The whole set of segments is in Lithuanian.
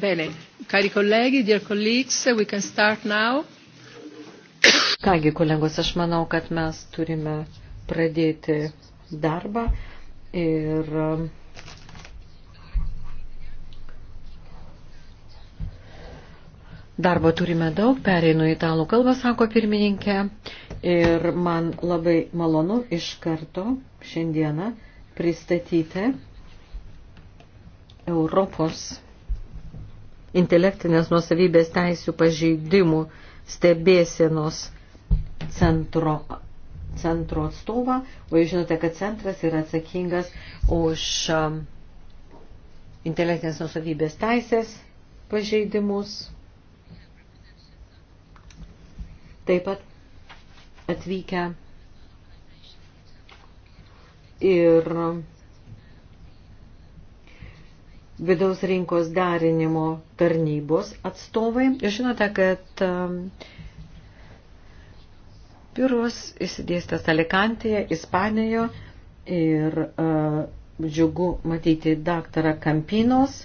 Bene, cari colleghi, dear colleagues, we can start now. Kągi, kolegos, aš manau, kad mes turime pradėti darbą ir um, Darbo turime daug, pereinu į italų kalbą, sako pirmininkė. Ir man labai malonu iš karto šiandieną pristatyti Europos intelektinės nuosavybės teisių pažeidimų stebėsienos centro, centro atstovą, o jūs žinote, kad centras yra atsakingas už um, intelektinės nusavybės teisės pažeidimus. Taip pat atvykę ir vidaus rinkos darinimo tarnybos atstovai. Jūs žinote, kad um, biuras įsidėstęs Alikantėje, Ispanijoje ir uh, džiugu matyti daktarą Kampinos,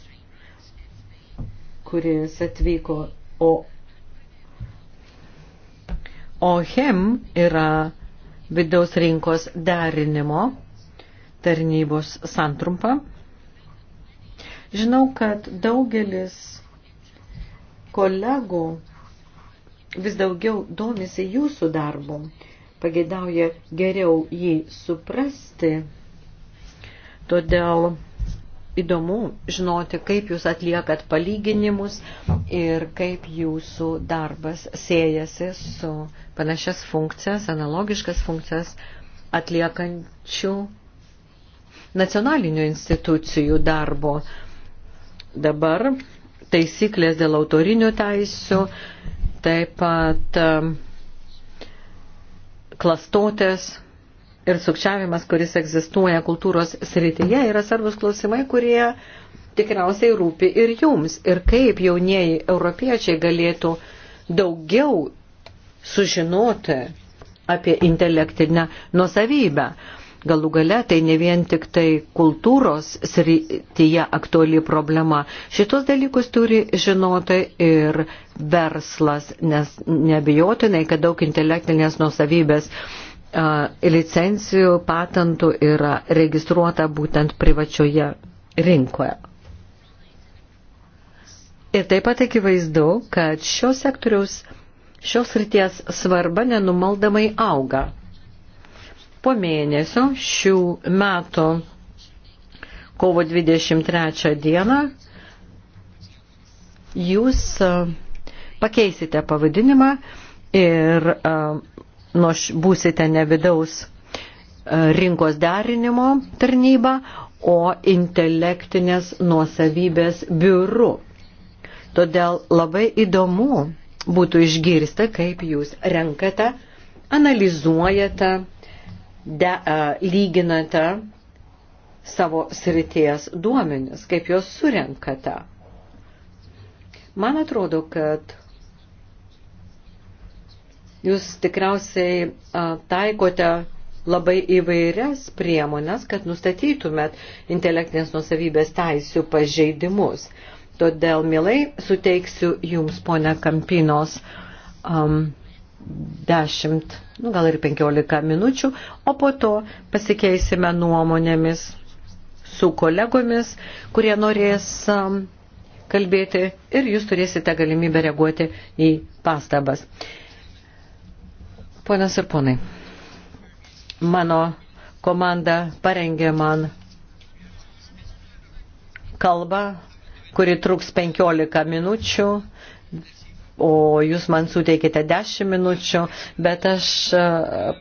kuris atvyko, o OHEM yra vidaus rinkos darinimo tarnybos santrumpa Žinau, kad daugelis kolegų vis daugiau domisi jūsų darbu, pagėdauja geriau jį suprasti, todėl įdomu žinoti, kaip jūs atliekat palyginimus ir kaip jūsų darbas siejasi su panašias funkcijas, analogiškas funkcijas atliekančių nacionalinių institucijų darbo dabar taisyklės dėl autorinių teisių, taip pat um, klastotės ir sukčiavimas, kuris egzistuoja kultūros srityje, yra svarbus klausimai, kurie tikriausiai rūpi ir jums. Ir kaip jaunieji europiečiai galėtų daugiau sužinoti apie intelektinę nusavybę. Galų gale tai ne vien tik tai kultūros srityje aktuali problema. Šitos dalykus turi žinoti ir verslas, nes nebijotinai, kad daug intelektinės nusavybės licencijų, patentų yra registruota būtent privačioje rinkoje. Ir taip pat akivaizdu, kad šios sektoriaus, šios ryties svarba nenumaldamai auga. Po mėnesio šių metų kovo 23 dieną jūs pakeisite pavadinimą ir nuo būsite ne vidaus rinkos derinimo tarnyba, o intelektinės nuosavybės biuru. Todėl labai įdomu būtų išgirsti, kaip jūs renkate, analizuojate de, e, lyginate savo srities duomenis, kaip juos surenkate. Man atrodo, kad jūs tikriausiai e, taikote labai įvairias priemonės, kad nustatytumėt intelektinės nusavybės teisių pažeidimus. Todėl, mielai, suteiksiu Jums, ponia Kampinos, um, 10, nu, gal ir 15 minučių, o po to pasikeisime nuomonėmis su kolegomis, kurie norės um, kalbėti ir jūs turėsite galimybę reaguoti į pastabas. Ponas ir ponai, mano komanda parengė man kalbą, kuri truks 15 minučių o jūs man suteikite 10 minučių, bet aš e,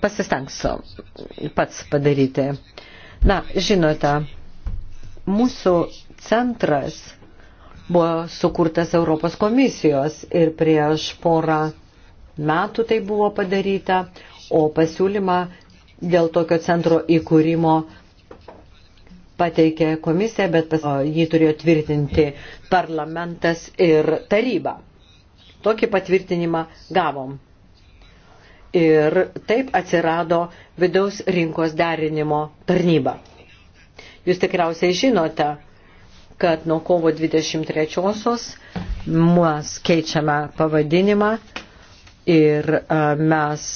pasistengsiu pats padaryti. Na, žinote, mūsų centras buvo sukurtas Europos komisijos ir prieš porą metų tai buvo padaryta, o pasiūlymą dėl tokio centro įkūrimo pateikė komisija, bet jį turėjo tvirtinti parlamentas ir taryba. Tokį patvirtinimą gavom. Ir taip atsirado vidaus rinkos derinimo tarnyba. Jūs tikriausiai žinote, kad nuo kovo 23-osios mes keičiame pavadinimą ir mes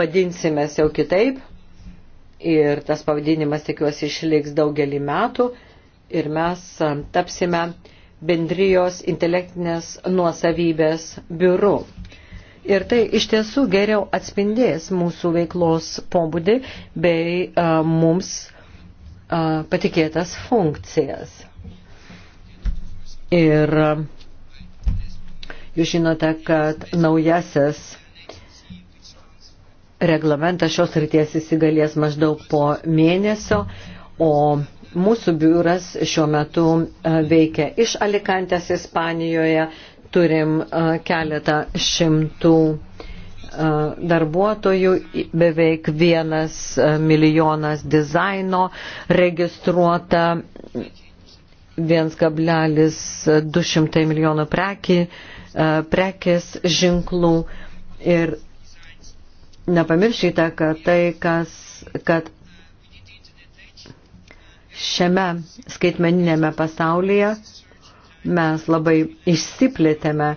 vadinsime jau kitaip ir tas pavadinimas tikiuosi išliks daugelį metų ir mes tapsime bendrijos intelektinės nuosavybės biuru. Ir tai iš tiesų geriau atspindės mūsų veiklos pobūdį bei a, mums a, patikėtas funkcijas. Ir a, jūs žinote, kad naujasis reglamentas šios ryties įsigalės maždaug po mėnesio, o Mūsų biuras šiuo metu e, veikia iš Alikantės Ispanijoje, turim e, keletą šimtų e, darbuotojų, beveik vienas milijonas dizaino registruota, 1,200 milijonų prekį, prekės ženklų ir nepamirškite, kad tai, kas, kad šiame skaitmeninėme pasaulyje mes labai išsiplėtėme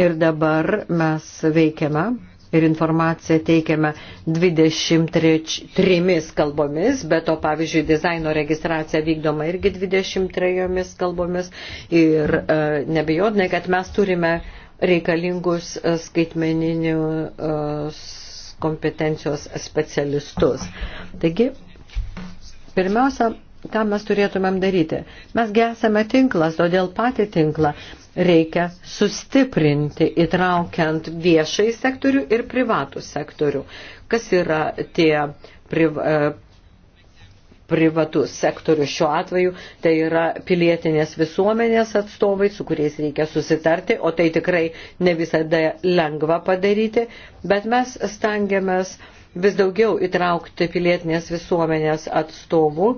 ir dabar mes veikiame ir informaciją teikiame 23 kalbomis, bet to, pavyzdžiui, dizaino registracija vykdoma irgi 23 kalbomis ir e, nebejodinai, kad mes turime reikalingus e, skaitmeninius e, kompetencijos specialistus. Taigi, pirmiausia, tą mes turėtumėm daryti. Mesgi esame tinklas, todėl patį tinklą reikia sustiprinti, įtraukiant viešai sektorių ir privatų sektorių. Kas yra tie priv, e, privatus sektorius šiuo atveju, tai yra pilietinės visuomenės atstovai, su kuriais reikia susitarti, o tai tikrai ne visada lengva padaryti, bet mes stengiamės vis daugiau įtraukti pilietinės visuomenės atstovų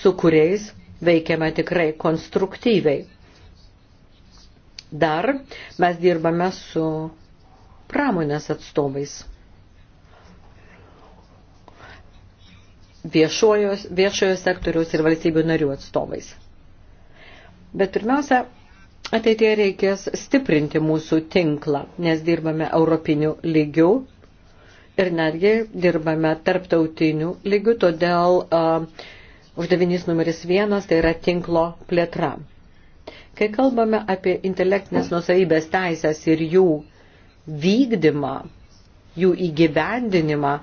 su kuriais veikiame tikrai konstruktyviai. Dar mes dirbame su pramonės atstovais. Viešojo, viešojo sektoriaus ir valstybių narių atstovais. Bet pirmiausia, ateitie reikės stiprinti mūsų tinklą, nes dirbame europinių lygių ir netgi dirbame tarptautinių lygių, todėl uh, Uždavinys numeris vienas tai yra tinklo plėtra. Kai kalbame apie intelektinės nusaibės teisės ir jų vykdymą, jų įgyvendinimą,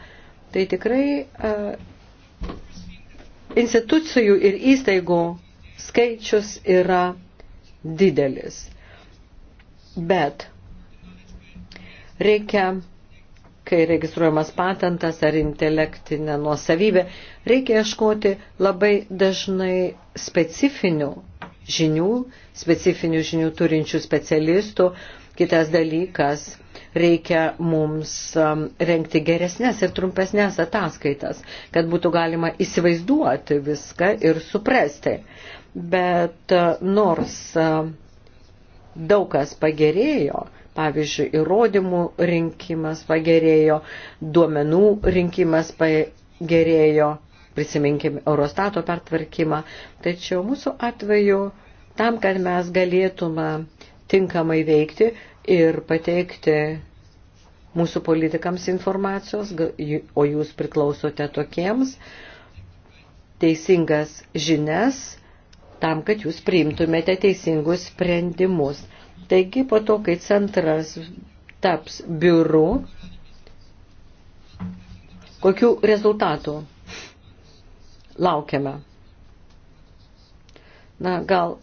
tai tikrai uh, institucijų ir įstaigų skaičius yra didelis. Bet reikia kai registruojamas patentas ar intelektinė nuosavybė, reikia ieškoti labai dažnai specifinių žinių, specifinių žinių turinčių specialistų. Kitas dalykas, reikia mums um, renkti geresnės ir trumpesnės ataskaitas, kad būtų galima įsivaizduoti viską ir suprasti. Bet uh, nors uh, daug kas pagerėjo, Pavyzdžiui, įrodymų rinkimas pagerėjo, duomenų rinkimas pagerėjo, prisiminkime Eurostato pertvarkymą. Tačiau mūsų atveju tam, kad mes galėtume tinkamai veikti ir pateikti mūsų politikams informacijos, o jūs priklausote tokiems, teisingas žinias tam, kad jūs priimtumėte teisingus sprendimus. Taigi po to, kai centras taps biuru, kokiu rezultatu laukiame? Na, gal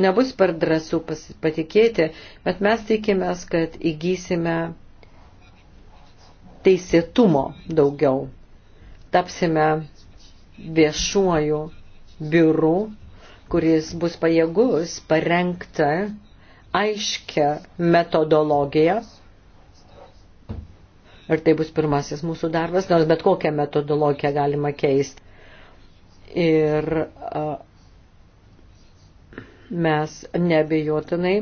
nebus per drąsų patikėti, bet mes tikimės, kad įgysime teisėtumo daugiau. Tapsime viešuoju biuru, kuris bus pajėgus parengti aiškę metodologiją. Ir tai bus pirmasis mūsų darbas, nors bet kokią metodologiją galima keisti. Ir mes nebejotinai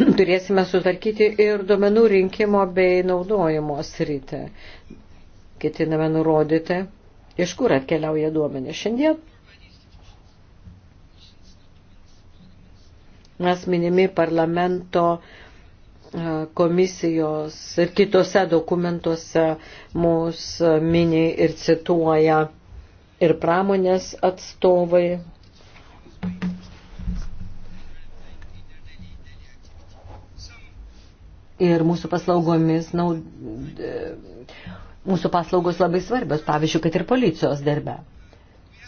turėsime sutvarkyti ir duomenų rinkimo bei naudojimo sritį. Ketiname nurodyti, iš kur atkeliauja duomenys. Šiandien mes minimi parlamento e, komisijos ir kitose dokumentuose mus mini ir cituoja ir pramonės atstovai. Ir mūsų paslaugomis naud... E, mūsų paslaugos labai svarbios, pavyzdžiui, kad ir policijos darbe.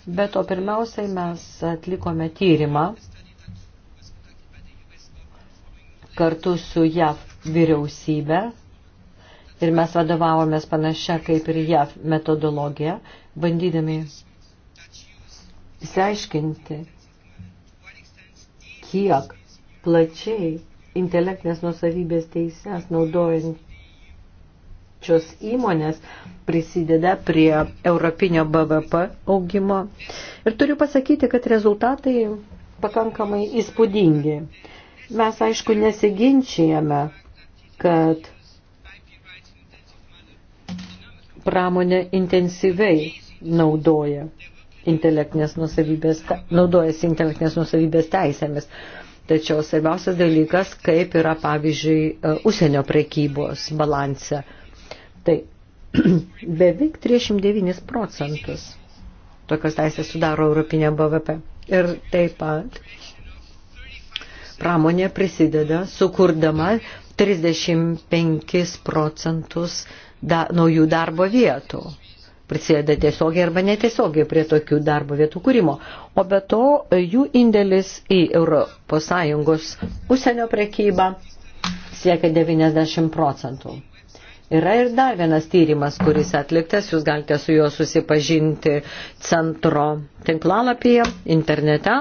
Bet o pirmiausiai mes atlikome tyrimą kartu su JAV vyriausybė ir mes vadovavomės panašia kaip ir JAV metodologija, bandydami įsiaiškinti, kiek plačiai intelektinės nusavybės teises naudojančios įmonės prisideda prie europinio BVP augimo. Ir turiu pasakyti, kad rezultatai pakankamai įspūdingi. Mes, aišku, nesiginčijame, kad pramonė intensyviai naudoja intelektinės nusavybės, naudojasi intelektinės nusavybės teisėmis. Tačiau svarbiausias dalykas, kaip yra, pavyzdžiui, e, užsienio prekybos balanse. Tai beveik 39 procentus tokios teisės sudaro Europinė BVP. Ir taip pat pramonė prisideda sukurdama 35 procentus da, naujų darbo vietų. Prisideda tiesiogiai arba netiesiogiai prie tokių darbo vietų kūrimo. O be to jų indėlis į ES užsienio prekybą siekia 90 procentų. Yra ir dar vienas tyrimas, kuris atliktas, jūs galite su juo susipažinti centro tinklalapyje, internete.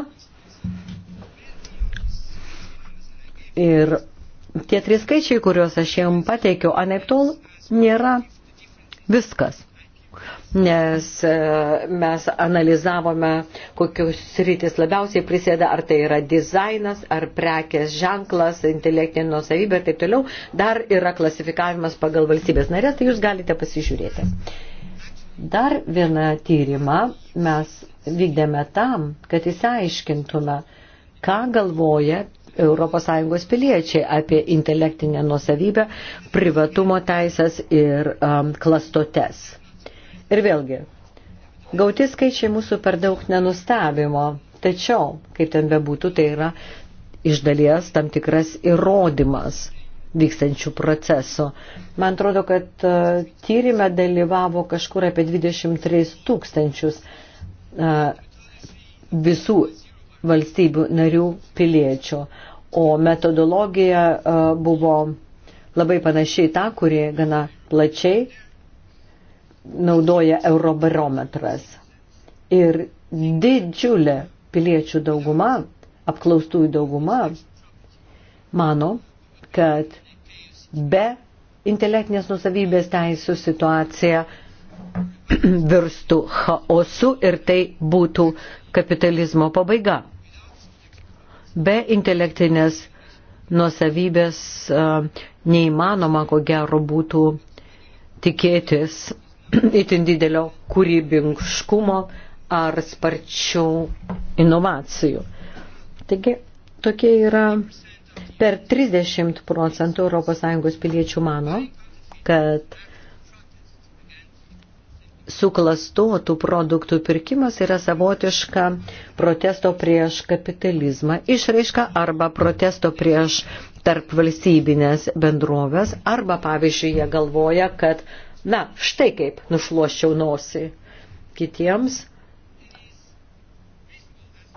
Ir tie trys skaičiai, kuriuos aš jam pateikiau, anaiptol nėra viskas. Nes e, mes analizavome, kokius rytis labiausiai prisėda, ar tai yra dizainas, ar prekės ženklas, intelektinė nusavybė ir taip toliau. Dar yra klasifikavimas pagal valstybės narės, tai jūs galite pasižiūrėti. Dar vieną tyrimą mes vykdėme tam, kad įsiaiškintume, ką galvoja ES piliečiai apie intelektinę nuosavybę, privatumo teisės ir um, klastotes. Ir vėlgi, gauti skaičiai mūsų per daug nenustabimo, tačiau, kaip ten bebūtų, tai yra iš dalies tam tikras įrodymas vykstančių procesų. Man atrodo, kad uh, tyrimė dalyvavo kažkur apie 23 tūkstančius uh, visų valstybių narių piliečių, o metodologija buvo labai panašiai ta, kuri gana plačiai naudoja eurobarometras. Ir didžiulė piliečių dauguma, apklaustųjų dauguma, mano, kad be intelektinės nusavybės teisų situacija virstų chaosu ir tai būtų kapitalizmo pabaiga. Be intelektinės nuosavybės neįmanoma, ko gero, būtų tikėtis itin didelio kūrybingumo ar sparčių inovacijų. Taigi, tokie yra per 30 procentų ES piliečių mano, kad suklastotų produktų pirkimas yra savotiška protesto prieš kapitalizmą išraiška arba protesto prieš tarp valstybinės bendrovės arba, pavyzdžiui, jie galvoja, kad, na, štai kaip nušluoščiau nosį kitiems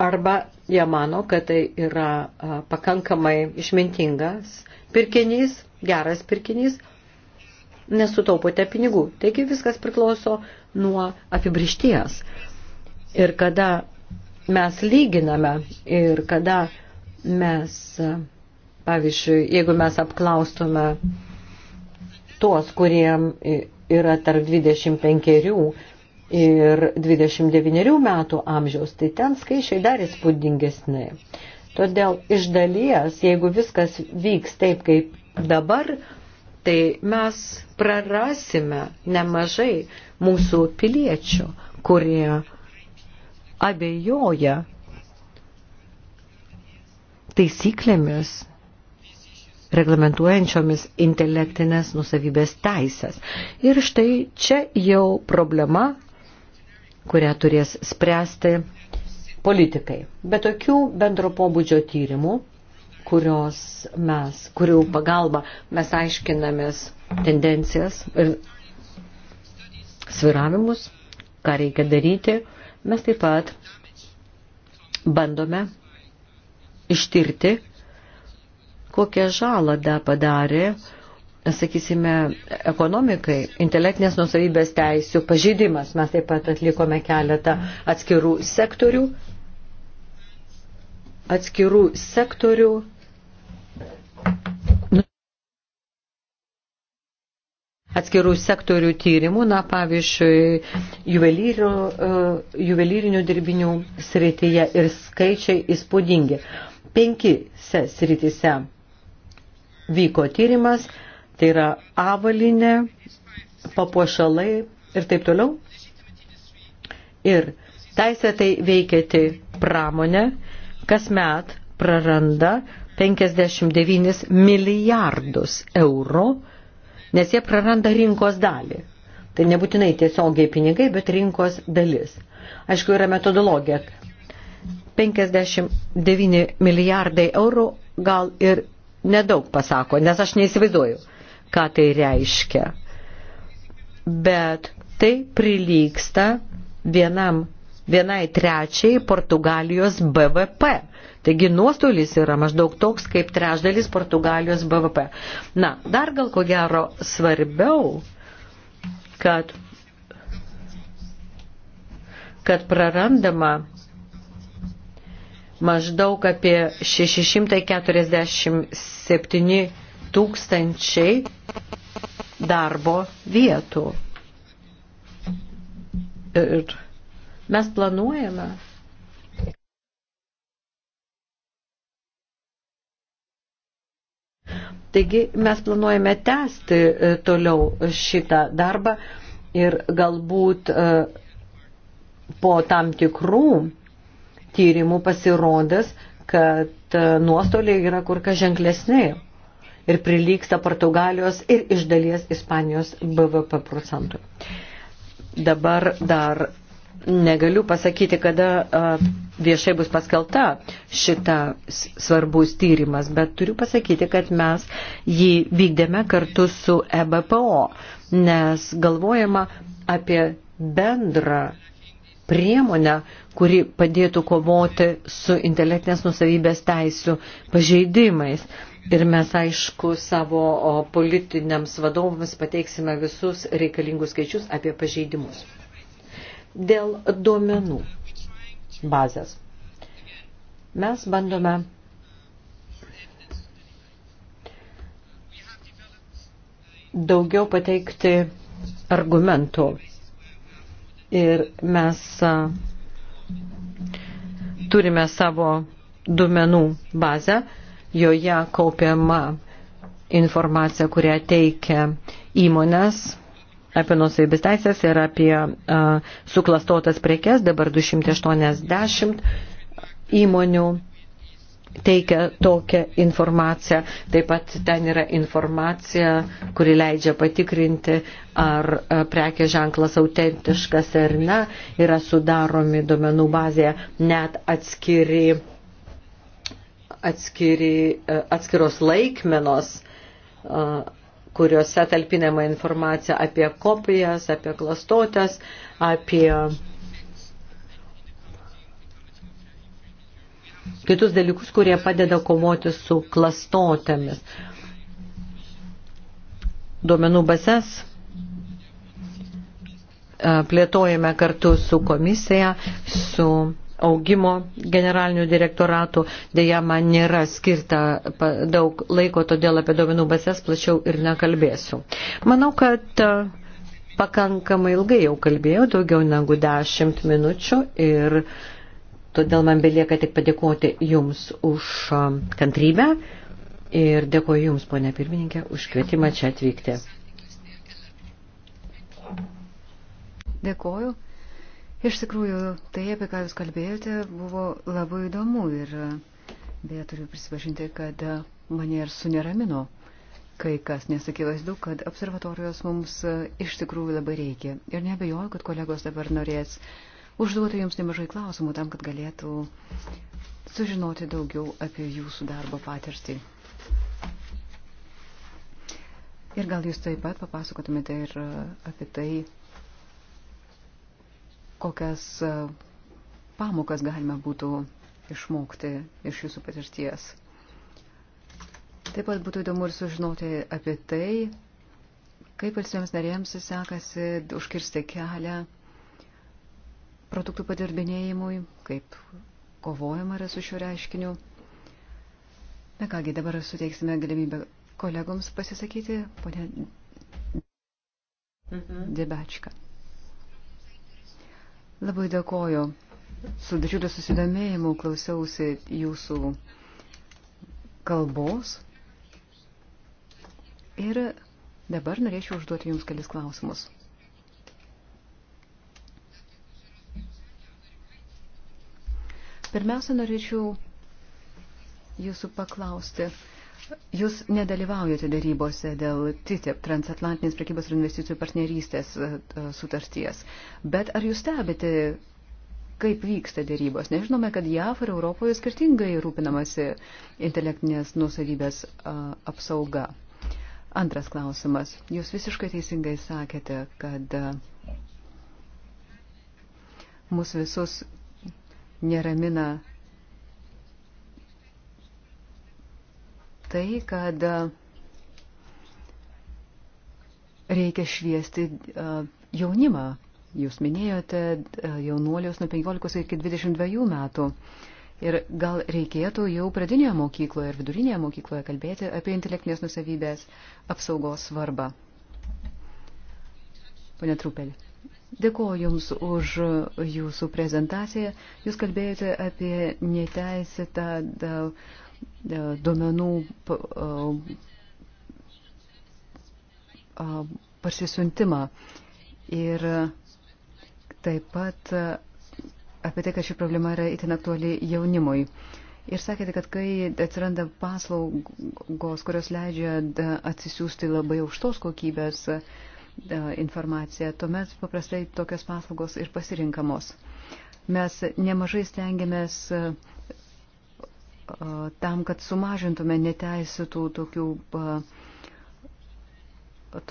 arba jie mano, kad tai yra pakankamai išmintingas pirkinys, geras pirkinys, nesutaupote pinigų. Taigi viskas priklauso nuo apibrišties. Ir kada mes lyginame ir kada mes, pavyzdžiui, jeigu mes apklaustume tuos, kuriem yra tarp 25 ir 29 metų amžiaus, tai ten skaičiai dar įspūdingesni. Todėl iš dalies, jeigu viskas vyks taip, kaip dabar, tai mes prarasime nemažai mūsų piliečių, kurie abejoja taisyklėmis reglamentuojančiomis intelektinės nusavybės teisės. Ir štai čia jau problema, kurią turės spręsti politikai. Be tokių bendro pobūdžio tyrimų, kurios mes, kurių pagalba mes aiškinamės tendencijas ir sviravimus, ką reikia daryti, mes taip pat bandome ištirti, kokią žalą da padarė, sakysime, ekonomikai, intelektinės nusavybės teisių pažydimas. Mes taip pat atlikome keletą atskirų sektorių, atskirų sektorių atskirų sektorių tyrimų, na pavyzdžiui, e, juvelyrinių dirbinių srityje ir skaičiai įspūdingi. Penki srityse vyko tyrimas, tai yra avalinė, papuošalai ir taip toliau. Ir teisėtai veikianti pramonė kasmet praranda 59 milijardus eurų nes jie praranda rinkos dalį. Tai nebūtinai tiesiogiai pinigai, bet rinkos dalis. Aišku, yra metodologija. 59 milijardai eurų gal ir nedaug pasako, nes aš neįsivaizduoju, ką tai reiškia. Bet tai prilyksta vienam, vienai trečiai Portugalijos BVP Taigi nuostolis yra maždaug toks kaip trešdalis Portugalijos BVP. Na, dar gal ko gero svarbiau, kad, kad prarandama maždaug apie 647 tūkstančiai darbo vietų. Ir mes planuojame Taigi mes planuojame tęsti e, toliau šitą darbą ir galbūt e, po tam tikrų tyrimų pasirodės, kad e, nuostoliai yra kur kas ženklesni ir prilyksta Portugalijos ir iš dalies Ispanijos BVP procentų. Dabar dar negaliu pasakyti, kada viešai bus paskelta šita svarbus tyrimas, bet turiu pasakyti, kad mes jį vykdėme kartu su EBPO, nes galvojama apie bendrą priemonę, kuri padėtų kovoti su intelektinės nusavybės teisų pažeidimais. Ir mes, aišku, savo politiniams vadovams pateiksime visus reikalingus skaičius apie pažeidimus. Dėl duomenų bazės. Mes bandome daugiau pateikti argumentų ir mes turime savo duomenų bazę, joje kaupiama informacija, kurią teikia įmonės apie nusavybės teisės ir apie a, suklastotas prekes, dabar 280 įmonių teikia tokią informaciją. Taip pat ten yra informacija, kuri leidžia patikrinti, ar prekė ženklas autentiškas ar ne. Yra sudaromi duomenų bazėje net atskiri, atskiri, atskiros laikmenos kuriuose talpinama informacija apie kopijas, apie klastotės, apie kitus dalykus, kurie padeda kovoti su klastotėmis. Duomenų bases e, plėtojame kartu su komisija, su augimo generalinių direktoratų. Deja, man nėra skirta daug laiko, todėl apie duomenų bazės plačiau ir nekalbėsiu. Manau, kad e, pakankamai ilgai jau kalbėjau, daugiau negu 10 minučių ir todėl man belieka tik padėkoti Jums už e, kantrybę ir dėkoju Jums, ponė pirmininkė, už kvietimą čia atvykti. Dėkoju. Iš tikrųjų, tai, apie ką Jūs kalbėjote, buvo labai įdomu ir beje turiu prisipažinti, kad mane ir suneramino kai kas, nes akivaizdu, kad observatorijos mums e, iš tikrųjų labai reikia. Ir nebejoju, kad kolegos dabar norės užduoti Jums nemažai klausimų tam, kad galėtų sužinoti daugiau apie Jūsų darbo patirtį. Ir gal Jūs taip pat papasakotumėte ir e, apie tai, kokias e, pamokas galima būtų išmokti iš jūsų patirties. Taip pat būtų įdomu ir sužinoti apie tai, kaip valstybėms narėms sekasi užkirsti kelią produktų padirbinėjimui, kaip kovojama yra su šiuo reiškiniu. Na kągi, dabar suteiksime galimybę kolegoms pasisakyti, ponė mhm. Debačka. Labai dėkoju. Su didžiuliu susidomėjimu klausiausi jūsų kalbos. Ir dabar norėčiau užduoti Jums kelis klausimus. Pirmiausia, norėčiau Jūsų paklausti, Jūs nedalyvaujate darybose dėl TTIP, transatlantinės prekybos ir investicijų partnerystės e, e, sutarties, bet ar jūs stebite, kaip vyksta darybos? Nežinome, kad JAF ir Europoje skirtingai rūpinamasi intelektinės nusavybės e, apsauga. Antras klausimas. Jūs visiškai teisingai sakėte, kad mus visus neramina tai, kad e, reikia šviesti e, jaunimą. Jūs minėjote e, jaunuolius nuo 15 iki 22 metų. Ir gal reikėtų jau pradinėje mokykloje ir vidurinėje mokykloje kalbėti apie intelektinės nusavybės apsaugos svarbą. Pone Trupelį. Dėkuoju Jums už Jūsų prezentaciją. Jūs kalbėjote apie neteisėtą E, duomenų e, e, parsisuntimą. Ir taip pat apie tai, kad ši problema yra itin aktuali jaunimui. Ir sakėte, kad kai atsiranda paslaugos, kurios leidžia atsisiųsti labai aukštos kokybės informaciją, tuomet paprastai tokios paslaugos ir pasirinkamos. Mes nemažai stengiamės tam, kad sumažintume neteisėtų tokių,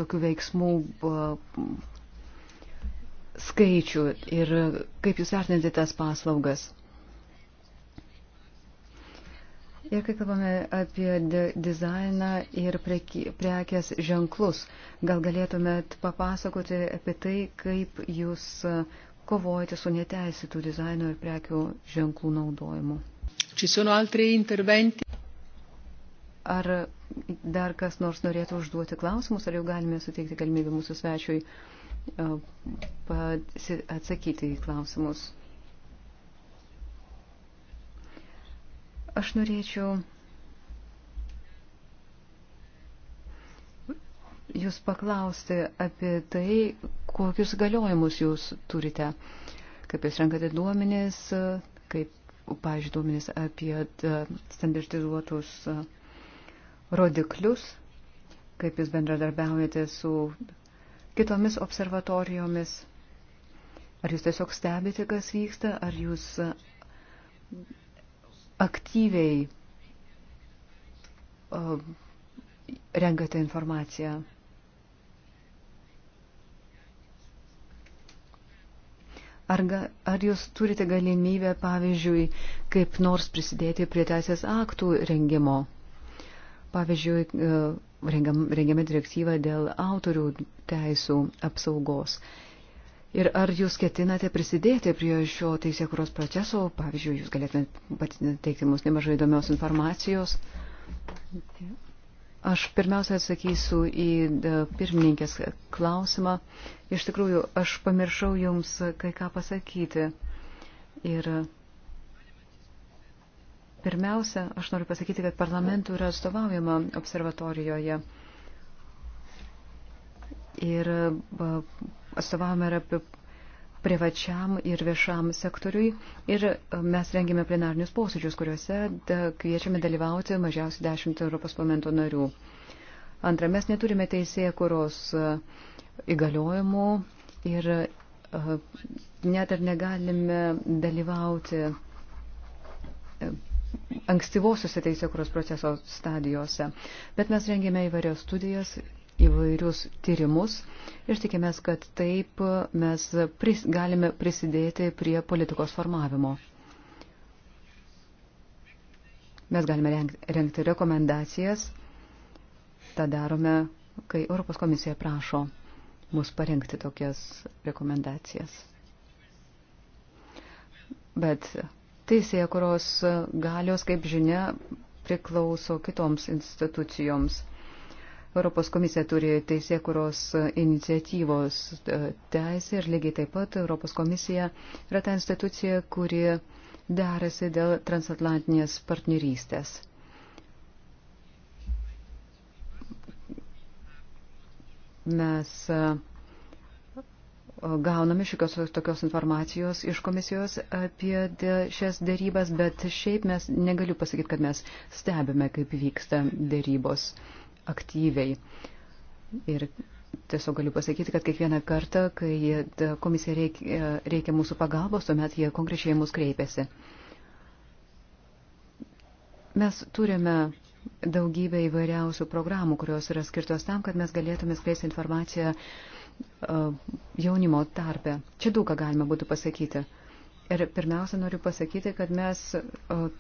tokių veiksmų skaičių ir kaip jūs vertinate tas paslaugas? Ir kai kalbame apie dizainą ir prekės ženklus, gal galėtumėt papasakoti apie tai, kaip jūs kovojate su neteisėtų dizaino ir prekių ženklų naudojimu? Ci sono altri interventi? Ar dar kas nors norėtų užduoti klausimus, ar jau galime suteikti galimybę mūsų svečiui atsakyti į klausimus? Aš norėčiau Jūs paklausti apie tai, kokius galiojimus Jūs turite, kaip Jūs renkate duomenis, kaip pavyzdžiui, duomenys apie e, standartizuotus e, rodiklius, kaip jūs bendradarbiaujate su kitomis observatorijomis, ar jūs tiesiog stebite, kas vyksta, ar jūs e, aktyviai renkate informaciją. Ar, ga, ar jūs turite galimybę, pavyzdžiui, kaip nors prisidėti prie teisės aktų rengimo? Pavyzdžiui, e, rengiam, rengiame direktyvą dėl autorių teisų apsaugos. Ir ar jūs ketinate prisidėti prie šio teisėkuros proceso? Pavyzdžiui, jūs galėtumėte teikti mums nemažai įdomios informacijos. Yeah. Aš pirmiausia atsakysiu į e, pirmininkės klausimą. Iš tikrųjų, aš pamiršau jums kai ką pasakyti. Ir pirmiausia, aš noriu pasakyti, kad parlamentų yra atstovaujama observatorijoje. Ir e, atstovaujama yra privačiam ir viešam sektoriui. Ir e, mes rengėme plenarnius posėdžius, kuriuose da, kviečiame dalyvauti mažiausiai dešimt Europos parlamento narių. Antra, mes neturime teisėje kuros e, įgaliojimų ir e, net ir negalime dalyvauti ankstyvosiuose teisėkuros proceso stadijose. Bet mes rengėme įvairias studijas įvairius tyrimus ir tikimės, kad taip mes pris, galime prisidėti prie politikos formavimo. Mes galime renkti rekomendacijas, tą darome, kai Europos komisija prašo mus parengti tokias rekomendacijas. Bet teisėje, kurios galios, kaip žinia, priklauso kitoms institucijoms. Europos komisija turi teisėkuros iniciatyvos e, teisę ir lygiai taip pat Europos komisija yra ta institucija, kuri derasi dėl transatlantinės partnerystės. Mes e, gauname šiokios tokios informacijos iš komisijos apie šias dėrybas, bet šiaip mes negaliu pasakyti, kad mes stebime, kaip vyksta dėrybos. Uh, aktyviai. Ir tiesiog galiu pasakyti, kad kiekvieną kartą, kai komisija reikia, e, reikia mūsų pagalbos, tuomet jie konkrečiai mus kreipiasi. Mes turime daugybę įvairiausių programų, kurios yra skirtos tam, kad mes galėtume skleisti informaciją e, jaunimo tarpe. Čia daug ką galima būtų pasakyti. Ir pirmiausia, noriu pasakyti, kad mes e,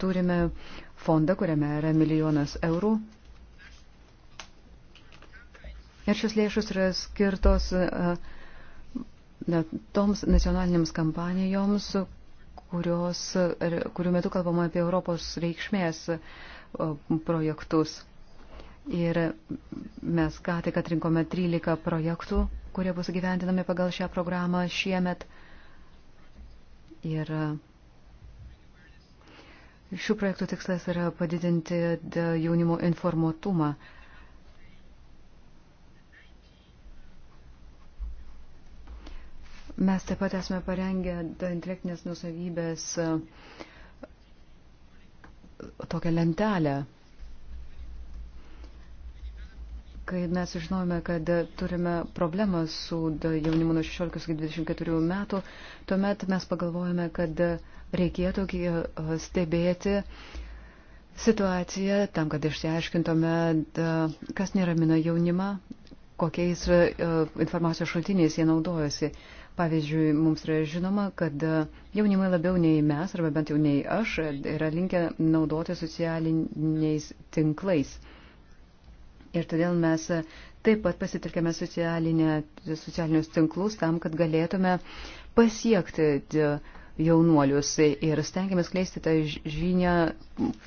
turime fondą, kuriame yra milijonas eurų Ir šios lėšos yra skirtos e, na, toms nacionalinėms kampanijoms, kurios, kurių metu kalbama apie Europos reikšmės e, projektus. Ir mes ką tik atrinkome 13 projektų, kurie bus gyventinami pagal šią programą šiemet. Ir e, šių projektų tikslas yra padidinti jaunimo informuotumą Mes taip pat esame parengę intelektinės nusavybės e, tokią lentelę, kai mes žinojome, kad turime problemą su jaunimu nuo 16 iki 24 metų, tuomet mes pagalvojame, kad reikėtų e, stebėti situaciją tam, kad išsiaiškintume, kas neramina jaunimą, kokiais e, informacijos šaltiniais jie naudojasi. Pavyzdžiui, mums yra žinoma, kad jaunimai labiau nei mes, arba bent jau nei aš, yra linkę naudoti socialiniais tinklais. Ir todėl mes taip pat pasitelkėme socialinius tinklus tam, kad galėtume pasiekti jaunuolius ir stengiamės kleisti tą žinią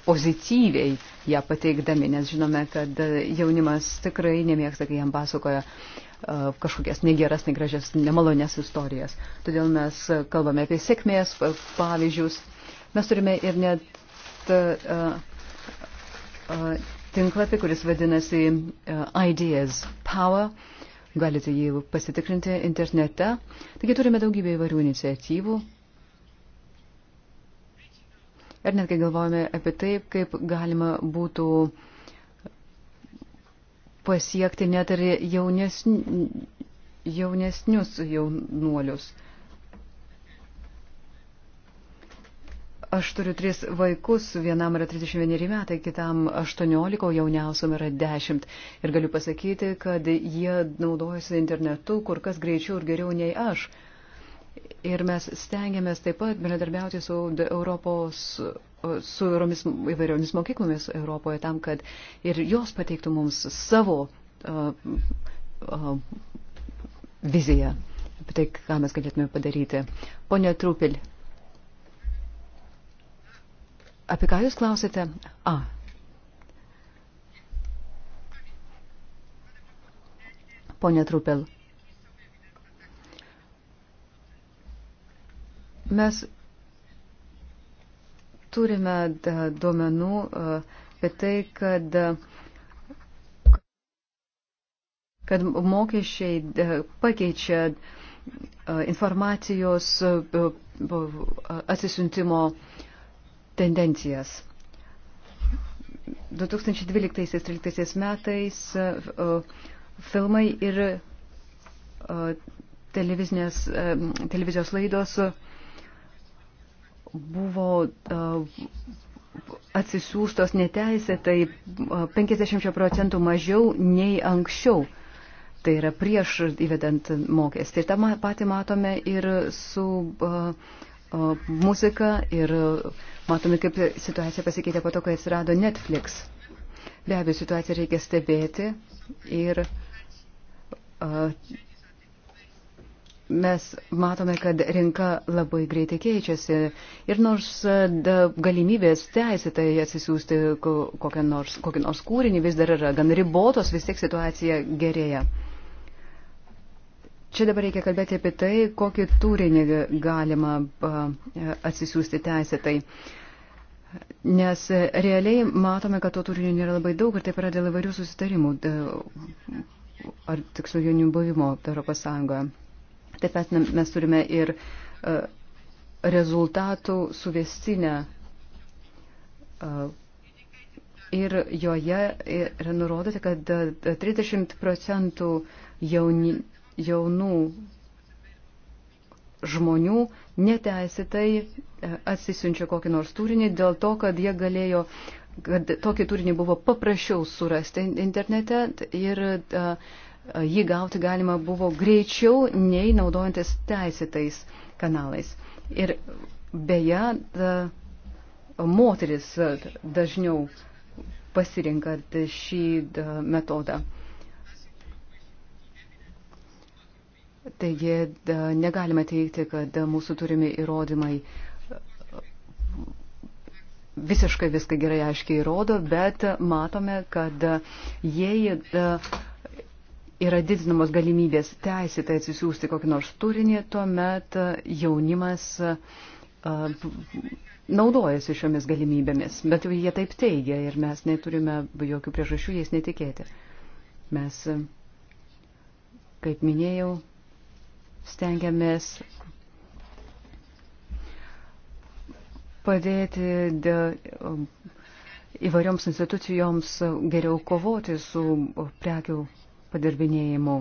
pozityviai ją pateikdami, nes žinome, kad jaunimas tikrai nemėgsta, kai jam pasakoja kažkokias negeras, negražias, nemalonės istorijas. Todėl mes kalbame apie sėkmės pavyzdžius. Mes turime ir net tinklapį, kuris vadinasi Ideas Power. Galite jį pasitikrinti internete. Taigi turime daugybę įvairių iniciatyvų. Ir netgi galvojame apie taip, kaip galima būtų uh, pasiekti net ir jaunesni, jaunesnius jaunuolius. Aš turiu tris vaikus, vienam yra 31 metai, kitam 18, o jauniausiam yra 10. Ir galiu pasakyti, kad jie naudojasi internetu kur kas greičiau ir geriau nei aš. Ir mes stengiamės taip pat bendradarbiauti su Europos su Euromis, įvairiomis mokyklomis Europoje tam, kad ir jos pateiktų mums savo uh, uh, viziją apie tai, ką mes galėtume padaryti. Pone Trupil, apie ką Jūs klausėte? A. Pone Trupil. Mes turime duomenų e, apie tai, kad kad mokesčiai pakeičia e, informacijos e, atsisiuntimo tendencijas. 2012-2013 metais filmai ir televizinės, televizijos laidos buvo atsisiųstos neteisėtai 50 procentų mažiau nei anksčiau. Tai yra prieš įvedant mokestį. Ir tą patį matome ir su muzika ir matome, kaip situacija pasikeitė po to, kai atsirado Netflix. Be abejo, situaciją reikia stebėti ir mes matome, kad rinka labai greitai keičiasi ir nors e, da, galimybės teisėtai atsisiųsti kokį nors, kokį nors kūrinį vis dar yra gan ribotos, vis tiek situacija gerėja. Čia dabar reikia kalbėti apie tai, kokį turinį galima e, atsisiųsti teisėtai. Nes realiai matome, kad to turinio nėra labai daug ir taip yra dėl įvairių susitarimų, ar tiksliau jų buvimo Europos Sąjungoje. Taip pat mes turime ir e, rezultatų suvestinę. E, ir joje yra nurodyta, kad 30 e, procentų jauni, jaunų žmonių neteisėtai atsisiunčia kokį nors turinį dėl to, kad jie galėjo, kad tokį turinį buvo paprasčiau surasti internete ir uh, jį gauti galima buvo greičiau nei naudojantis teisėtais kanalais. Ir beje, da, moteris dažniau pasirinka šį da, metodą. Taigi da, negalime teikti, kad mūsų turimi įrodymai visiškai viską gerai aiškiai įrodo, bet matome, kad jei da, yra didinamos galimybės teisėtai atsisiųsti kokį nors turinį, tuomet e, jaunimas e, naudojasi šiomis galimybėmis. Bet jie taip teigia ir mes neturime jokių priežasčių jais netikėti. Mes, e, kaip minėjau, stengiamės padėti de, įvairioms institucijoms geriau kovoti su prekių padirbinėjimu.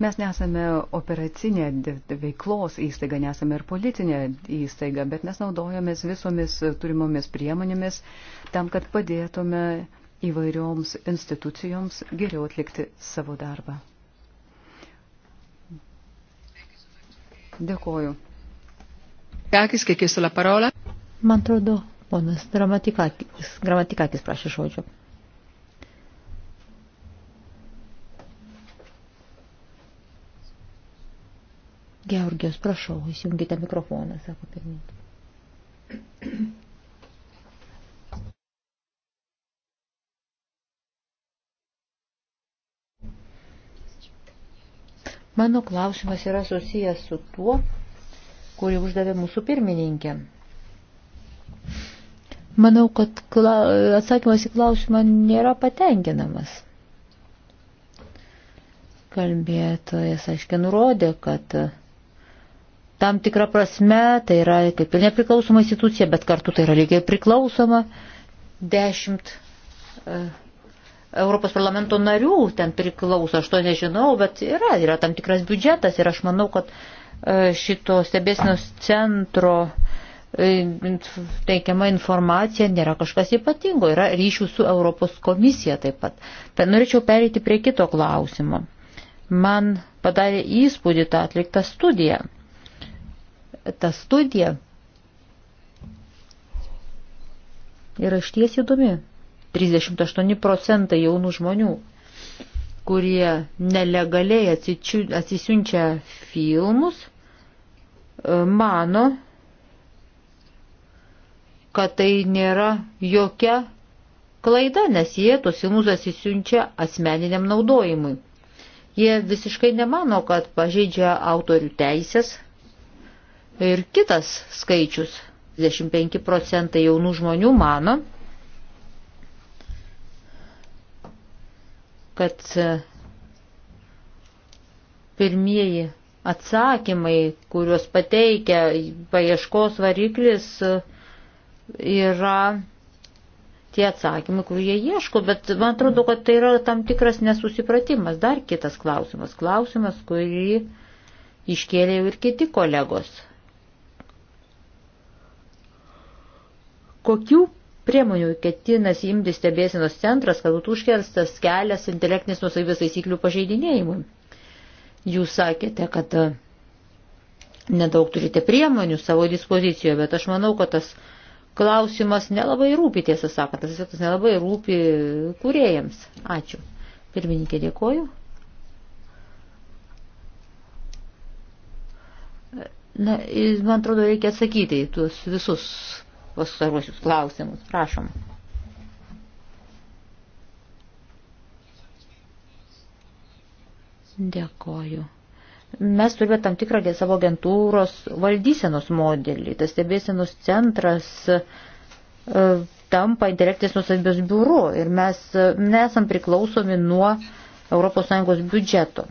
Mes nesame operacinė veiklos įstaiga, nesame ir politinė įstaiga, bet mes naudojamės visomis turimomis priemonėmis tam, kad padėtume įvairioms institucijoms geriau atlikti savo darbą. Dėkoju. Man atrodo, ponas Gramatikakis, gramatikakis prašė žodžio. Georgijos, prašau, įsijungite mikrofoną, sako pirmininkė. Mano klausimas yra susijęs su tuo, kurį uždavė mūsų pirmininkė. Manau, kad atsakymas į klausimą nėra patenkinamas. Kalbėtojas aiškiai nurodė, kad tam tikrą prasme, tai yra kaip ir nepriklausoma institucija, bet kartu tai yra lygiai priklausoma. Dešimt e, Europos parlamento narių ten priklauso, aš to nežinau, bet yra, yra tam tikras biudžetas ir aš manau, kad e, šito stebėsinos centro e, teikiama informacija nėra kažkas ypatingo, yra ryšių su Europos komisija taip pat. Tad norėčiau pereiti prie kito klausimo. Man padarė įspūdį tą atliktą studiją ta studija yra išties įdomi. 38 procentai jaunų žmonių, kurie nelegaliai atsičiu, atsisiunčia filmus, e, mano, kad tai nėra jokia klaida, nes jie tos filmus atsisiunčia asmeniniam naudojimui. Jie visiškai nemano, kad pažeidžia autorių teisės, Ir kitas skaičius, 25 procentai jaunų žmonių mano, kad e, pirmieji atsakymai, kuriuos pateikia paieškos variklis, e, yra tie atsakymai, kurių jie ieško, bet man atrodo, kad tai yra tam tikras nesusipratimas. Dar kitas klausimas, klausimas, kurį iškėlė ir kiti kolegos. Kokių priemonių ketinas imti stebėsinos centras, kad būtų užkerstas kelias intelektinės nusavybės taisyklių pažeidinėjimui? Jūs sakėte, kad e, nedaug turite priemonių savo dispozicijoje, bet aš manau, kad tas klausimas nelabai rūpi, tiesą sakant, tas aspektas nelabai rūpi kūrėjams. Ačiū. Pirmininkė, dėkoju. Na, man atrodo, reikia atsakyti į tuos visus pastaruosius klausimus. Prašom. Dėkoju. Mes turime tam tikrą savo agentūros valdysenos modelį. Tas stebėsenos centras e, tampa intelektinės nusavybės biuru ir mes e, nesam priklausomi nuo ES biudžeto.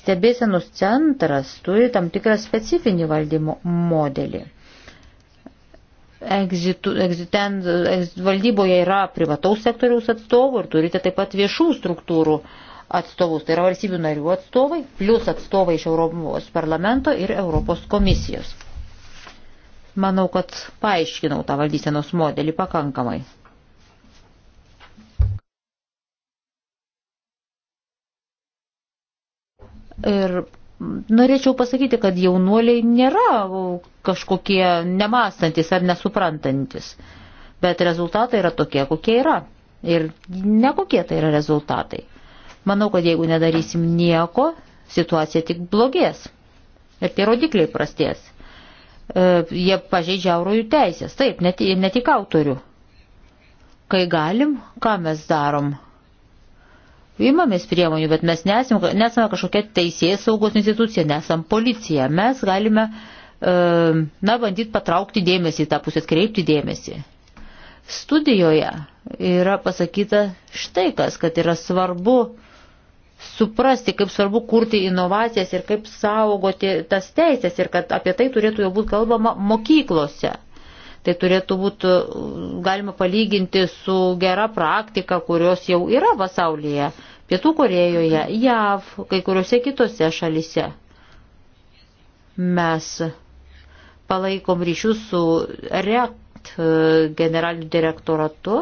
Stebėsenos centras turi tam tikrą specifinį valdymo modelį. Egzitu, egziten, egz, valdyboje yra privataus sektoriaus atstovų ir turite taip pat viešų struktūrų atstovus, tai yra valstybių narių atstovai, plus atstovai iš Europos parlamento ir Europos komisijos. Manau, kad paaiškinau tą valdysenos modelį pakankamai. Ir Norėčiau pasakyti, kad jaunuoliai nėra kažkokie nemastantis ar nesuprantantis, bet rezultatai yra tokie, kokie yra. Ir nekokie tai yra rezultatai. Manau, kad jeigu nedarysim nieko, situacija tik blogės. Ir tie rodikliai prasties. E, jie pažeidžia aurojų teisės. Taip, ne, ne tik autorių. Kai galim, ką mes darom? imamės priemonių, bet mes nesam, nesame kažkokia teisės saugos institucija, nesam policija. Mes galime, e, na, bandyti patraukti dėmesį į tą pusę, kreipti dėmesį. Studijoje yra pasakyta štai kas, kad yra svarbu suprasti, kaip svarbu kurti inovacijas ir kaip saugoti tas teisės ir kad apie tai turėtų jau būti kalbama mokyklose. Tai turėtų būti e, galima palyginti su gera praktika, kurios jau yra pasaulyje. Pietų Korejoje, JAV, kai kuriuose kitose šalise. Mes palaikom ryšius su RECT e, generaliniu direktoratu.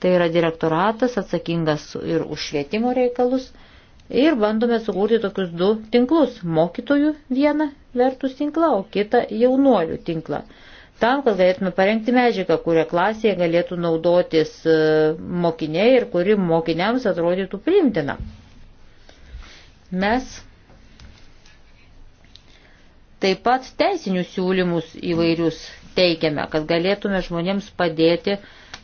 Tai yra direktoratas atsakingas ir už švietimo reikalus. Ir bandome sukurti tokius du tinklus - mokytojų vieną vertus tinklą, o kitą jaunuolių tinklą tam, kad galėtume parengti medžiagą, kurią klasėje galėtų naudotis e, mokiniai ir kuri mokiniams atrodytų priimtina. Mes taip pat teisinius siūlymus įvairius teikiame, kad galėtume žmonėms padėti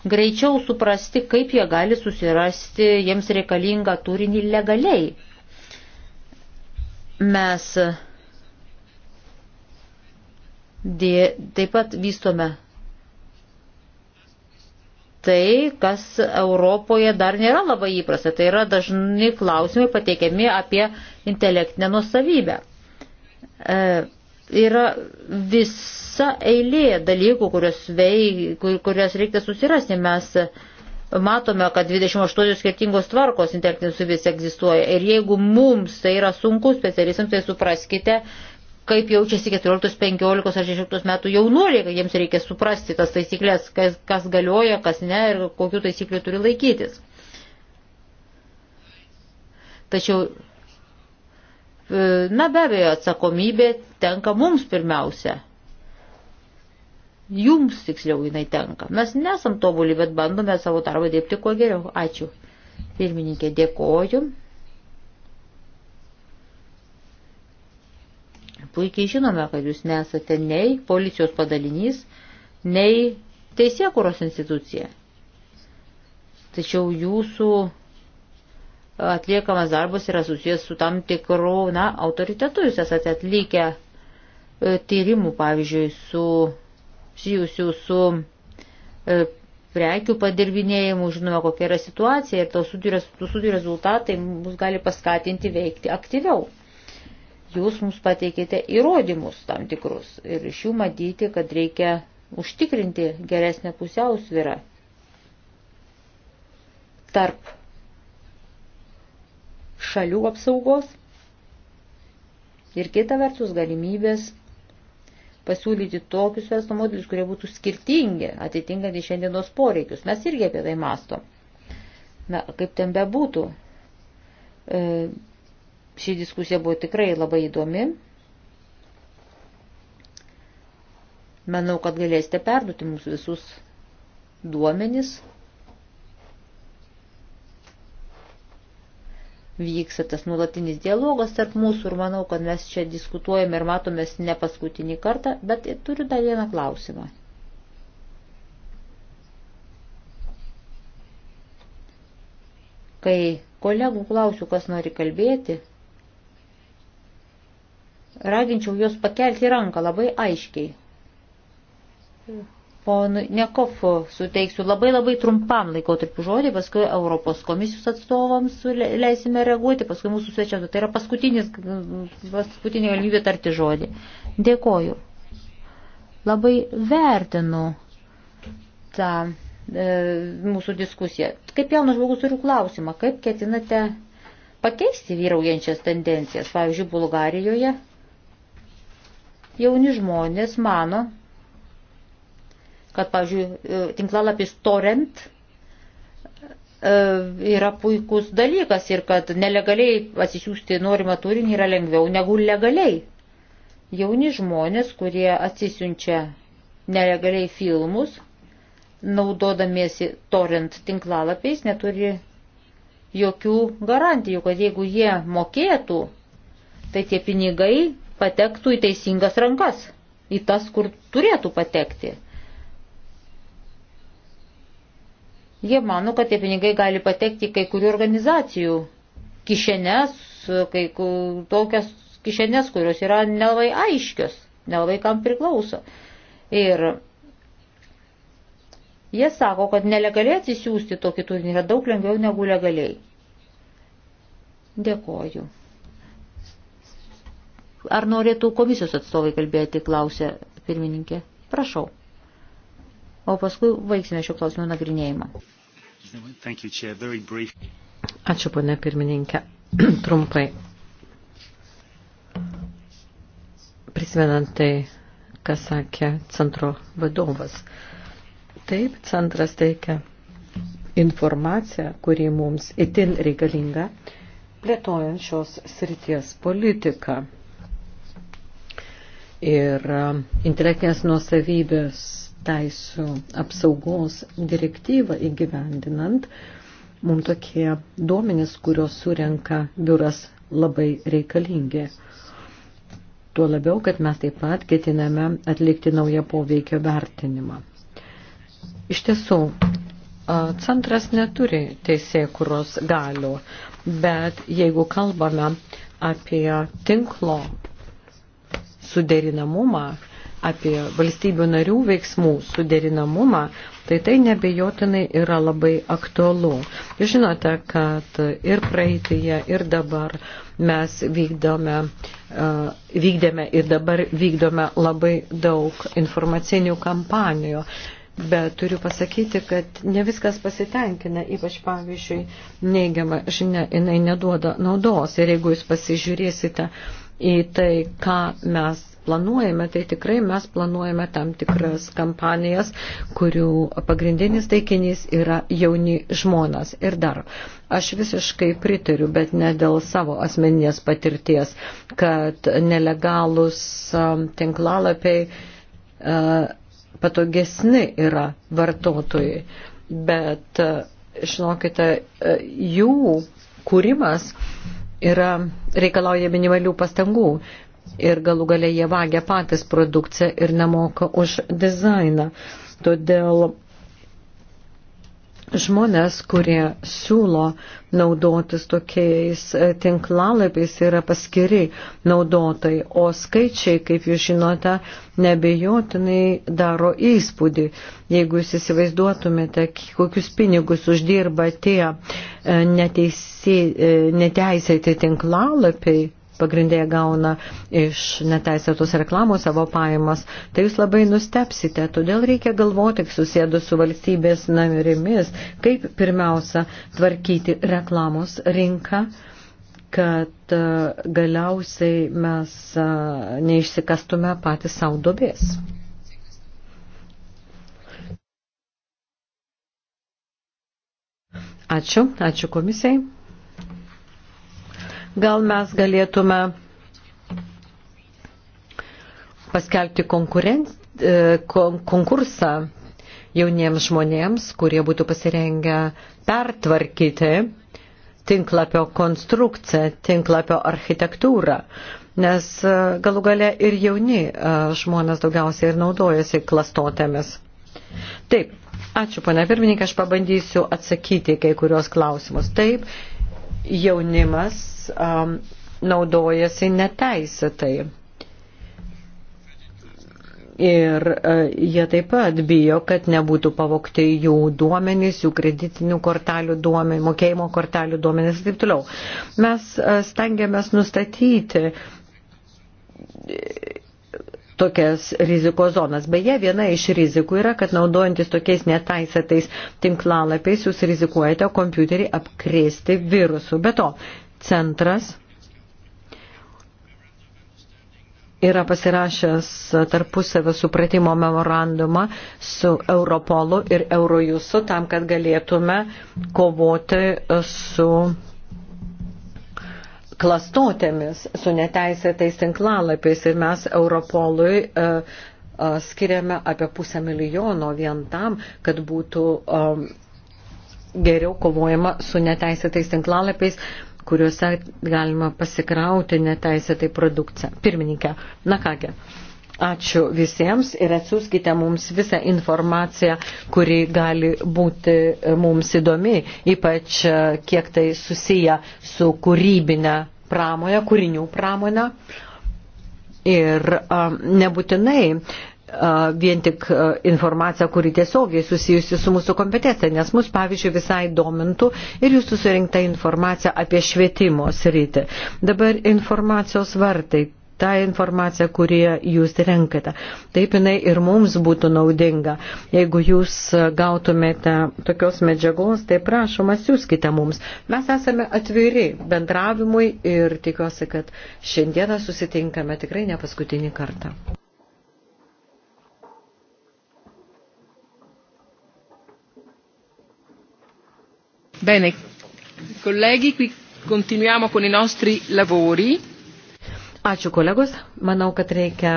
greičiau suprasti, kaip jie gali susirasti jiems reikalingą turinį legaliai. Mes Dė, taip pat vystome tai, kas Europoje dar nėra labai įprasta. Tai yra dažni klausimai pateikiami apie intelektinę nusavybę. E, yra visa eilė dalykų, kurios, vei, kur, kurias reikia susirasti. Mes matome, kad 28 skirtingos tvarkos intelektinės nusavybės egzistuoja. Ir jeigu mums tai yra sunku specialistams, tai supraskite, kaip jaučiasi 14, 15 ar 16 metų jaunuoliai, kad jiems reikia suprasti tas taisyklės, kas, kas galioja, kas ne ir kokių taisyklių turi laikytis. Tačiau, e, na be abejo, atsakomybė tenka mums pirmiausia. Jums tiksliau jinai tenka. Mes nesam tobuli, bet bandome savo darbą dirbti kuo geriau. Ačiū. Pirmininkė, dėkoju. puikiai žinome, kad jūs nesate nei policijos padalinys, nei teisėkuros institucija. Tačiau jūsų atliekamas darbas yra susijęs su tam tikru, na, autoritetu. Jūs esate atlikę e, tyrimų, pavyzdžiui, su, susijusių su e, prekių padirbinėjimu, žinome, kokia yra situacija ir tų studijų rezultatai mus gali paskatinti veikti aktyviau. Jūs mums pateikėte įrodymus tam tikrus ir iš jų matyti, kad reikia užtikrinti geresnę pusiausvyrą tarp šalių apsaugos ir kita vertus galimybės pasiūlyti tokius verslo modelius, kurie būtų skirtingi, atitinkantys šiandienos poreikius. Mes irgi apie tai mastom. Na, kaip ten bebūtų, e, Ši diskusija buvo tikrai labai įdomi. Manau, kad galėsite perduoti mums visus duomenis. Vyksta tas nulatinis dialogas tarp mūsų ir manau, kad mes čia diskutuojame ir matomės ne paskutinį kartą, bet turiu dar vieną klausimą. Kai kolegų klausiu, kas nori kalbėti, raginčiau juos pakelti ranką labai aiškiai. Ponui Nekov suteiksiu labai labai trumpam laikotarpiu žodį, paskui Europos komisijos atstovams leisime reaguoti, paskui mūsų svečiams. Tai yra paskutinis, paskutinė galimybė tarti žodį. Dėkoju. Labai vertinu tą e, mūsų diskusiją. Kaip jaunas žmogus turiu klausimą, kaip ketinate pakeisti vyraujančias tendencijas, pavyzdžiui, Bulgarijoje Jauni žmonės mano, kad, pavyzdžiui, e, tinklalapis Torrent e, yra puikus dalykas ir kad nelegaliai atsisiųsti norimą turinį yra lengviau negu legaliai. Jauni žmonės, kurie atsisiunčia nelegaliai filmus, naudodamiesi torrent tinklalapiais, neturi jokių garantijų, kad jeigu jie mokėtų, tai tie pinigai patektų į teisingas rankas, į tas, kur turėtų patekti. Jie mano, kad tie pinigai gali patekti kai kurių organizacijų kišenės, kai tokias kišenės, kurios yra nelabai aiškios, nelabai kam priklauso. Ir jie sako, kad nelegaliai atsisiųsti tokį turinį yra daug lengviau negu legaliai. Dėkoju. Ar norėtų komisijos atstovai kalbėti, klausė pirmininkė. Prašau. O paskui vaiksime šio klausimų nagrinėjimą. Ačiū, ponė pirmininkė. Trumpai. Prisimenant tai, ką sakė centro vadovas. Taip, centras teikia informaciją, kuri mums itin reikalinga, plėtojant šios srities politiką ir e, intelektinės nuosavybės teisų apsaugos direktyvą įgyvendinant, mums tokie duomenys, kurios surenka biuras, labai reikalingi. Tuo labiau, kad mes taip pat ketiname atlikti naują poveikio vertinimą. Iš tiesų, e, centras neturi teisėkuros galių, bet jeigu kalbame apie tinklo suderinamumą, apie valstybių narių veiksmų suderinamumą, tai tai nebejotinai yra labai aktualu. Jūs žinote, kad ir praeitėje, ir dabar mes vykdome, e, vykdėme ir dabar vykdome labai daug informacinių kampanijų. Bet turiu pasakyti, kad ne viskas pasitenkina, ypač pavyzdžiui, neigiama žinia, jinai neduoda naudos. Ir jeigu jūs pasižiūrėsite uh, į tai, ką mes planuojame, tai tikrai mes planuojame tam tikras kampanijas, kurių pagrindinis taikinys yra jauni žmonas. Ir dar, aš visiškai pritariu, bet ne dėl savo asmeninės patirties, kad nelegalus um, tinklalapiai uh, patogesni yra vartotojai. Bet, uh, žinokite, uh, jų kūrimas yra, reikalauja minimalių pastangų ir galų galia jie vagia patys produkciją ir nemoka už dizainą. Todėl Žmonės, kurie siūlo naudotis tokiais e, tinklalapiais, yra paskiri naudotai, o skaičiai, kaip jūs žinote, nebejotinai daro įspūdį. Jeigu jūs įsivaizduotumėte, kokius pinigus uždirba tie e, e, neteisėti tinklalapiai, pagrindėje gauna iš neteisėtos reklamos savo pajamas, tai jūs labai nustepsite. Todėl reikia galvoti, susėdus su valstybės narimis, kaip pirmiausia tvarkyti reklamos rinką kad e, galiausiai mes e, neišsikastume patys savo dobės. Ačiū, ačiū komisijai. Gal mes galėtume paskelbti konkuren... E, konkursą jauniems žmonėms, kurie būtų pasirengę pertvarkyti tinklapio konstrukciją, tinklapio architektūrą. Nes e, galų gale ir jauni e, žmonės daugiausiai ir naudojasi klastotėmis. Taip, ačiū, ponia pirmininkė, aš pabandysiu atsakyti kai kurios klausimus. Taip, jaunimas um, naudojasi neteisėtai. Ir e, jie taip pat bijo, kad nebūtų pavokti jų duomenys, jų kreditinių kortelių duomenys, mokėjimo kortelių duomenys ir taip toliau. Mes e, stengiamės nustatyti tokias rizikos zonas. Beje, viena iš rizikų yra, kad naudojantis tokiais netaisėtais tinklalapiais jūs rizikuojate kompiuterį apkrėsti virusų. Be to, centras yra pasirašęs tarpusavio supratimo memorandumą su Europolu ir Eurojusu tam, kad galėtume kovoti su klastotėmis, su neteisėtais tinklalapiais ir mes Europolui e, e, skiriame apie pusę milijono vien tam, kad būtų e, geriau kovojama su neteisėtais tinklalapiais kuriuose galima pasikrauti neteisėtai produkciją. Pirmininkė, na kągi. Ačiū visiems ir atsiųskite mums visą informaciją, kuri gali būti mums įdomi, ypač e, kiek tai susiję su kūrybinė pramonė, kūrinių pramonė. Ir a, e, nebūtinai a, e, vien tik a, informacija, kuri tiesiogiai susijusi su mūsų kompetencija, nes mus, pavyzdžiui, visai domintų ir jūsų surinkta informacija apie švietimo sritį. Dabar informacijos vartai tą informaciją, kurią jūs renkate. Taip jinai ir mums būtų naudinga. Jeigu jūs gautumėte tokios medžiagos, tai prašom, siūskite mums. Mes esame atviri bendravimui ir tikiuosi, kad šiandieną susitinkame tikrai ne paskutinį kartą. Bene, colleghi, qui continuiamo con i nostri lavori. Ačiū kolegos. Manau, kad reikia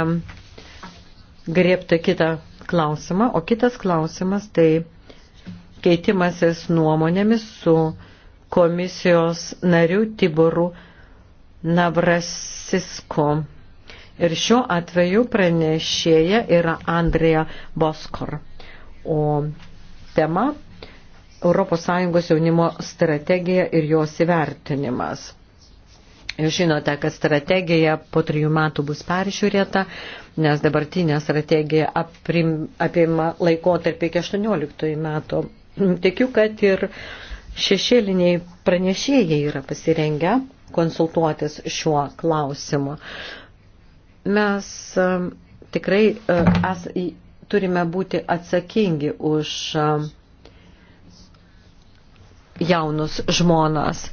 griebti kitą klausimą. O kitas klausimas tai keitimasis nuomonėmis su komisijos nariu Tiboru Navrasisku. Ir šiuo atveju pranešėja yra Andrija Boskor. O tema ES jaunimo strategija ir jos įvertinimas. Jūs žinote, kad strategija po trijų metų bus peržiūrėta, nes dabartinė strategija aprim, apima laikotarpį iki 18 metų. Tikiu, kad ir šešėliniai pranešėjai yra pasirengę konsultuotis šiuo klausimu. Mes um, tikrai es, uh, turime būti atsakingi už um, jaunus žmonas.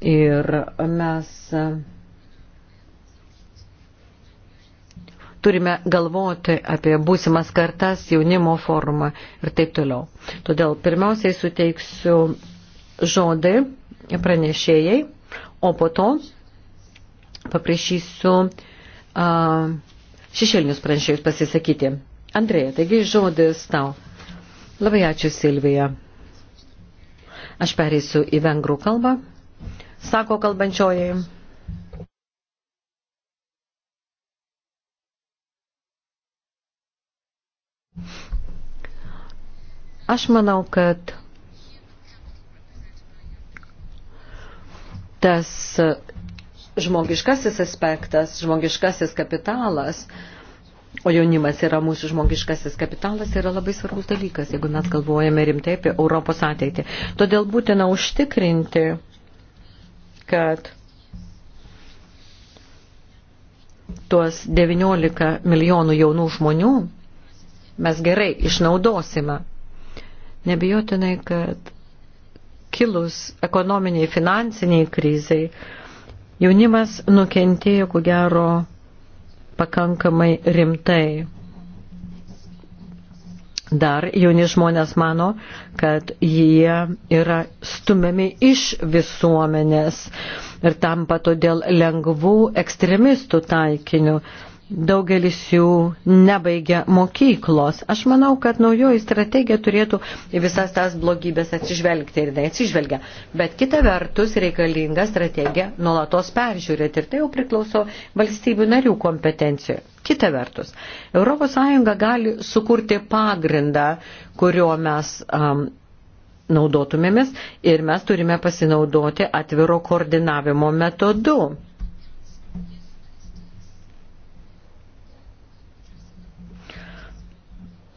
Ir mes e, turime galvoti apie būsimas kartas, jaunimo formą ir taip toliau. Todėl pirmiausiai suteiksiu žodį pranešėjai, o po to paprašysiu uh, šešėlinius pranešėjus pasisakyti. Andrėja, taigi žodis tau. Labai ačiū Silvija. Aš pereisiu į vengrų kalbą sako kalbančioji. Aš manau, kad tas žmogiškasis aspektas, žmogiškasis kapitalas, o jaunimas yra mūsų žmogiškasis kapitalas, yra labai svarbus dalykas, jeigu mes galvojame rimtai apie Europos ateitį. Todėl būtina užtikrinti kad tuos 19 milijonų jaunų žmonių mes gerai išnaudosime. Nebijotinai, kad kilus ekonominiai, finansiniai krizai, jaunimas nukentėjo, ko gero, pakankamai rimtai. Dar jauni žmonės mano, kad jie yra stumiami iš visuomenės ir tampa todėl lengvų ekstremistų taikiniu daugelis jų nebaigia mokyklos. Aš manau, kad naujoji strategija turėtų į visas tas blogybės atsižvelgti ir neatsižvelgia. Bet kita vertus reikalinga strategija nuolatos peržiūrėti ir tai jau priklauso valstybių narių kompetencijoje. Kita vertus, ES gali sukurti pagrindą, kurio mes um, naudotumėmės ir mes turime pasinaudoti atviro koordinavimo metodu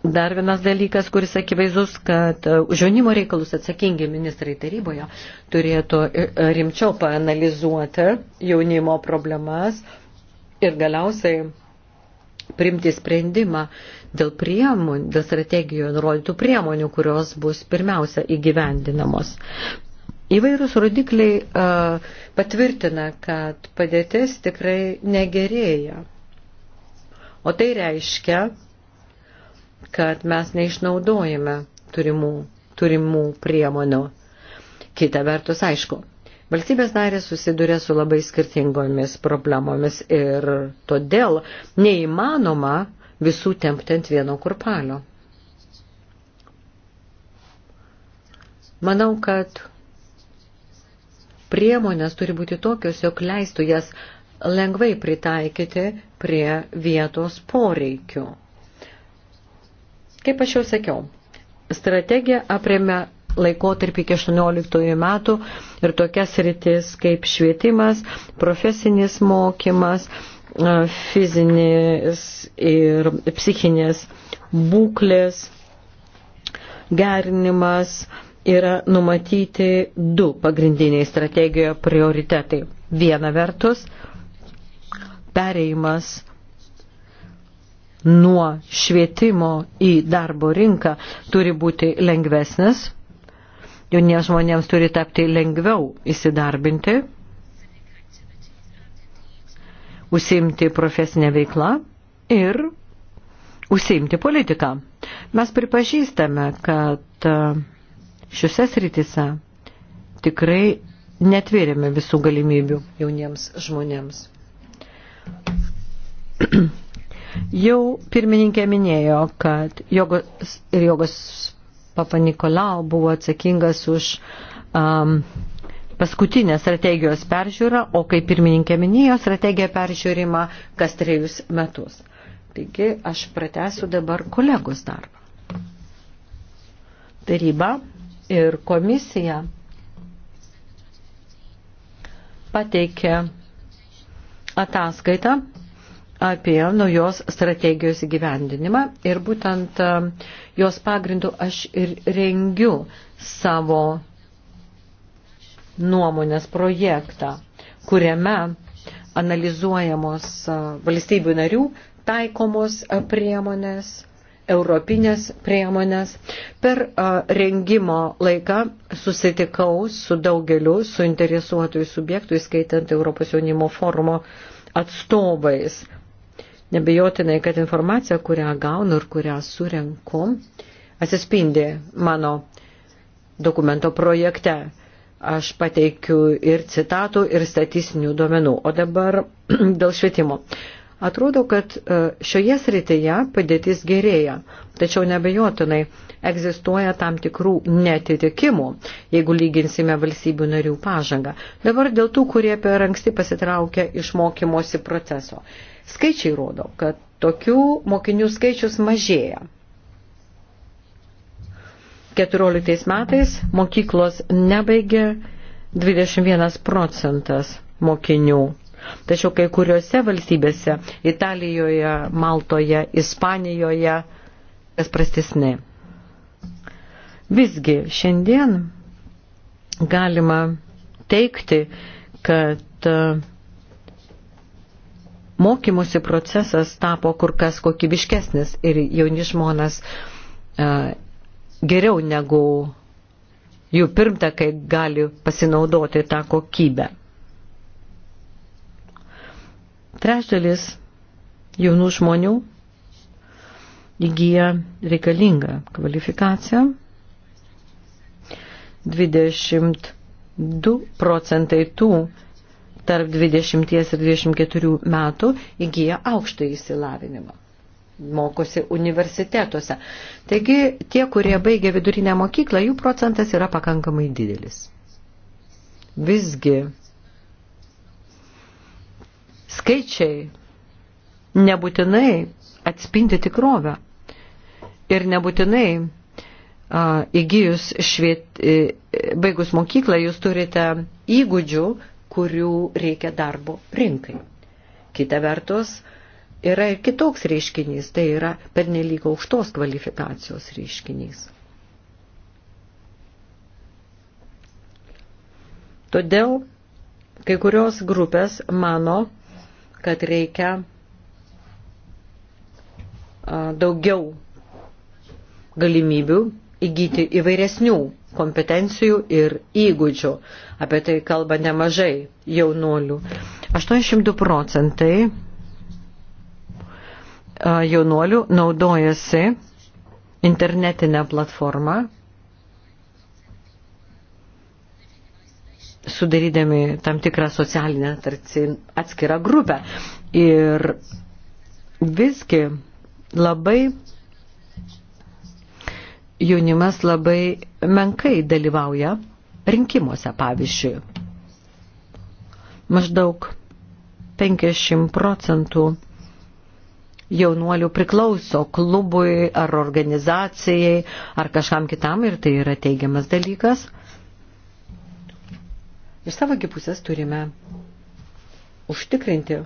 Dar vienas dalykas, kuris akivaizdus, kad e, už jaunimo reikalus atsakingi ministrai taryboje turėtų e, e, rimčiau paanalizuoti jaunimo problemas ir galiausiai primti sprendimą dėl priemonių, dėl strategijoje nurodytų priemonių, kurios bus pirmiausia įgyvendinamos. Įvairūs rodikliai uh, patvirtina, kad padėtis tikrai negerėja. O tai reiškia, kad mes neišnaudojame turimų, turimų priemonių. Kita vertus, aišku, valstybės narės susiduria su labai skirtingomis problemomis ir todėl neįmanoma visų tempti ant vieno kurpalio. Manau, kad priemonės turi būti tokios, jog leistų jas lengvai pritaikyti prie vietos poreikių. Kaip aš jau sakiau, strategija aprėmė laikotarpį iki 18 metų ir tokias rytis kaip švietimas, profesinis mokymas, fizinės ir psichinės būklės gerinimas yra numatyti du pagrindiniai strategijoje prioritetai. Viena vertus, pereimas nuo švietimo į darbo rinką turi būti lengvesnis, jauniems žmonėms turi tapti lengviau įsidarbinti, užsiimti profesinę veiklą ir užsiimti politiką. Mes pripažįstame, kad e, šiuose srityse tikrai netvėrėme visų galimybių jauniems žmonėms. Jau pirmininkė minėjo, kad jogos ir jogos papa Nikolau buvo atsakingas už um, paskutinę strategijos peržiūrą, o kaip pirmininkė minėjo, strategija peržiūrima kas trejus metus. Taigi aš pratęsiu dabar kolegos darbą. Taryba ir komisija pateikė ataskaitą apie naujos strategijos įgyvendinimą ir būtent e, jos pagrindu aš ir rengiu savo nuomonės projektą, kuriame analizuojamos e, valstybių narių taikomos e, priemonės, europinės priemonės. Per rengimo laiką susitikau su daugeliu suinteresuotųjų subjektų, įskaitant Europos jaunimo forumo atstovais, Nebejotinai, kad informacija, kurią gaunu ir kurią surenku, atsispindi mano dokumento projekte. Aš pateikiu ir citatų, ir statistinių duomenų. O dabar dėl švietimo. Atrodo, kad e, šioje srityje padėtis gerėja, tačiau nebejotinai egzistuoja tam tikrų netitikimų, jeigu lyginsime valstybių narių pažangą. Dabar dėl tų, kurie per anksti pasitraukia iš mokymosi proceso. Skaičiai rodo, kad tokių mokinių skaičius mažėja. 14 metais mokyklos nebaigė 21 procentas mokinių. Tačiau kai kuriuose valstybėse, Italijoje, Maltoje, Ispanijoje, kas prastesni. Visgi šiandien galima teikti, kad mokymosi procesas tapo kur kas kokybiškesnis ir jauni žmonas e, geriau negu jų pirmtakai gali pasinaudoti tą kokybę. Trečdalis jaunų žmonių įgyja reikalingą kvalifikaciją. 22 procentai tų tarp 20 ir 24 metų įgyja aukštą įsilavinimą mokosi universitetuose. Taigi tie, kurie baigia vidurinę mokyklą, jų procentas yra pakankamai didelis. Visgi skaičiai nebūtinai atspindi tikrovę ir nebūtinai įgyjus šviet, e, baigus mokyklą jūs turite įgūdžių, kurių reikia darbo rinkai. Kita vertus, yra ir kitoks reiškinys, tai yra pernelyg aukštos kvalifikacijos reiškinys. Todėl kai kurios grupės mano, kad reikia daugiau galimybių įgyti įvairesnių kompetencijų ir įgūdžių. Apie tai kalba nemažai jaunuolių. 82 procentai jaunuolių naudojasi internetinę platformą, sudarydami tam tikrą socialinę tarsi atskirą grupę. Ir visgi labai jaunimas labai menkai dalyvauja rinkimuose, pavyzdžiui. Maždaug 50 procentų jaunuolių priklauso klubui ar organizacijai ar kažkam kitam ir tai yra teigiamas dalykas. Iš savo gipusės turime užtikrinti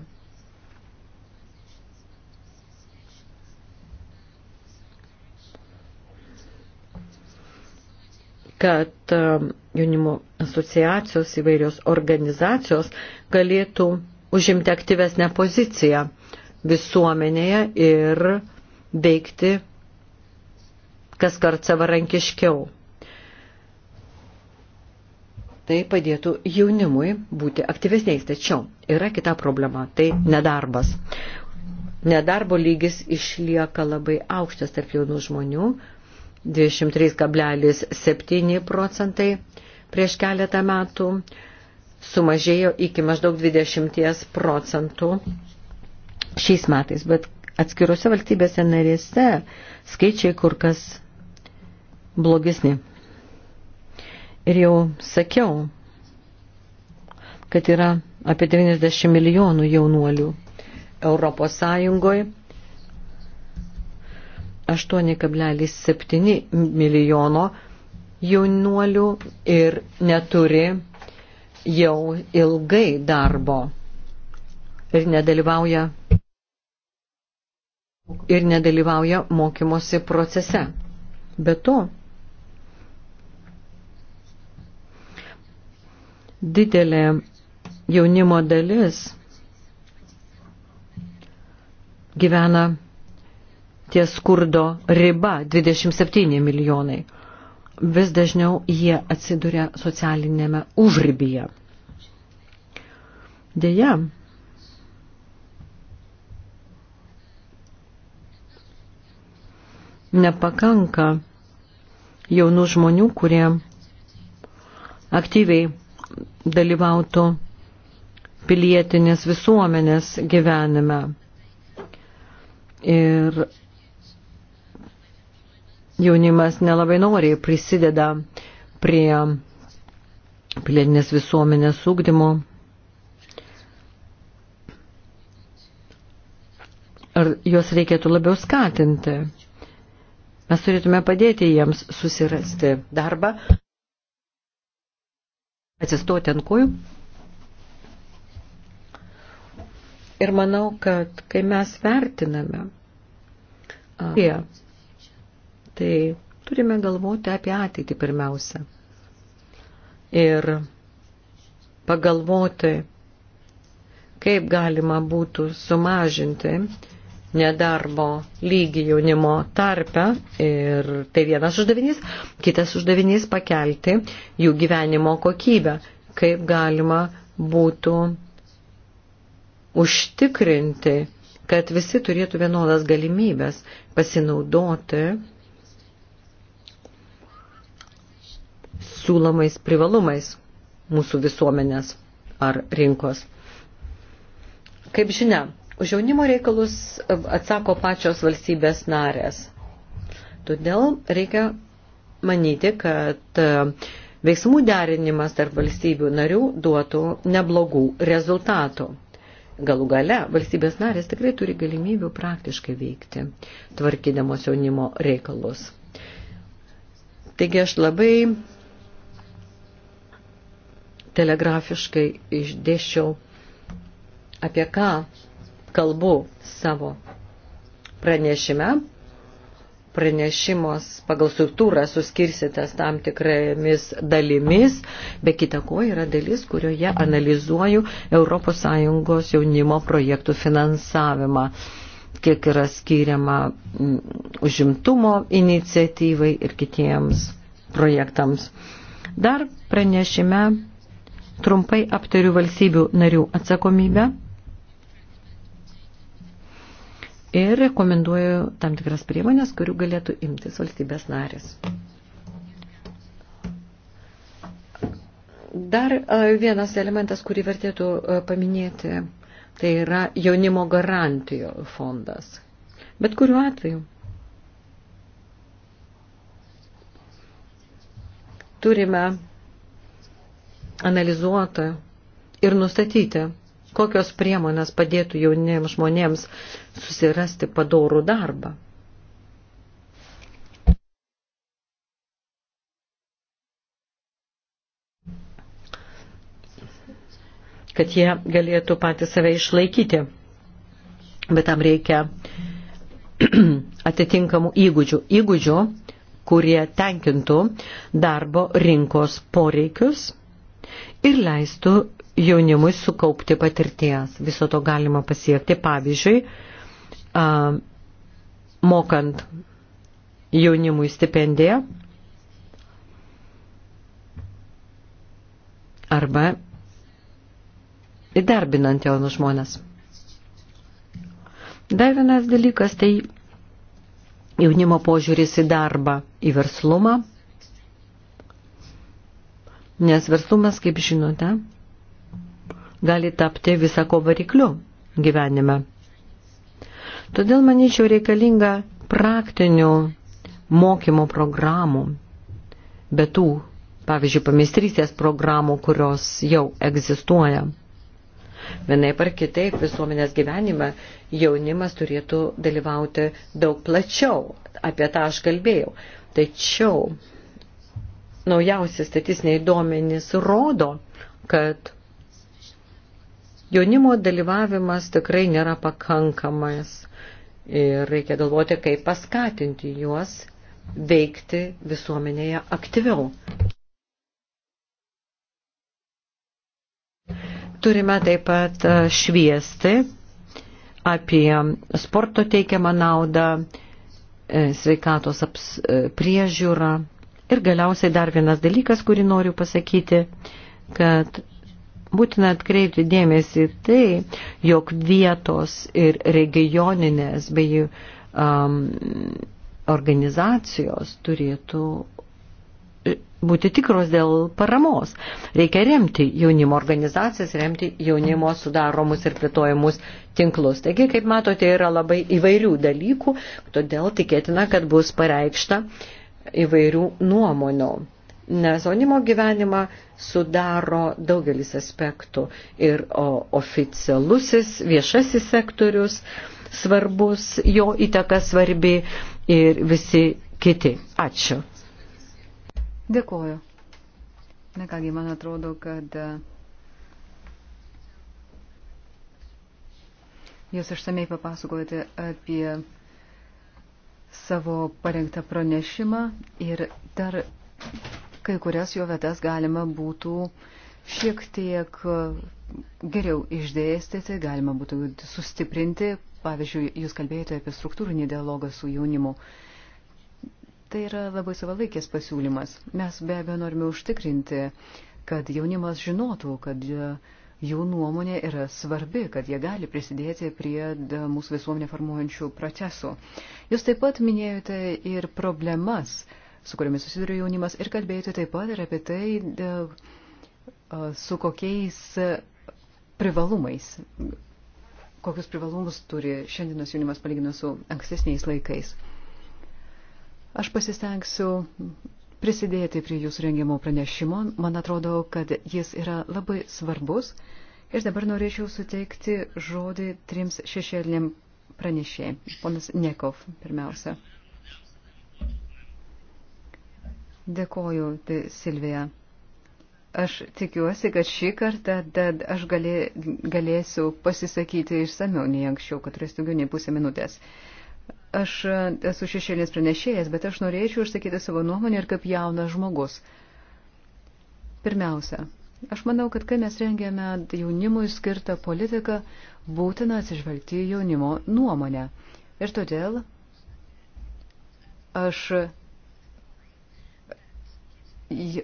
kad um, jaunimo asociacijos įvairios organizacijos galėtų užimti aktyvesnę poziciją visuomenėje ir veikti kas kart savarankiškiau. Tai padėtų jaunimui būti aktyvesniais. Tačiau yra kita problema - tai nedarbas. Nedarbo lygis išlieka labai aukštas tarp jaunų žmonių, 23,7 procentai prieš keletą metų, sumažėjo iki maždaug 20 procentų šiais metais, bet atskiruose valstybėse narėse skaičiai kur kas blogesni. Ir jau sakiau, kad yra apie 90 milijonų jaunuolių Europos Sąjungoje 8,7 milijono jaunuolių ir neturi jau ilgai darbo ir nedalyvauja, ir nedalyvauja mokymosi procese. Be to, didelė jaunimo dalis gyvena ties skurdo riba 27 milijonai. Vis dažniau jie atsiduria socialinėme užrybyje. Deja, nepakanka jaunų žmonių, kurie aktyviai dalyvautų pilietinės visuomenės gyvenime. Ir jaunimas nelabai noriai prisideda prie pilietinės visuomenės ūkdymo. Ar juos reikėtų labiau skatinti? Mes turėtume padėti jiems susirasti darbą, atsistoti ant kojų. Ir manau, kad kai mes vertiname, a, tai turime galvoti apie ateitį pirmiausia. Ir pagalvoti, kaip galima būtų sumažinti nedarbo lygį jaunimo tarpe ir tai vienas uždavinys, kitas uždavinys pakelti jų gyvenimo kokybę, kaip galima būtų užtikrinti, kad visi turėtų vienodas galimybės pasinaudoti siūlomais privalumais mūsų visuomenės ar rinkos. Kaip žinia, už jaunimo reikalus atsako pačios valstybės narės. Todėl reikia manyti, kad e, veiksmų derinimas tarp valstybių narių duotų neblogų rezultatų. Galų gale valstybės narės tikrai turi galimybių praktiškai veikti, tvarkydamos jaunimo reikalus. Taigi aš labai telegrafiškai išdėščiau, apie ką kalbu savo pranešime. Pranešimas pagal struktūrą suskirsitas tam tikramis dalimis, be kita ko yra dalis, kurioje analizuoju ES jaunimo projektų finansavimą kiek yra skiriama užimtumo iniciatyvai ir kitiems projektams. Dar pranešime Trumpai aptariu valstybių narių atsakomybę ir rekomenduoju tam tikras priemonės, kurių galėtų imtis valstybės narės. Dar e, vienas elementas, kurį vertėtų e, paminėti, tai yra jaunimo garantijų fondas. Bet kuriuo atveju turime analizuoti ir nustatyti, kokios priemonės padėtų jauniems žmonėms susirasti padorų darbą. kad jie galėtų patys save išlaikyti. Bet tam reikia atitinkamų įgūdžių. Įgūdžių, kurie tenkintų darbo rinkos poreikius ir leistų jaunimui sukaupti patirties. Viso to galima pasiekti, pavyzdžiui, mokant jaunimui stipendiją arba įdarbinant jaunus žmonės. Dar vienas dalykas tai jaunimo požiūris į darbą, į verslumą Nes verslumas, kaip žinote, gali tapti visako varikliu gyvenime. Todėl, manyčiau, reikalinga praktinių mokymo programų, be tų, pavyzdžiui, pamistrysės programų, kurios jau egzistuoja. Vienai par kitaip visuomenės gyvenime jaunimas turėtų dalyvauti daug plačiau, apie tą aš kalbėjau. Tačiau naujausi statistiniai duomenys rodo, kad jaunimo dalyvavimas tikrai nėra pakankamas ir reikia galvoti, kaip paskatinti juos veikti visuomenėje aktyviau. Turime taip pat e, šviesti apie sporto teikiamą naudą, e, sveikatos aps, e, priežiūrą Ir galiausiai dar vienas dalykas, kurį noriu pasakyti, kad būtina atkreipti dėmesį tai, jog vietos ir regioninės bei um, organizacijos turėtų e, būti tikros dėl paramos. Reikia remti jaunimo organizacijas, remti jaunimo sudaromus ir plėtojimus tinklus. Taigi, kaip matote, yra labai įvairių dalykų, todėl tikėtina, kad bus pareikšta uh, įvairių nuomonių. Nes jaunimo gyvenimą sudaro daugelis aspektų ir o, oficialusis viešasis sektorius svarbus, jo įtaka svarbi ir visi kiti. Ačiū. Dėkoju. Na kągi, man atrodo, kad e, jūs išsamei papasakojate apie savo parengtą pranešimą ir dar kai kurias jo vietas galima būtų šiek tiek geriau išdėstyti, galima būtų sustiprinti. Pavyzdžiui, jūs kalbėjote apie struktūrinį dialogą su jaunimu. Tai yra labai savalaikės pasiūlymas. Mes be abejo norime užtikrinti, kad jaunimas žinotų, kad jų nuomonė yra svarbi, kad jie gali prisidėti prie mūsų visuomenę formuojančių procesų. Jūs taip pat minėjote ir problemas, su kuriomis susiduria jaunimas, ir kalbėjote taip pat ir apie tai, su kokiais privalumais, kokius privalumus turi šiandienos jaunimas palyginus su ankstesniais laikais. Aš pasistengsiu prisidėti prie jūsų rengimo pranešimo. Man atrodo, kad jis yra labai svarbus. Ir dabar norėčiau suteikti žodį trims šešėlėm pranešėjai. Ponas Nekov, pirmiausia. Dėkoju, tai Silvija. Aš tikiuosi, kad šį kartą aš galė, galėsiu pasisakyti išsameu nei anksčiau, kad turės daugiau nei pusę minutės. Uh, Aš esu šešėlės pranešėjas, bet aš norėčiau išsakyti savo nuomonę ir kaip jaunas žmogus. Pirmiausia, aš manau, kad kai mes rengėme jaunimui skirtą politiką, būtina atsižvelgti jaunimo nuomonę. Ir todėl aš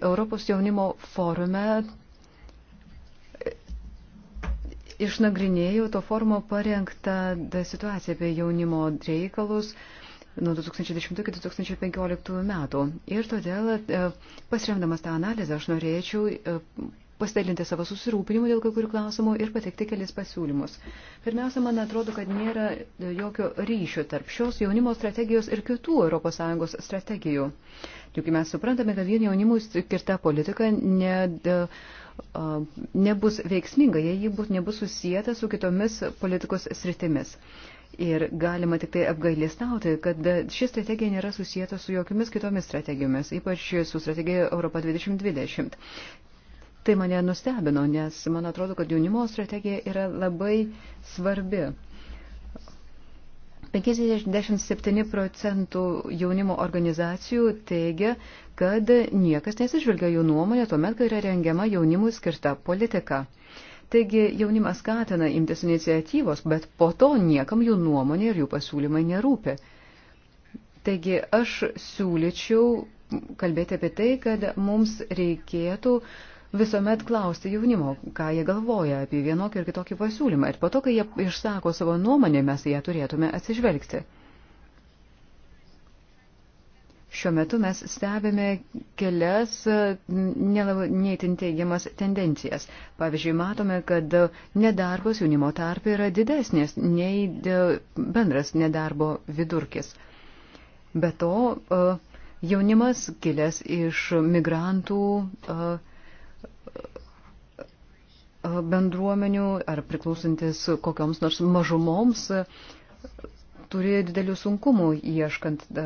Europos jaunimo forume išnagrinėjau to formo parengtą situaciją apie jaunimo reikalus nuo 2010 iki 2015 metų. Ir todėl, e, pasiremdamas tą analizę, aš norėčiau e, pasidalinti savo susirūpinimu dėl kai kurių klausimų ir pateikti kelis pasiūlymus. Pirmiausia, man atrodo, kad nėra e, jokio ryšio tarp šios jaunimo strategijos ir kitų ES strategijų. Juk mes suprantame, kad vien jaunimui skirta politika ne. De, nebus veiksminga, jei ji bus, nebus susijęta su kitomis politikos sritimis. Ir galima tik tai apgailestauti, kad ši strategija nėra susijęta su jokiomis kitomis strategijomis, ypač su strategija Europa 2020. Tai mane nustebino, nes man atrodo, kad jaunimo strategija yra labai svarbi. 57 procentų jaunimo organizacijų teigia, kad niekas nesižvelgia jų nuomonę tuomet, kai yra rengiama jaunimui skirta politika. Taigi jaunimas skatina imtis iniciatyvos, bet po to niekam jų nuomonė ir jų pasiūlymai nerūpi. Taigi aš siūlyčiau kalbėti apie tai, kad mums reikėtų uh, visuomet klausti jaunimo, ką jie galvoja apie vienokį ir kitokį pasiūlymą. Ir po to, kai jie išsako savo nuomonę, mes ją turėtume atsižvelgti. Šiuo metu mes stebime kelias neįtin teigiamas tendencijas. Pavyzdžiui, matome, kad nedarbas jaunimo tarp yra didesnės nei e, bendras nedarbo vidurkis. Be to, e, jaunimas kilęs iš migrantų uh, bendruomenių ar priklausantis kokioms nors mažumoms e, turi didelių sunkumų ieškant e,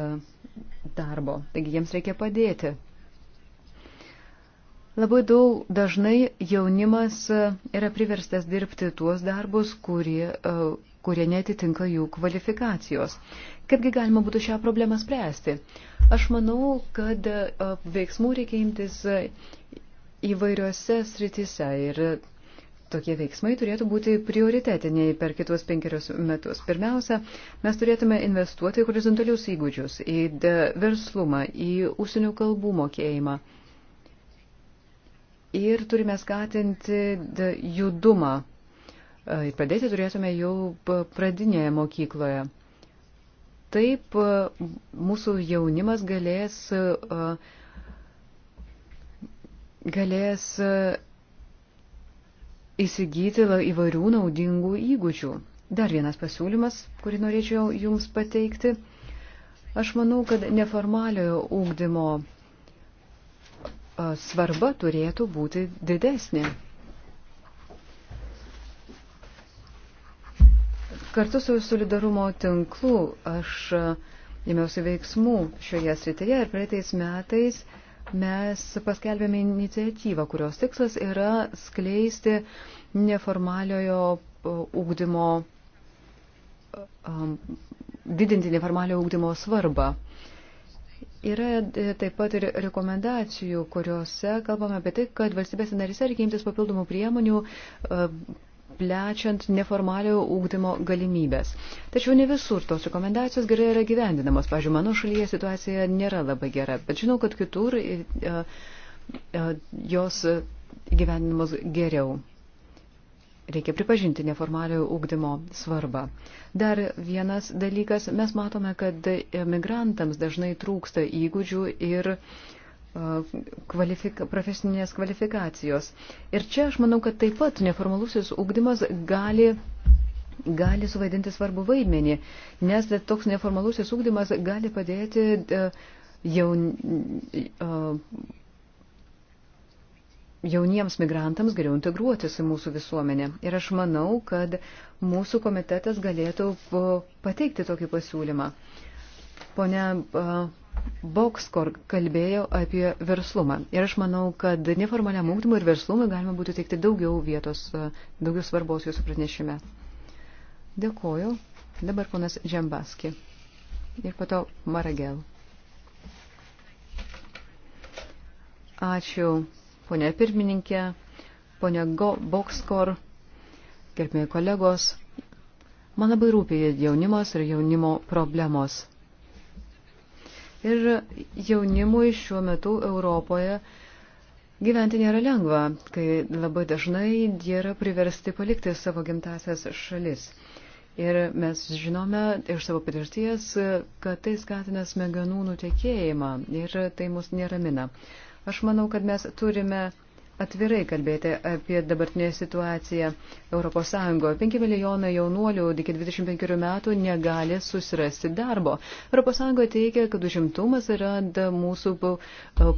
darbo. Taigi jiems reikia padėti. Labai daug dažnai jaunimas e, yra priverstas dirbti tuos darbus, kurie, kurie netitinka jų kvalifikacijos. Kaipgi galima būtų šią problemą spręsti? Aš manau, kad veiksmų reikia imtis įvairiose sritise ir tokie veiksmai turėtų būti prioritetiniai per kitos penkerius metus. Pirmiausia, mes turėtume investuoti į horizontalius įgūdžius, į verslumą, į užsienio kalbų mokėjimą. Ir turime skatinti judumą. E, ir pradėti turėtume jau pradinėje mokykloje. Taip e, mūsų jaunimas galės uh, galės e, įsigyti įvairių naudingų įgūdžių. Dar vienas pasiūlymas, kurį norėčiau Jums pateikti. Aš manau, kad neformaliojo ūkdymo e, svarba turėtų būti didesnė. Kartu su solidarumo tinklu aš e, ėmiausi veiksmų šioje srityje ir praeitais metais mes paskelbėme iniciatyvą, kurios tikslas yra skleisti neformaliojo ūkdymo, e, e, didinti neformaliojo ūkdymo svarbą. Yra e, taip pat ir rekomendacijų, kuriuose kalbame apie tai, kad valstybės narys reikia imtis papildomų priemonių plečiant neformaliojo ūkdymo galimybės. Tačiau ne visur tos rekomendacijos gerai yra gyvendinamos. Pavyzdžiui, mano šalyje situacija nėra labai gera, bet žinau, kad kitur e, e, e, jos gyvendinamos geriau. Reikia pripažinti neformaliojo ūkdymo svarbą. Dar vienas dalykas, mes matome, kad migrantams dažnai trūksta įgūdžių ir uh, kvalifika, profesinės kvalifikacijos. Ir čia aš manau, kad taip pat neformalusis ūkdymas gali gali suvaidinti svarbu vaidmenį, nes toks neformalusis ūkdymas gali padėti e, jaun, e, jauniems migrantams geriau integruotis į mūsų visuomenę. Ir aš manau, kad mūsų komitetas galėtų e, pateikti tokį pasiūlymą. Pone Bokskor kalbėjo apie verslumą. Ir aš manau, kad neformaliam ūkdymui ir verslumui galima būtų teikti daugiau vietos, daugiau svarbos jūsų pranešime. Dėkoju. Dabar ponas Džembaski. Ir po to Maragel. Ačiū, ponė pirmininkė, ponė Bokskor, gerbėjai kolegos. Man labai rūpėjo jaunimas ir jaunimo problemos. Ir jaunimui šiuo metu Europoje gyventi nėra lengva, kai labai dažnai jie yra priversti palikti savo gimtasias šalis. Ir mes žinome iš savo patirties, kad tai skatina smegenų nutekėjimą ir tai mus neramina. Aš manau, kad mes turime atvirai kalbėti apie dabartinę situaciją ES. 5 milijonai jaunuolių iki 25 metų negali susirasti darbo. ES teigia, kad užimtumas yra mūsų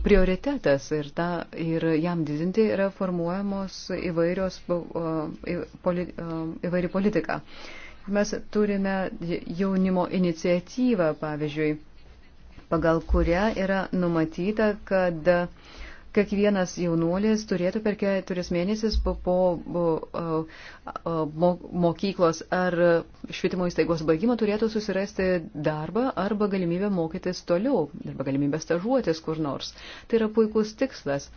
prioritetas ir, ta, ir jam didinti yra formuojamos įvairios, poli, įvairi politika. Mes turime jaunimo iniciatyvą, pavyzdžiui, pagal kurią yra numatyta, kad uh, kiekvienas jaunuolis turėtų per keturis mėnesius po, po, po mo, mokyklos ar švietimo įstaigos baigimo turėtų susirasti darbą arba galimybę mokytis toliau, arba galimybę stažuotis kur nors. Tai yra puikus tikslas.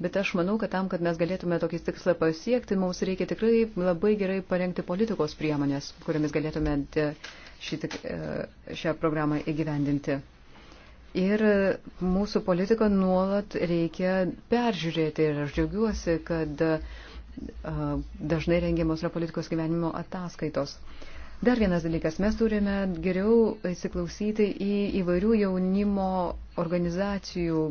Bet aš manau, kad tam, kad mes galėtume tokį tikslą pasiekti, mums reikia tikrai labai gerai parengti politikos priemonės, kuriamis galėtume e, šį, e, šią programą įgyvendinti. Ir mūsų politiką nuolat reikia peržiūrėti. Ir aš džiaugiuosi, kad dažnai rengiamos yra politikos gyvenimo ataskaitos. Dar vienas dalykas, mes turime geriau įsiklausyti į įvairių jaunimo organizacijų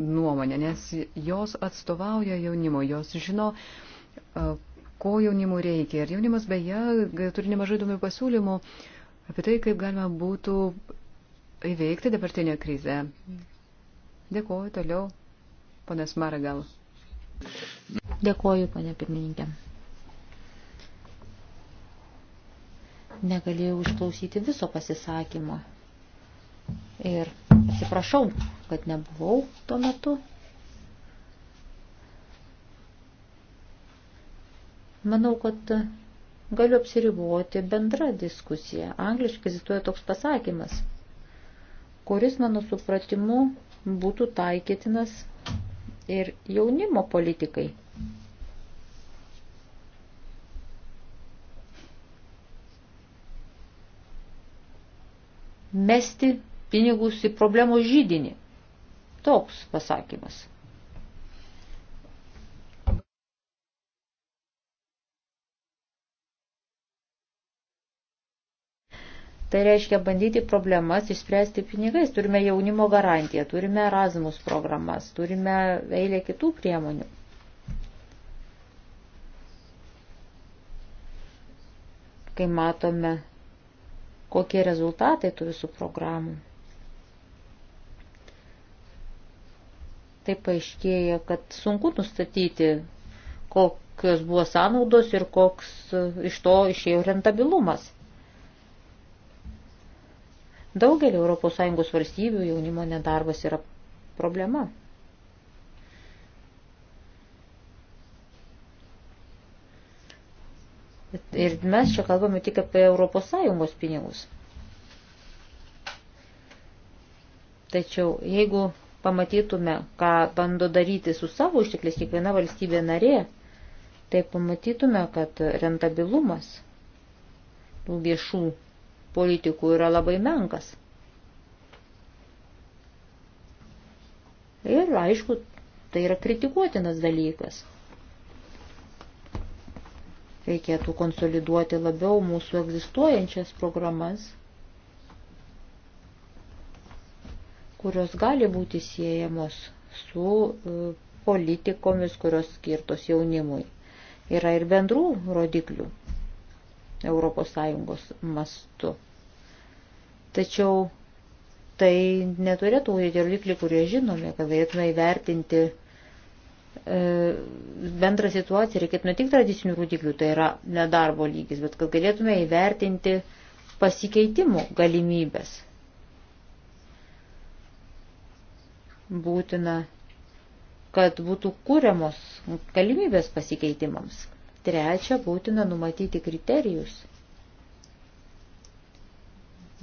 nuomonę, nes jos atstovauja jaunimo, jos žino, ko jaunimui reikia. Ir jaunimas beje turi nemažai įdomių pasiūlymų apie tai, kaip galima būtų įveikti dabartinę krizę. Dėkuoju toliau, ponas Maragal. Dėkuoju, ponė pirmininkė. Negalėjau išklausyti viso pasisakymo. Ir atsiprašau, kad nebuvau tuo metu. Manau, kad galiu apsiriboti bendrą diskusiją. Angliškai egzistuoja toks pasakymas – kuris, mano supratimu, būtų taikytinas ir jaunimo politikai. Mesti pinigus į problemos žydinį. Toks pasakymas. Tai reiškia bandyti problemas išspręsti pinigais. Turime jaunimo garantiją, turime Erasmus programas, turime eilę kitų priemonių. Kai matome, kokie rezultatai tų visų programų. Taip paaiškėja, kad sunku nustatyti, kokios buvo sąnaudos ir koks iš to išėjo rentabilumas. Daugelį ES valstybių jaunimo nedarbas yra problema. Ir mes čia kalbame tik apie ES pinigus. Tačiau jeigu pamatytume, ką bando daryti su savo ištekliais kiekviena valstybė narė, tai pamatytume, kad rentabilumas tų viešų politikų yra labai menkas. Ir, aišku, tai yra kritikuotinas dalykas. Reikėtų konsoliduoti labiau mūsų egzistuojančias programas, kurios gali būti siejamos su e, politikomis, kurios skirtos jaunimui. Yra ir bendrų rodiklių, ES mastu. Tačiau tai neturėtų būti rodikliai, kurie žinome, kad galėtume įvertinti e, bendrą situaciją, reikėtų ne tik tradicinių rodiklių, tai yra nedarbo lygis, bet kad galėtume įvertinti pasikeitimų galimybės. Būtina, kad būtų kūriamos galimybės pasikeitimams. Trečia, būtina numatyti kriterijus.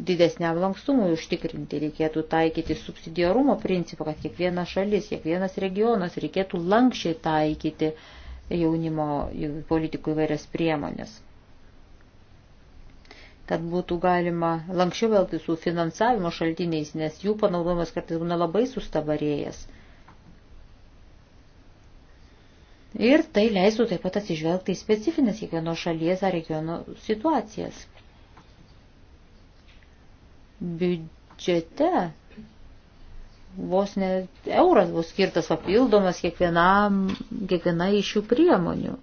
Didesniam lankstumui užtikrinti reikėtų taikyti subsidiarumo principą, kad kiekviena šalis, kiekvienas regionas reikėtų lankščiai taikyti jaunimo politikų įvairias priemonės. Kad būtų galima lankščiau vėlti su finansavimo šaltiniais, nes jų panaudojimas kartais būna labai sustabarėjęs. Ir tai leistų taip pat atsižvelgti į specifines kiekvieno šalies ar regiono situacijas. Biudžete vos ne euras bus skirtas papildomas kiekvienam, kiekvienai iš šių priemonių.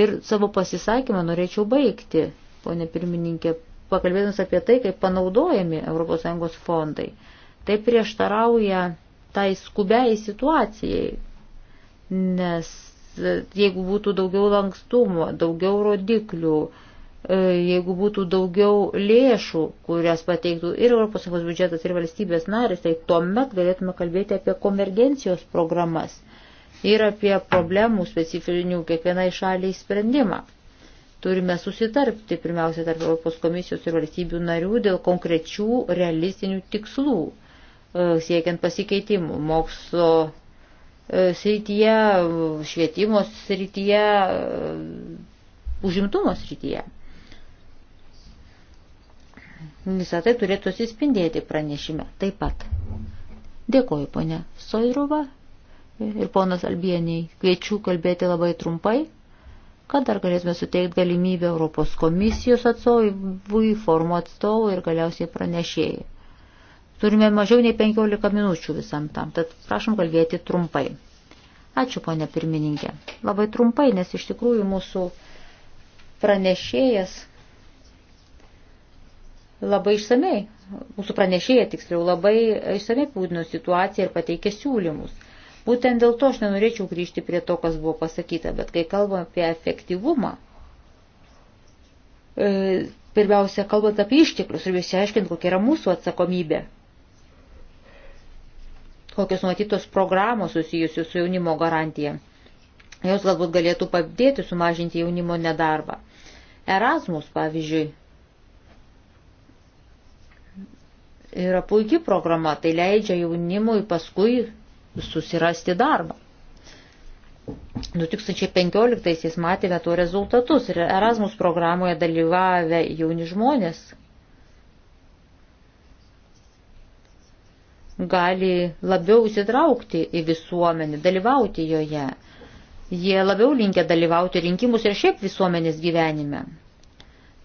Ir savo pasisakymą norėčiau baigti, ponė pirmininkė, pakalbėdamas apie tai, kaip panaudojami ES fondai. Tai prieštarauja tai skubiai situacijai, nes jeigu būtų daugiau lankstumo, daugiau rodiklių, e, jeigu būtų daugiau lėšų, kurias pateiktų ir ES biudžetas, ir valstybės narės, tai tuomet galėtume kalbėti apie konvergencijos programas ir apie problemų specifinių kiekvienai šaliai sprendimą. Turime susitarpti pirmiausia tarp Europos komisijos ir valstybių narių dėl konkrečių realistinių tikslų e, siekiant pasikeitimų mokslo E, srityje, švietimo srityje, e, užimtumo srityje. Visą tai turėtų atsispindėti pranešime taip pat. Dėkoju, ponė Soirova ir ponas Albieniai. Kviečiu kalbėti labai trumpai, kad dar galėtume suteikti galimybę Europos komisijos atstovui, formų atstovui ir galiausiai pranešėjai. Turime mažiau nei 15 minučių visam tam, tad prašom kalbėti trumpai. Ačiū, ponė pirmininkė. Labai trumpai, nes iš tikrųjų mūsų pranešėjas labai išsamei, mūsų pranešėja tiksliau labai išsamei pūdino situaciją ir pateikė siūlymus. Būtent dėl to aš nenorėčiau grįžti prie to, kas buvo pasakyta, bet kai kalbam apie efektyvumą, e, pirmiausia, kalbant apie išteklius ir visi aiškinti, kokia yra mūsų atsakomybė kokios numatytos programos susijusios su jaunimo garantija. Jos galbūt galėtų padėti sumažinti jaunimo nedarbą. Erasmus, pavyzdžiui, yra puikia programa, tai leidžia jaunimui paskui susirasti darbą. 2015 matėme tuo rezultatus ir Erasmus programoje dalyvavę jauni žmonės gali labiau įsitraukti į visuomenę, dalyvauti joje. Jie labiau linkia dalyvauti rinkimus ir šiaip visuomenės gyvenime.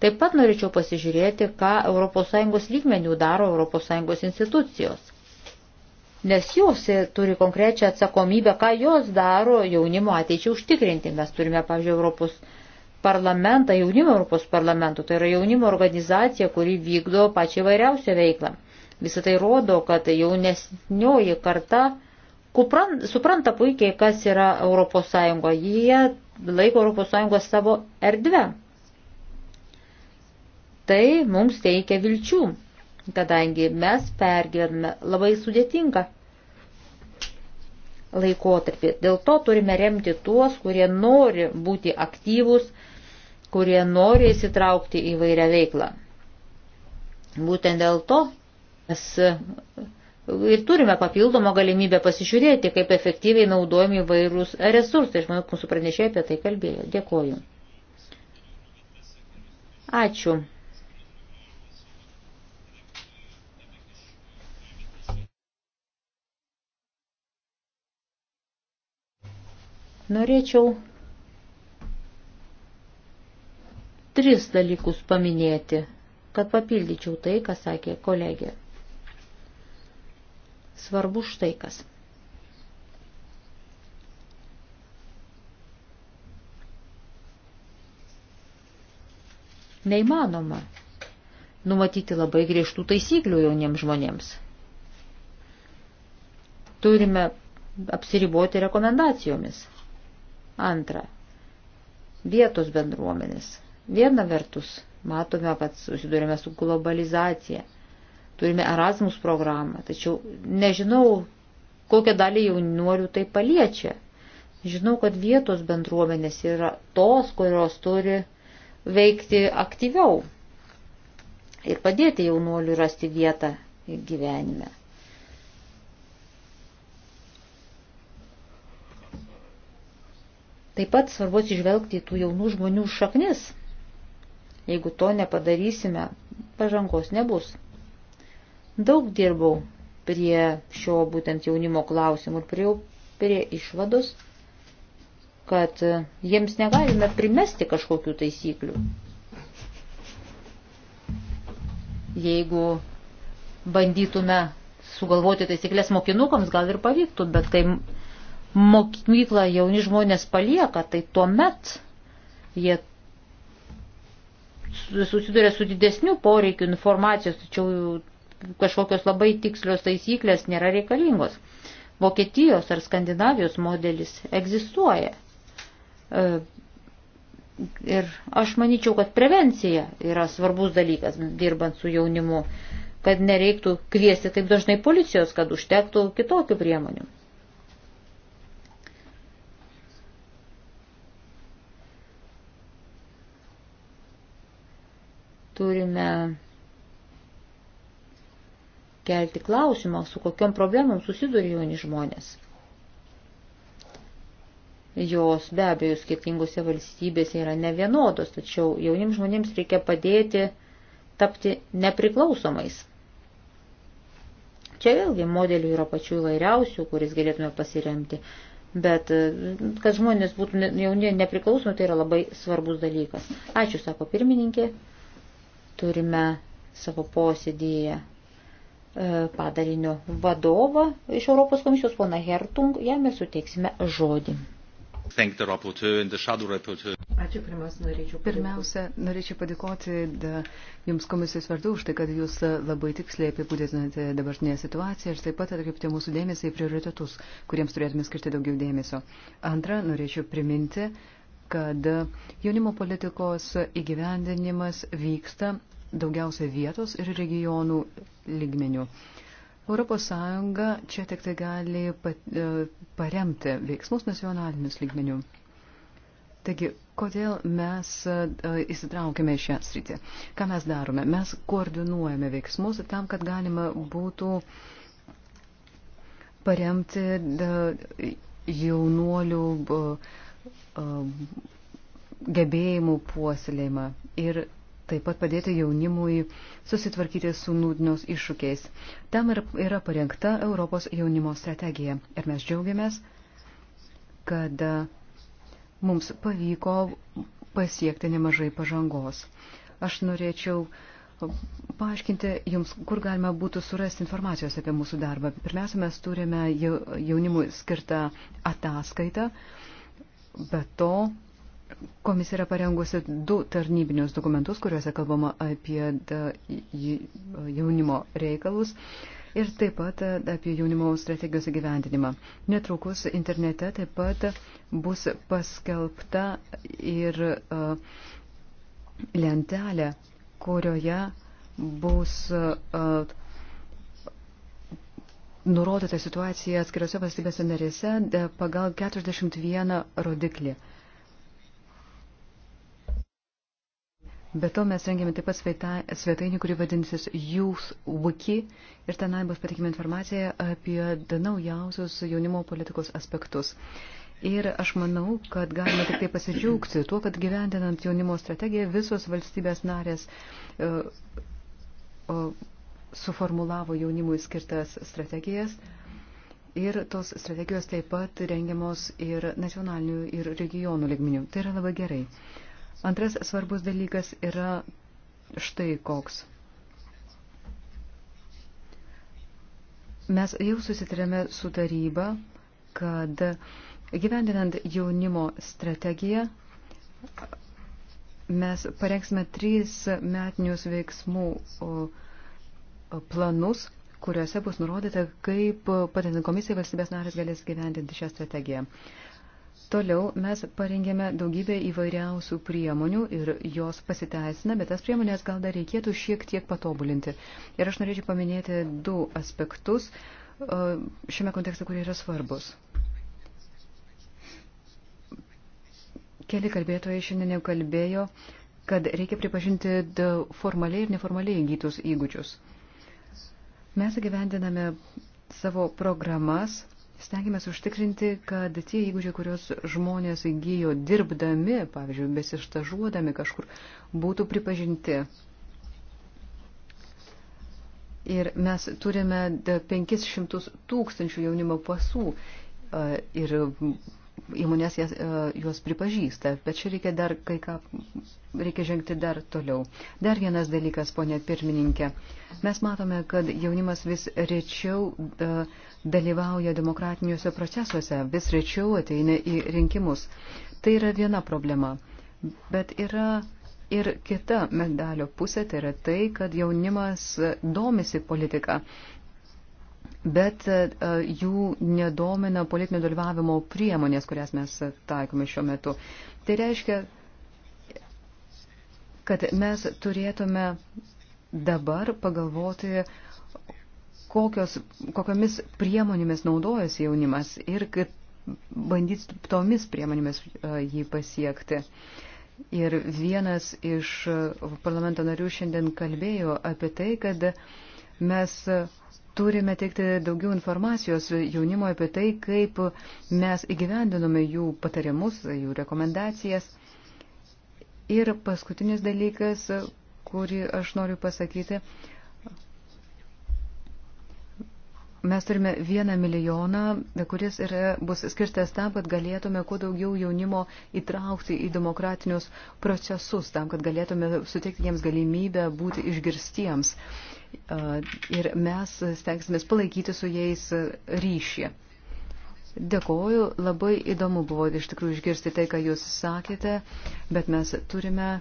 Taip pat norėčiau pasižiūrėti, ką ES lygmenių daro ES institucijos. Nes jos turi konkrečią atsakomybę, ką jos daro jaunimo ateičiai užtikrinti. Mes turime, pavyzdžiui, Europos parlamentą, jaunimo Europos parlamentų, tai yra jaunimo organizacija, kuri vykdo pačią vairiausią veiklą. Visą tai rodo, kad jaunesnioji karta kupran, supranta puikiai, kas yra ES. Jie laiko ES savo erdvę. Tai mums teikia vilčių, kadangi mes pergyvename labai sudėtingą laikotarpį. Dėl to turime remti tuos, kurie nori būti aktyvus, kurie nori įsitraukti į vairią veiklą. Būtent dėl to Mes e, ir turime papildomą galimybę pasižiūrėti, kaip efektyviai naudojami įvairūs resursai. Aš manau, mūsų pranešėjai apie tai kalbėjo. Dėkoju. Ačiū. Norėčiau tris dalykus paminėti, kad papildyčiau tai, ką sakė kolegė svarbu štai kas. Neįmanoma numatyti labai griežtų taisyklių jauniems žmonėms. Turime apsiriboti rekomendacijomis. Antra, vietos bendruomenės. Viena vertus, matome, kad susidurime su globalizacija – Turime Erasmus programą, tačiau nežinau, kokią dalį jaunuolių tai paliečia. Žinau, kad vietos bendruomenės yra tos, kurios turi veikti aktyviau ir padėti jaunuoliui rasti vietą gyvenime. Taip pat svarbu atsižvelgti į tų jaunų žmonių šaknis. Jeigu to nepadarysime, pažangos nebus. Daug dirbau prie šio būtent jaunimo klausimų ir prie, prie išvados, kad jiems negalime primesti kažkokių taisyklių. Jeigu bandytume sugalvoti taisyklės mokinukams, gal ir pavyktų, bet kai mokyklą jauni žmonės palieka, tai tuomet jie susiduria su didesniu poreikiu informacijos, tačiau kažkokios labai tikslios taisyklės nėra reikalingos. Vokietijos ar Skandinavijos modelis egzistuoja. E, ir aš manyčiau, kad prevencija yra svarbus dalykas dirbant su jaunimu, kad nereiktų kviesti taip dažnai policijos, kad užtektų kitokių priemonių. Turime kelti klausimą, su kokiom problemom susiduria jauni žmonės. Jos be abejo skirtingose valstybėse yra nevienodos, tačiau jaunim žmonėms reikia padėti tapti nepriklausomais. Čia vėlgi modelių yra pačių įvairiausių, kuris galėtume pasiremti, bet kad žmonės būtų jauni nepriklausomi, tai yra labai svarbus dalykas. Ačiū, sako pirmininkė, turime savo posėdėje E, padalinio vadovą iš Europos komisijos, pona Hertung, jam ir suteiksime žodį. Ačiū, pirmiausia, norėčiau. Pirmiausia, norėčiau padėkoti Jums komisijos vardu už tai, kad Jūs labai tiksliai apibūdėtumėte dabartinę situaciją ir taip pat atkreipti mūsų dėmesį į prioritetus, kuriems turėtume skirti daugiau dėmesio. Antra, norėčiau priminti, kad jaunimo politikos įgyvendinimas vyksta daugiausia vietos ir regionų lygmenių. ES čia tik tai gali e, paremti veiksmus nacionalinius lygmenių. Taigi, kodėl mes e, įsitraukėme šią sritį? Ką mes darome? Mes koordinuojame veiksmus tam, kad galima būtų paremti jaunuolių e, gebėjimų puoselėjimą ir taip pat padėti jaunimui susitvarkyti su nūdinios iššūkiais. Tam yra parengta Europos jaunimo strategija ir mes džiaugiamės, kad e, mums pavyko pasiekti nemažai pažangos. Aš norėčiau e, paaiškinti jums, kur galima būtų surasti informacijos apie mūsų darbą. Pirmiausia, mes turime jaunimui skirtą ataskaitą, bet to Komisija yra parengusi du tarnybinius dokumentus, kuriuose kalbama apie jaunimo reikalus ir taip pat apie jaunimo strategijos įgyvendinimą. Netrukus internete taip pat bus paskelbta ir lentelė, kurioje bus nurodyta situacija atskiriuose valstybėse narėse pagal 41 rodiklį. Be to mes rengėme taip pat svetainį, kuri vadinsis Youth Wiki ir tenai bus patikima informacija apie naujausius jaunimo politikos aspektus. Ir aš manau, kad galime tik tai pasidžiaugti tuo, kad gyvendinant jaunimo strategiją visos valstybės narės uh, uh, suformulavo jaunimui skirtas strategijas. Ir tos strategijos taip pat rengiamos ir nacionalinių, ir regionų ligminių. Tai yra labai gerai. Uh, Antras svarbus dalykas yra štai koks. Mes jau susitarėme su taryba, kad gyvendinant jaunimo strategiją mes parengsime trys metinius veiksmų planus, kuriuose bus nurodyta, kaip patentinė komisija valstybės narės galės gyvendinti šią strategiją. Toliau mes parengėme daugybę įvairiausių priemonių ir jos pasiteisina, bet tas priemonės gal dar reikėtų šiek tiek patobulinti. Ir aš norėčiau paminėti du aspektus e, šiame kontekste, kurie yra svarbus. Keli kalbėtojai šiandien jau kalbėjo, kad reikia pripažinti formaliai ir neformaliai įgytus įgūdžius. Mes gyvendiname savo programas Stengiamės užtikrinti, kad tie įgūdžiai, kuriuos žmonės įgyjo dirbdami, pavyzdžiui, besištažuodami kažkur, būtų pripažinti. Ir mes turime 500 tūkstančių jaunimo pasų ir įmonės jas, juos pripažįsta, bet čia reikia dar kai ką, reikia žengti dar toliau. Dar vienas dalykas, ponė pirmininkė. Mes matome, kad jaunimas vis rečiau. Uh, dalyvauja demokratiniuose procesuose, vis rečiau ateina į rinkimus. Tai yra viena problema. Bet yra ir kita medalio pusė, tai yra tai, kad jaunimas domisi politiką. Bet e, jų nedomina politinio dalyvavimo priemonės, kurias mes taikome šiuo metu. Tai reiškia, kad mes turėtume dabar pagalvoti, uh, kokios, kokiamis priemonėmis naudojasi jaunimas ir kad bandys tomis priemonėmis e, jį pasiekti. Ir vienas iš parlamento narių šiandien kalbėjo apie tai, kad mes turime teikti daugiau informacijos jaunimo apie tai, kaip mes įgyvendinome jų patarimus, jų rekomendacijas. Ir paskutinis dalykas, kurį aš noriu pasakyti, Mes turime vieną milijoną, kuris yra, bus skirtas tam, kad galėtume kuo daugiau jaunimo įtraukti į demokratinius procesus, tam, kad galėtume suteikti jiems galimybę būti išgirstiems. Ir mes stengsime palaikyti su jais ryšį. Dėkoju, labai įdomu buvo iš tikrųjų išgirsti tai, ką jūs sakėte, bet mes turime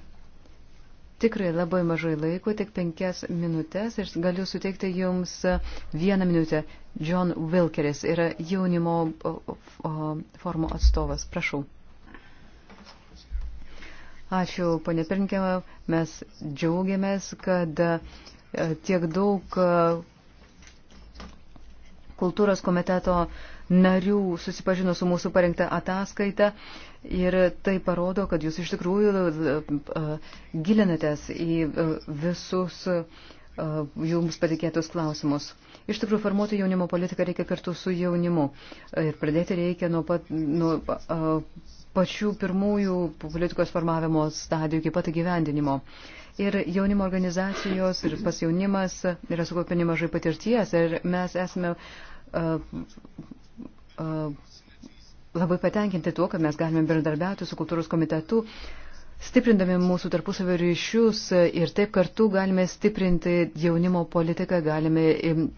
tikrai labai mažai laiko, tik penkias minutės ir galiu suteikti jums vieną minutę. John Wilkeris yra jaunimo forumo atstovas. Prašau. Ačiū, ponė Pirinkė. Mes džiaugiamės, kad e, tiek daug e, kultūros komiteto narių susipažino su mūsų parengta ataskaita. Uh, Ir tai parodo, kad jūs iš tikrųjų gilinatės į visus jums patikėtus klausimus. Iš tikrųjų, formuoti jaunimo politiką reikia kartu su jaunimu. Ir pradėti reikia nuo, pat, nuo a, pačių pirmųjų politikos formavimo stadijų iki pat įgyvendinimo. Ir jaunimo organizacijos ir pas jaunimas yra sukaupę nemažai patirties ir mes esame a, a, labai patenkinti tuo, kad mes galime bendradarbiauti su kultūros komitetu, stiprindami mūsų tarpusavio ryšius ir taip kartu galime stiprinti jaunimo politiką, galime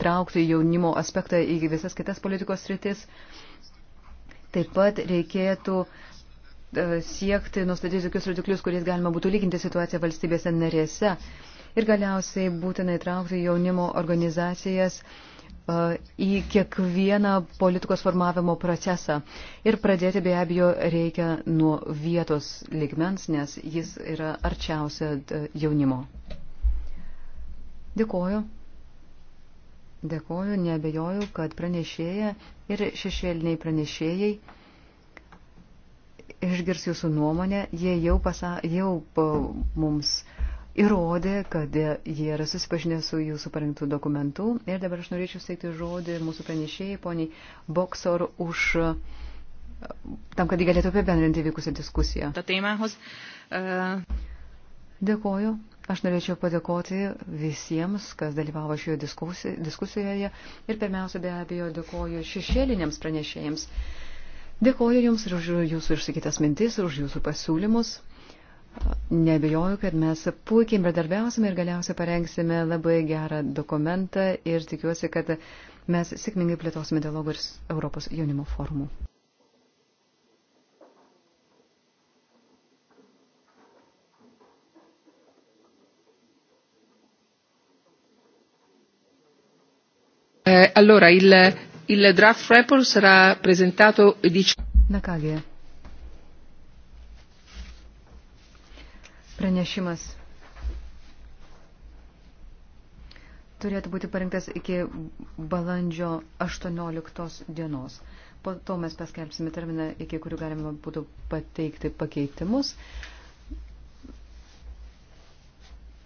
traukti jaunimo aspektą į visas kitas politikos sritis. Taip pat reikėtų e, siekti nustatyti tokius rodiklius, kuriais galima būtų lyginti situaciją valstybėse narėse. Ir galiausiai būtina įtraukti jaunimo organizacijas uh, E, į kiekvieną politikos formavimo procesą. Ir pradėti be abejo reikia nuo vietos ligmens, nes jis yra arčiausia e, jaunimo. Dėkoju. Dėkoju, nebejoju, kad pranešėja ir šešėliniai pranešėjai išgirs jūsų nuomonę, jie jau, pasa, jau e, mums uh, įrodė, kad jie yra susipažinę su jūsų parinktų dokumentų. Ir dabar aš norėčiau steigti žodį mūsų pranešėjai, poniai Boksor, už eh, tam, kad jį galėtų apibendrinti vykusią diskusiją. Eh, dėkoju. Aš norėčiau padėkoti visiems, kas dalyvavo šioje diskusijoje ir pirmiausia be abejo dėkoju šešėliniams pranešėjams. Dėkoju Jums ir už Jūsų išsakytas mintis, už Jūsų pasiūlymus. Nebejoju, kad mes puikiai bendradarbiausime ir galiausiai parengsime labai gerą dokumentą ir tikiuosi, kad mes sėkmingai plėtosime dialogą ir Europos jaunimo formų. Eh, allora, il, il draft report sarà presentato il 10. Na kągi, pranešimas turėtų būti parinktas iki balandžio 18 dienos. Po to mes paskelbsime terminą, iki kurių galima būtų pateikti pakeitimus.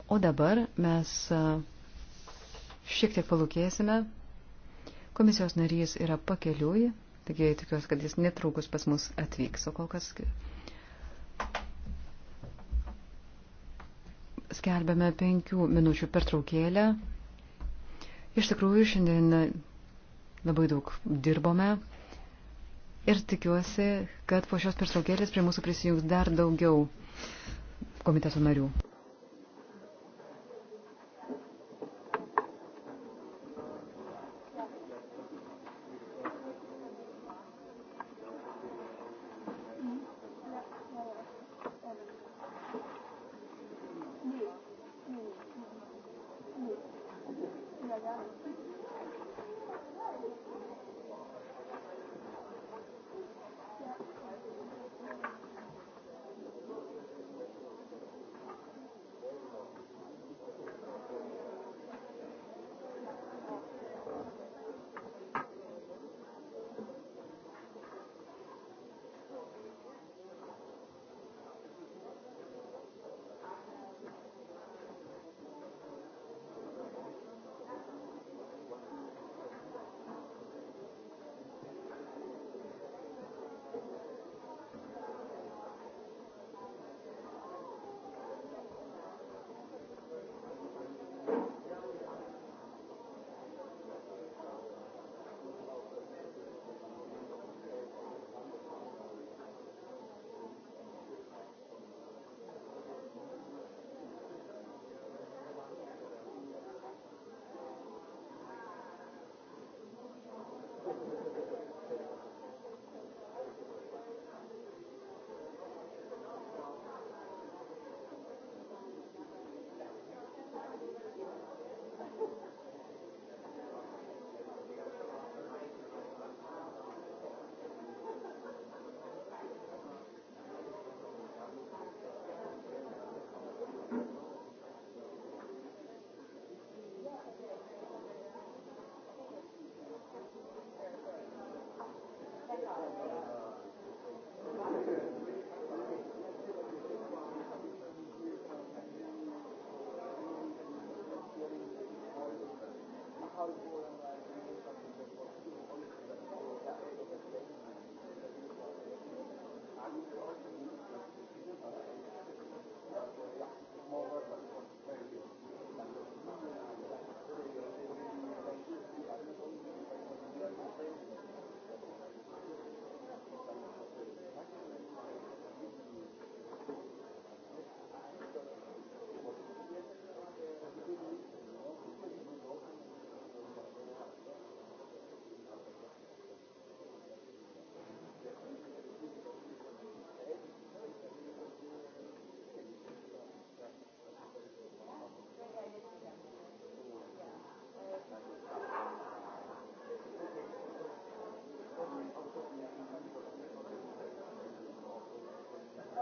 O dabar mes šiek tiek palūkėsime. Komisijos narys yra pakeliui, taigi tikiuosi, kad jis netrukus pas mus atvyks, o kol kas skelbėme penkių minučių pertraukėlę. Iš tikrųjų, šiandien labai daug dirbome ir tikiuosi, kad po šios pertraukėlės prie mūsų prisijungs dar daugiau komiteto narių.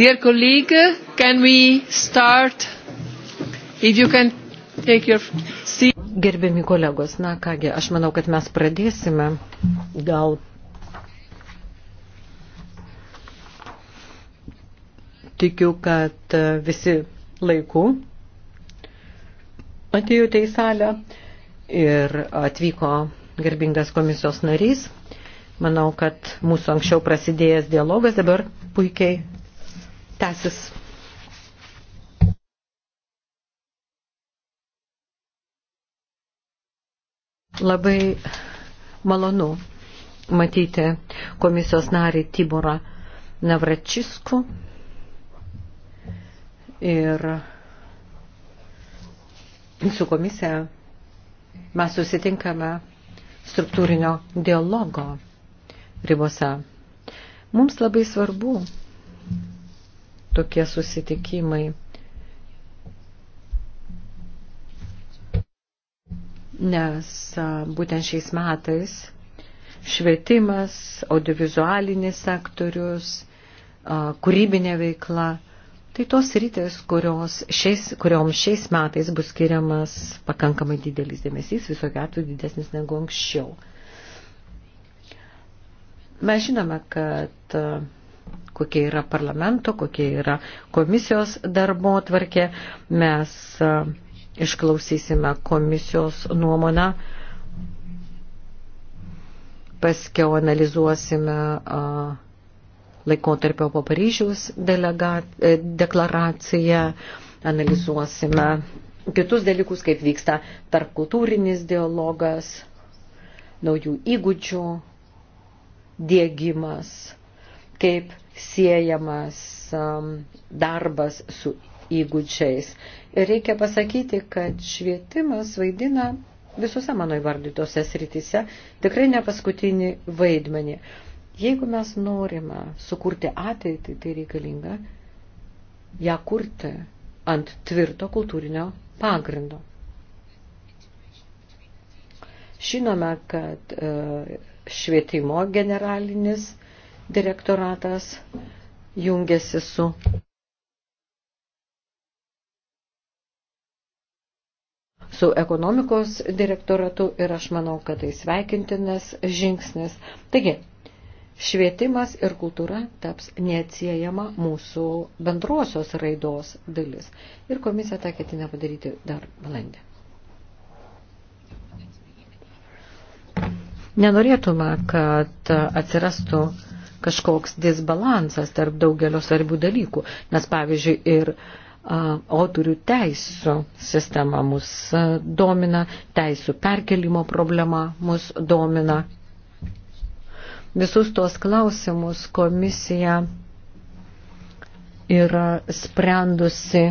Dear colleague, can we start? If you can take your seat. Gerbiami kolegos, na kągi, aš manau, kad mes pradėsime. Gal Tikiu, kad e, visi laiku atėjote į salę ir atvyko garbingas komisijos narys. Manau, kad mūsų anksčiau prasidėjęs dialogas dabar puikiai tęsis. Labai malonu matyti komisijos narį Tiborą Navračisku. Ir su komisija mes susitinkame struktūrinio dialogo ribose. Mums labai svarbu tokie susitikimai. Nes būtent šiais metais švietimas, audiovizualinis sektorius, kūrybinė veikla Tai tos rytis, šiais, kurioms šiais metais bus skiriamas pakankamai didelis dėmesys, visokio atveju didesnis negu anksčiau. Mes žinome, kad e, kokie yra parlamento, kokie yra komisijos darbo tvarkė. Mes e, išklausysime komisijos nuomonę, paskiau analizuosime. Uh, laikotarpio po Paryžiaus delegat, e, deklaraciją, analizuosime kitus dalykus, kaip vyksta tarpkultūrinis dialogas, naujų įgūdžių dėgymas, kaip siejamas darbas su įgūdžiais. Ir reikia pasakyti, kad švietimas vaidina visose mano įvardytose sritise tikrai ne paskutinį vaidmenį. Jeigu mes norime sukurti ateitį, tai reikalinga ją kurti ant tvirto kultūrinio pagrindo. Žinome, kad e, švietimo generalinis direktoratas jungiasi su su ekonomikos direktoratu ir aš manau, kad tai sveikintinas žingsnis. Taigi, Švietimas ir kultūra taps neatsiejama mūsų bendrosios raidos dalis. Ir komisija tą ketina padaryti dar valandį. Nenorėtume, kad atsirastų kažkoks disbalansas tarp daugelio svarbių dalykų, nes pavyzdžiui ir autorių teisų sistema mus domina, teisų perkelimo problema mus domina, Visus tuos klausimus komisija yra sprendusi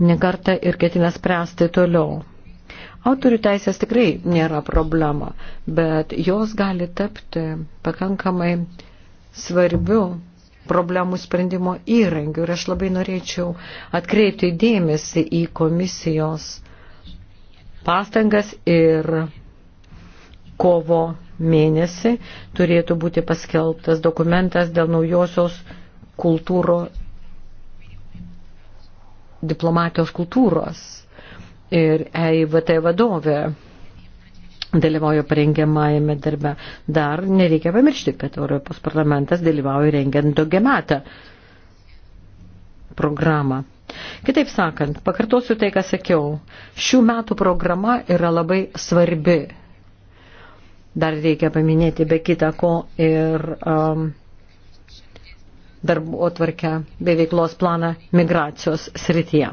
nekartą ir ketina spręsti toliau. Autorių teisės tikrai nėra problema, bet jos gali tapti pakankamai svarbiu problemų sprendimo įrankiu. Ir aš labai norėčiau atkreipti dėmesį į komisijos pastangas ir kovo mėnesį turėtų būti paskelbtas dokumentas dėl naujosios kultūro, diplomatijos kultūros. Ir EIVT vadovė dalyvauja parengiamajame darbe. Dar nereikia pamiršti, kad Europos parlamentas dalyvauja rengiant daugiametą programą. Kitaip sakant, pakartosiu tai, ką sakiau, šių metų programa yra labai svarbi Dar reikia paminėti be kita ko ir um, darbo atvarkę bei veiklos planą migracijos srityje.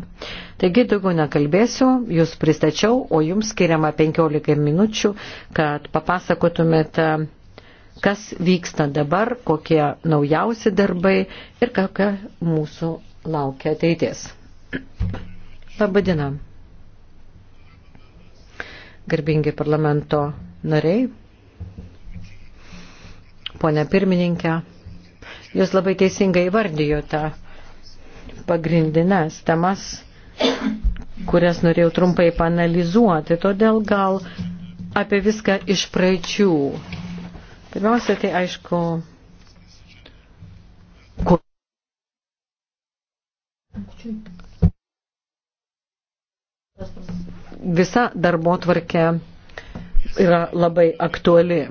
Taigi daugiau nekalbėsiu, jūs pristačiau, o jums skiriama 15 minučių, kad papasakotumėte, kas vyksta dabar, kokie naujausi darbai ir kokia mūsų laukia ateities. Labadiena. Garbingi parlamento nariai, ponė pirmininkė. Jūs labai teisingai įvardijote pagrindinės temas, kurias norėjau trumpai panalizuoti, todėl gal apie viską iš praeičių. Pirmiausia, tai aišku, kur... visa darbo tvarkė yra labai aktuali.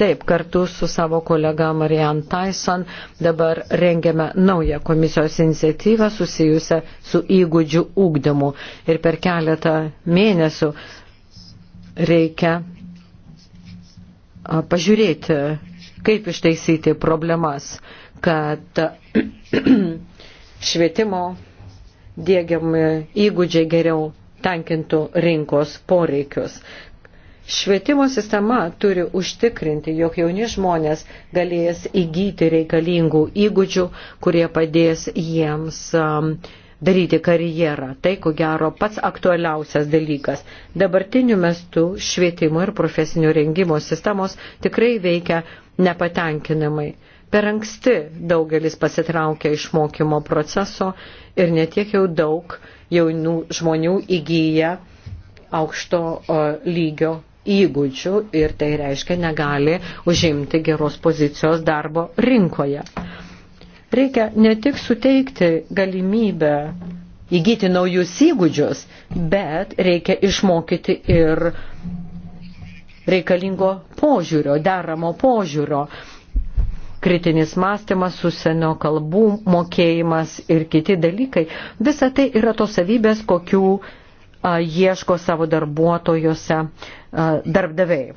Taip, kartu su savo kolega Marian Tyson dabar rengiame naują komisijos iniciatyvą susijusią su įgūdžių ūkdymu. Ir per keletą mėnesių reikia pažiūrėti, kaip ištaisyti problemas, kad švietimo dėgiami įgūdžiai geriau tenkintų rinkos poreikius, Švietimo sistema turi užtikrinti, jog jauni žmonės galės įgyti reikalingų įgūdžių, kurie padės jiems um, daryti karjerą. Tai, ko gero, pats aktualiausias dalykas. Dabartiniu mestu švietimo ir profesinio rengimo sistemos tikrai veikia nepatenkinamai. Per anksti daugelis pasitraukia iš mokymo proceso ir netiek jau daug jaunų žmonių įgyja aukšto lygio įgūdžių ir tai reiškia negali užimti geros pozicijos darbo rinkoje. Reikia ne tik suteikti galimybę įgyti naujus įgūdžius, bet reikia išmokyti ir reikalingo požiūrio, deramo požiūrio kritinis mąstymas, užsienio kalbų mokėjimas ir kiti dalykai. Visa tai yra tos savybės, kokių ieško savo darbuotojose darbdaviai.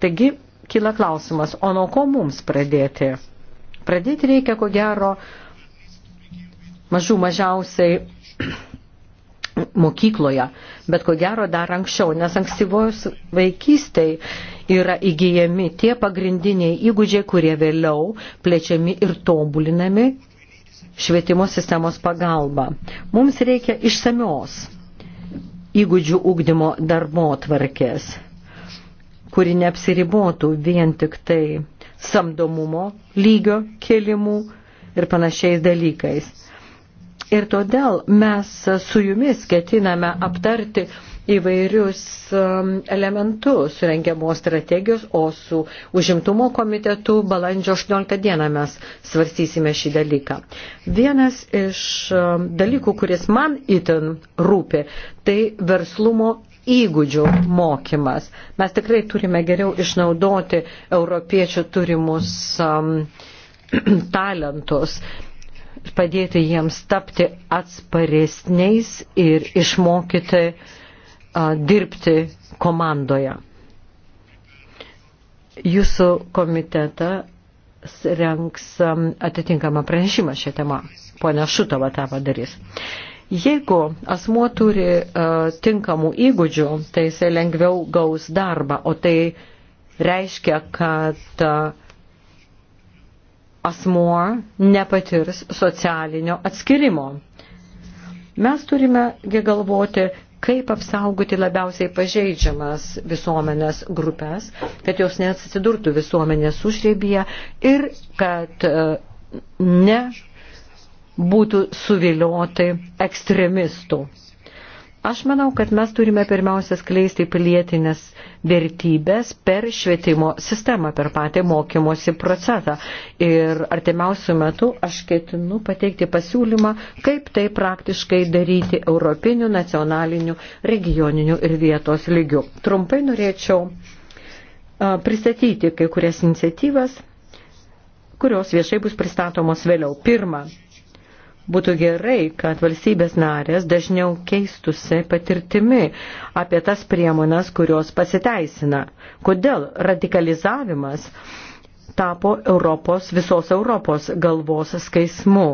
Taigi kyla klausimas, o nuo ko mums pradėti? Pradėti reikia, ko gero, mažų mažiausiai mokykloje, bet ko gero dar anksčiau, nes ankstyvojus vaikystėj yra įgyjami tie pagrindiniai įgūdžiai, kurie vėliau plečiami ir tobulinami švietimo sistemos pagalba. Mums reikia išsamios įgūdžių ugdymo darbo tvarkės, kuri neapsiribotų vien tik tai samdomumo lygio kelimų ir panašiais dalykais. Ir todėl mes su jumis ketiname aptarti įvairius um, elementus rengiamos strategijos, o su užimtumo komitetu balandžio 18 dieną mes svarstysime šį dalyką. Vienas iš um, dalykų, kuris man itin rūpi, tai verslumo įgūdžių mokymas. Mes tikrai turime geriau išnaudoti europiečių turimus um, talentus, padėti jiems tapti atsparesniais ir išmokyti uh, dirbti komandoje. Jūsų komitetas renks atitinkamą pranešimą šią temą. Pone Šutova tą padarys. Jeigu asmuo turi uh, tinkamų įgūdžių, tai jisai lengviau gaus darbą, o tai reiškia, kad uh, asmuo nepatirs socialinio atskirimo. Mes turime galvoti, kaip apsaugoti labiausiai pažeidžiamas visuomenės grupės, kad jos neatsidurtų visuomenės užrėbėje ir kad e, ne būtų suviliotai ekstremistų Aš manau, kad mes turime pirmiausia skleisti pilietinės vertybės per švietimo sistemą, per patį mokymosi procesą. Ir artimiausių metų aš ketinu pateikti pasiūlymą, kaip tai praktiškai daryti europinių, nacionalinių, regioninių ir vietos lygių. Trumpai norėčiau pristatyti kai kurias iniciatyvas, kurios viešai bus pristatomos vėliau. Pirma, Būtų gerai, kad valstybės narės dažniau keistusi patirtimi apie tas priemonas, kurios pasiteisina. Kodėl radikalizavimas tapo Europos, visos Europos galvos skaismu?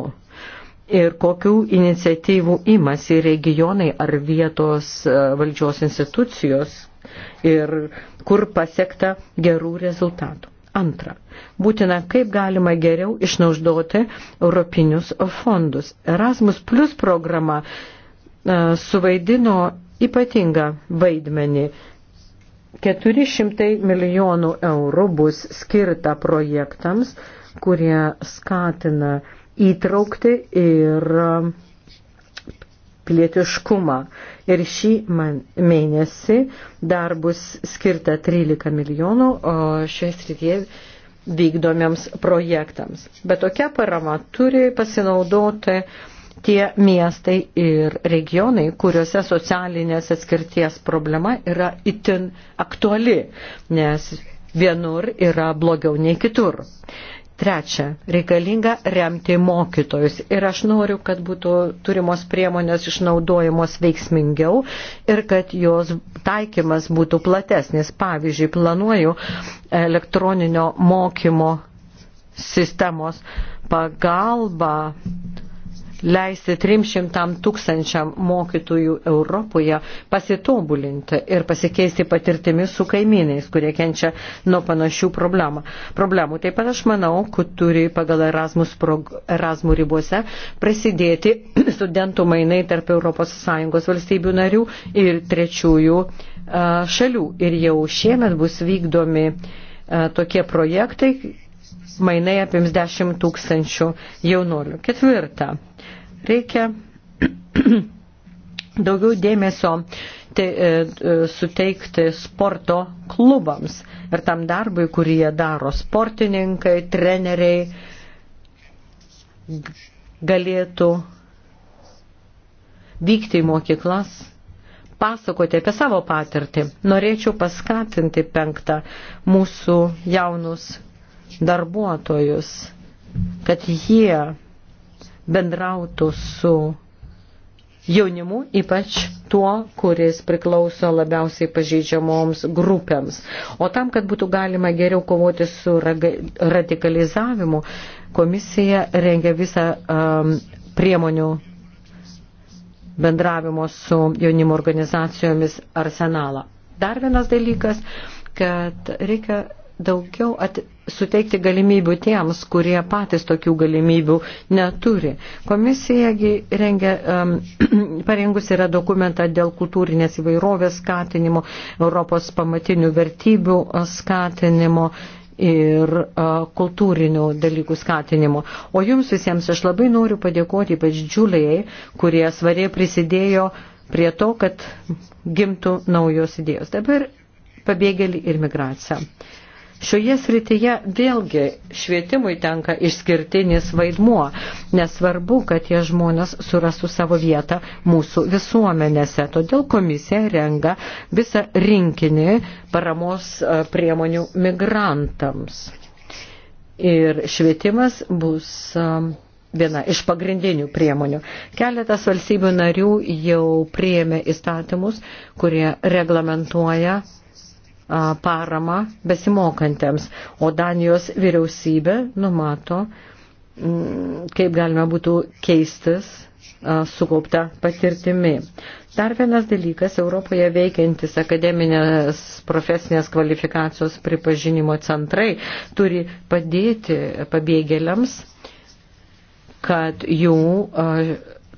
ir kokių iniciatyvų imasi regionai ar vietos e, valdžios institucijos ir kur pasiekta gerų rezultatų. Antra, būtina kaip galima geriau išnaudoti europinius fondus. Erasmus Plus programa e, suvaidino ypatingą vaidmenį 400 milijonų eurų bus skirta projektams, kurie skatina įtraukti ir pilietiškumą. Ir šį mėnesį dar bus skirta 13 milijonų šioje srityje vykdomiams projektams. Bet tokia parama turi pasinaudoti tie miestai ir regionai, kuriuose socialinės atskirties problema yra itin aktuali, nes vienur yra blogiau nei kitur. Trečia, reikalinga remti mokytojus. Ir aš noriu, kad būtų turimos priemonės išnaudojamos veiksmingiau ir kad jos taikymas būtų platesnis. Pavyzdžiui, planuoju elektroninio mokymo sistemos pagalba leisti 300 tūkstančiam mokytojų Europoje pasitobulinti ir pasikeisti patirtimis su kaimynais, kurie kenčia nuo panašių problemų. problemų. Taip pat aš manau, kad turi pagal Erasmus, prog, Erasmus ribose prasidėti studentų mainai tarp ES valstybių narių ir trečiųjų šalių. Ir jau šiemet bus vykdomi tokie projektai, mainai apims 10 tūkstančių jaunolių. Ketvirta. Reikia daugiau dėmesio te, e, e, suteikti sporto klubams ir tam darbui, kurį jie daro sportininkai, treneriai galėtų vykti į mokyklas, pasakoti apie savo patirtį. Norėčiau paskatinti penktą mūsų jaunus darbuotojus, kad jie bendrautų su jaunimu, ypač tuo, kuris priklauso labiausiai pažeidžiamoms grupėms. O tam, kad būtų galima geriau kovoti su radikalizavimu, komisija rengia visą um, priemonių bendravimo su jaunimo organizacijomis arsenalą. Dar vienas dalykas, kad reikia daugiau at, suteikti galimybių tiems, kurie patys tokių galimybių neturi. Komisijagi rengia, um, parengus yra dokumentą dėl kultūrinės įvairovės skatinimo, Europos pamatinių vertybių skatinimo ir uh, kultūrinių dalykų skatinimo. O jums visiems aš labai noriu padėkoti, ypač džiuliai, kurie svariai prisidėjo prie to, kad gimtų naujos idėjos. Dabar pabėgėlį ir migraciją. Šioje srityje vėlgi švietimui tenka išskirtinis vaidmuo, nesvarbu, kad tie žmonės surastų savo vietą mūsų visuomenėse. Todėl komisija renga visą rinkinį paramos e, priemonių migrantams. Ir švietimas bus e, viena iš pagrindinių priemonių. Keletas valstybių narių jau priėmė įstatymus, kurie reglamentuoja paramą besimokantiems, o Danijos vyriausybė numato, kaip galima būtų keistis sukaupta patirtimi. Dar vienas dalykas, Europoje veikiantis akademinės profesinės kvalifikacijos pripažinimo centrai turi padėti pabėgėliams, kad jų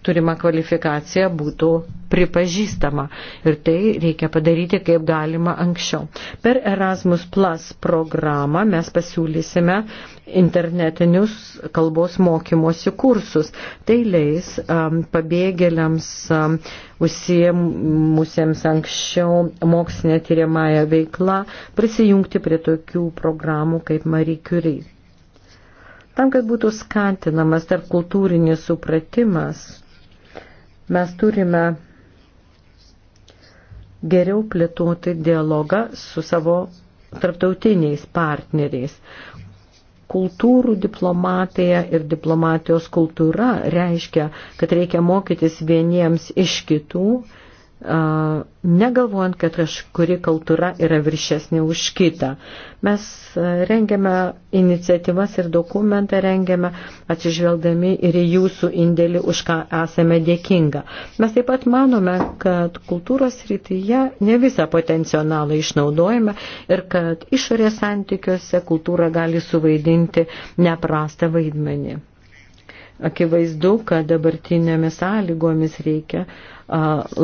turima kvalifikacija būtų pripažįstama. Ir tai reikia padaryti kaip galima anksčiau. Per Erasmus Plus programą mes pasiūlysime internetinius kalbos mokymosi kursus. Tai leis um, pabėgėliams um, užsiemusiems anksčiau mokslinė tyriamąją veiklą prisijungti prie tokių programų kaip Marie Curie. Tam, kad būtų skantinamas tarp kultūrinis supratimas, Mes turime geriau plėtoti dialogą su savo tarptautiniais partneriais. Kultūrų diplomatija ir diplomatijos kultūra reiškia, kad reikia mokytis vieniems iš kitų negalvojant, kad kažkuri kultūra yra viršesnė už kitą. Mes rengiame iniciatyvas ir dokumentą rengiame atsižvelgdami ir į jūsų indėlį, už ką esame dėkinga. Mes taip pat manome, kad kultūros rytyje ne visą potencialą išnaudojame ir kad išorės santykiuose kultūra gali suvaidinti neprastą vaidmenį. Akivaizdu, kad dabartinėmis sąlygomis reikia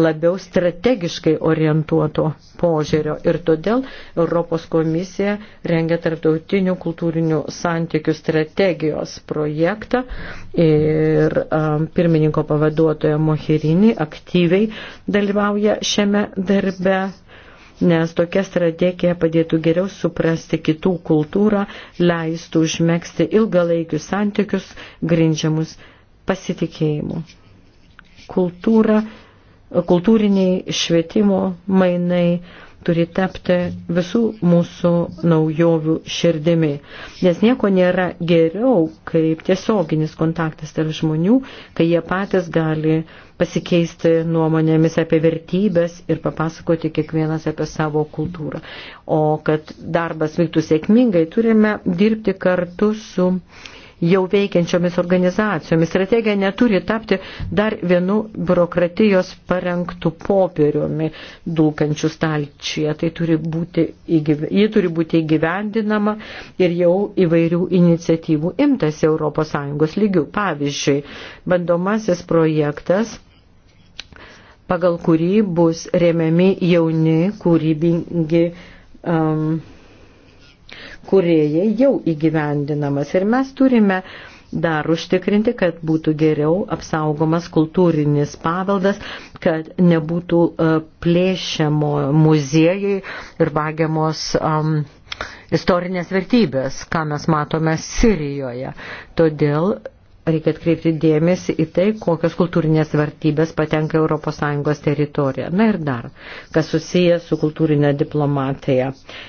labiau strategiškai orientuoto požiūrio. Ir todėl Europos komisija rengia tarptautinių kultūrinių santykių strategijos projektą ir pirmininko pavaduotoja Mohirini aktyviai dalyvauja šiame darbe nes tokia strategija padėtų geriau suprasti kitų kultūrą, leistų užmėgsti ilgalaikius santykius grindžiamus pasitikėjimu. Kultūra, kultūriniai švietimo mainai, turi tapti visų mūsų naujovių širdimi. Nes nieko nėra geriau, kaip tiesioginis kontaktas tarp žmonių, kai jie patys gali pasikeisti nuomonėmis apie vertybės ir papasakoti kiekvienas apie savo kultūrą. O kad darbas vyktų sėkmingai, turime dirbti kartu su jau veikiančiomis organizacijomis. Strategija neturi tapti dar vienu biurokratijos parengtų popieriumi dulkančių stalčyje. Tai turi būti, ji turi būti įgyvendinama ir jau įvairių iniciatyvų imtas ES lygių. Pavyzdžiui, bandomasis projektas pagal kurį bus remiami jauni kūrybingi um, kurieji jau įgyvendinamas. Ir mes turime dar užtikrinti, kad būtų geriau apsaugomas kultūrinis paveldas, kad nebūtų e, plėšiamo muziejai ir vagiamos um, istorinės vertybės, ką mes matome Sirijoje. Todėl reikia atkreipti dėmesį į tai, kokios kultūrinės vertybės patenka ES teritoriją. Na ir dar, kas susijęs su kultūrinė diplomatija. Uh,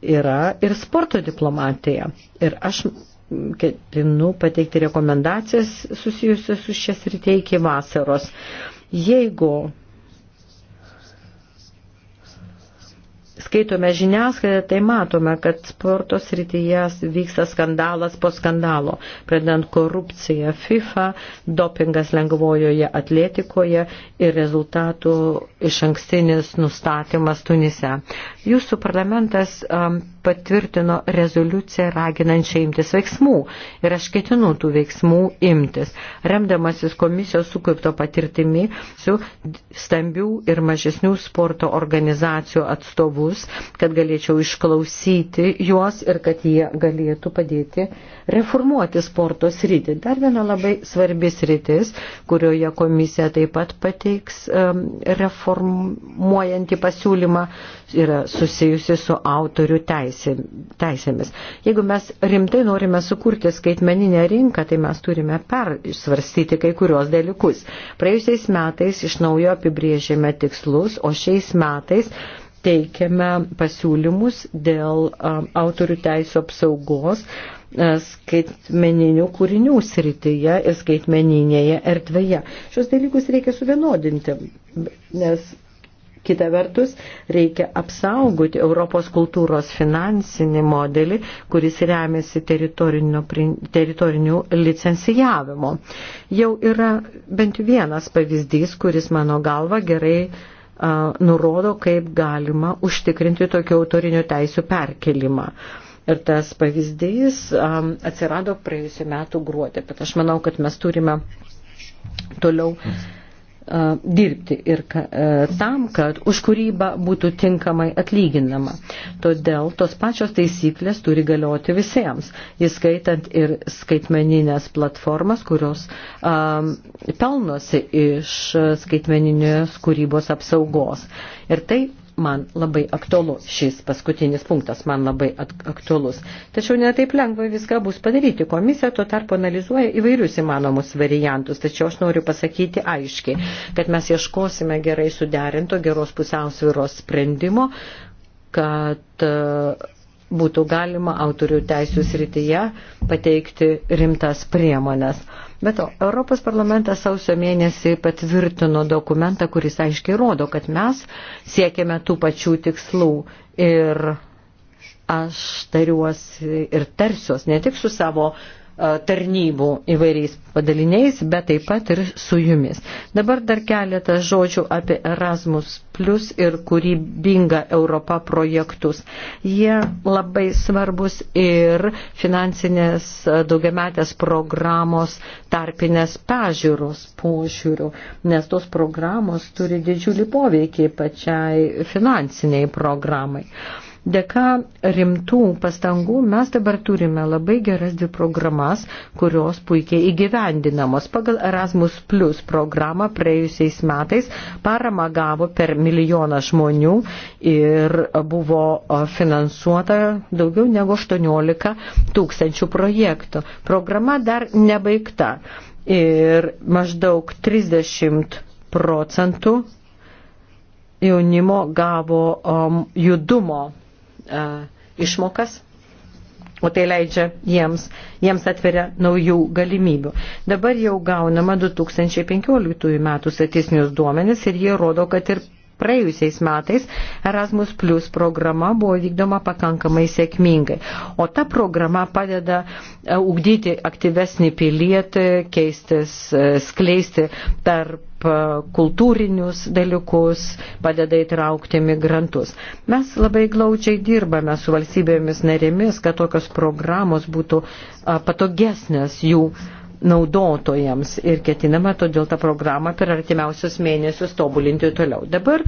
yra ir sporto diplomatija. Ir aš ketinu pateikti rekomendacijas susijusias su šias rytė iki vasaros. Jeigu skaitome žiniasklaidą, tai matome, kad sporto srityje vyksta skandalas po skandalo, pradedant korupciją FIFA, dopingas lengvojoje atletikoje ir rezultatų iš ankstinis nustatymas Tunise. Jūsų parlamentas um, patvirtino rezoliuciją raginančią imtis veiksmų ir aš ketinu tų veiksmų imtis, remdamasis komisijos sukaupto patirtimi su stambių ir mažesnių sporto organizacijų atstovus, kad galėčiau išklausyti juos ir kad jie galėtų padėti reformuoti sporto sritį. Dar viena labai svarbi sritis, kurioje komisija taip pat pateiks um, reformuojantį pasiūlymą yra susijusi su autorių teisė, teisėmis. Jeigu mes rimtai norime sukurti skaitmeninę rinką, tai mes turime persvarstyti kai kurios dalykus. Praėjusiais metais iš naujo apibrėžėme tikslus, o šiais metais teikiame pasiūlymus dėl autorių teisų apsaugos skaitmeninių kūrinių srityje ir skaitmeninėje erdvėje. Šios dalykus reikia suvienodinti, nes Kita vertus, reikia apsaugoti Europos kultūros finansinį modelį, kuris remiasi teritoriniu licencijavimu. Jau yra bent vienas pavyzdys, kuris mano galva gerai uh, nurodo, kaip galima užtikrinti tokių autorinių teisių perkelimą. Ir tas pavyzdys um, atsirado praėjusiu metu gruodį, bet aš manau, kad mes turime toliau. Mm dirbti ir ka, tam, kad už kūrybą būtų tinkamai atlyginama. Todėl tos pačios taisyklės turi galioti visiems, įskaitant ir skaitmeninės platformas, kurios um, pelnosi iš skaitmeninės kūrybos apsaugos. Ir tai man labai aktualu šis paskutinis punktas, man labai aktualus. Tačiau netaip lengva viską bus padaryti. Komisija tuo tarpu analizuoja įvairius įmanomus variantus, tačiau aš noriu pasakyti aiškiai, kad mes ieškosime gerai suderinto, geros pusiausviros sprendimo, kad e, būtų galima autorių teisų srityje pateikti rimtas priemonės. Be to, Europos parlamentas sausio mėnesį patvirtino dokumentą, kuris aiškiai rodo, kad mes siekiame tų pačių tikslų ir aš tariuosi ir tarsiuos ne tik su savo E, tarnybų įvairiais padaliniais, bet taip pat ir su jumis. Dabar dar keletą žodžių apie Erasmus Plus ir kūrybinga Europa projektus. Jie labai svarbus ir finansinės e, daugiametės programos tarpinės pežiūros požiūrių, nes tos programos turi didžiulį poveikį pačiai finansiniai programai. Dėka rimtų pastangų mes dabar turime labai geras dvi programas, kurios puikiai įgyvendinamos. Pagal Erasmus Plus programą praėjusiais metais parama gavo per milijoną žmonių ir buvo finansuota daugiau negu 18 tūkstančių projektų. Programa dar nebaigta ir maždaug 30 procentų jaunimo gavo um, judumo išmokas, o tai leidžia jiems, jiems atveria naujų galimybių. Dabar jau gaunama 2015 metų statistinius duomenis ir jie rodo, kad ir praėjusiais metais Erasmus Plus programa buvo vykdoma pakankamai sėkmingai. O ta programa padeda ugdyti aktyvesnį pilietį, keistis, skleisti tarp E, kultūrinius dalykus, padeda įtraukti migrantus. Mes labai glaučiai dirbame su valstybėmis narėmis, kad tokios programos būtų patogesnės jų naudotojams ir ketinama todėl tą programą per artimiausius mėnesius tobulinti toliau. Dabar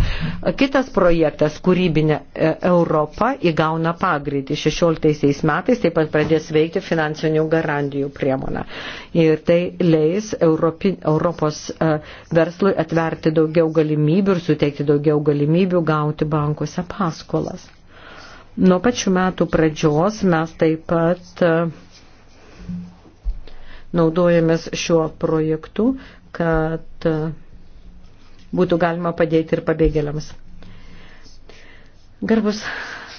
kitas projektas kūrybinė e, Europa įgauna pagreitį. 16 metais taip pat pradės veikti finansinių garantijų priemonę. Ir tai leis Europi, Europos e, verslui atverti daugiau galimybių ir suteikti daugiau galimybių gauti bankuose paskolas. Nuo pačių metų pradžios mes taip pat uh, naudojamės šiuo projektu, kad e, būtų galima padėti ir pabėgėliams. Garbus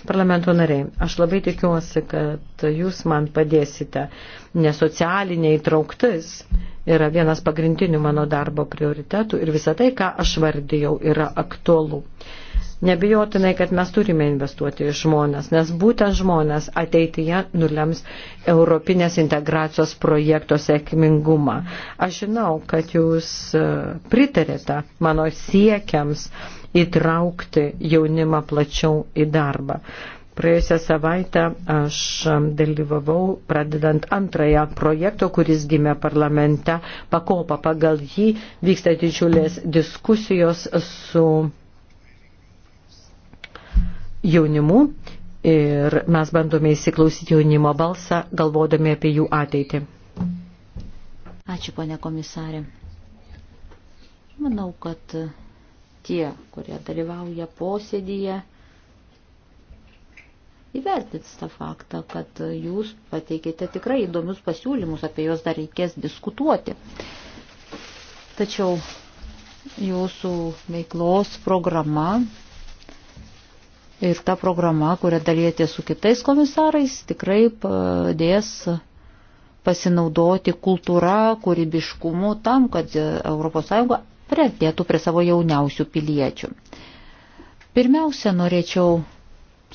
parlamento nariai, aš labai tikiuosi, kad jūs man padėsite, nes socialinė įtrauktis yra vienas pagrindinių mano darbo prioritetų ir visą tai, ką aš vardėjau, yra aktualu. Nebijotinai, kad mes turime investuoti į žmonės, nes būtent žmonės ateityje nulems Europinės integracijos projekto sėkmingumą. Aš žinau, kad jūs e, pritarėte mano siekiams įtraukti jaunimą plačiau į darbą. Praėjusią savaitę aš e, dalyvavau pradedant antrąją projekto, kuris gimė parlamente pakopą. Pagal jį vyksta didžiulės diskusijos su jaunimu ir mes bandome įsiklausyti jaunimo balsą, galvodami apie jų ateitį. Ačiū, ponė komisarė. Manau, kad tie, kurie dalyvauja posėdyje, įvertins tą faktą, kad jūs pateikėte tikrai įdomius pasiūlymus, apie juos dar reikės diskutuoti. Tačiau jūsų veiklos programa Ir ta programa, kurią dalyjate su kitais komisarais, tikrai padės pasinaudoti kultūra, kūrybiškumu tam, kad ES priartėtų prie savo jauniausių piliečių. Pirmiausia, norėčiau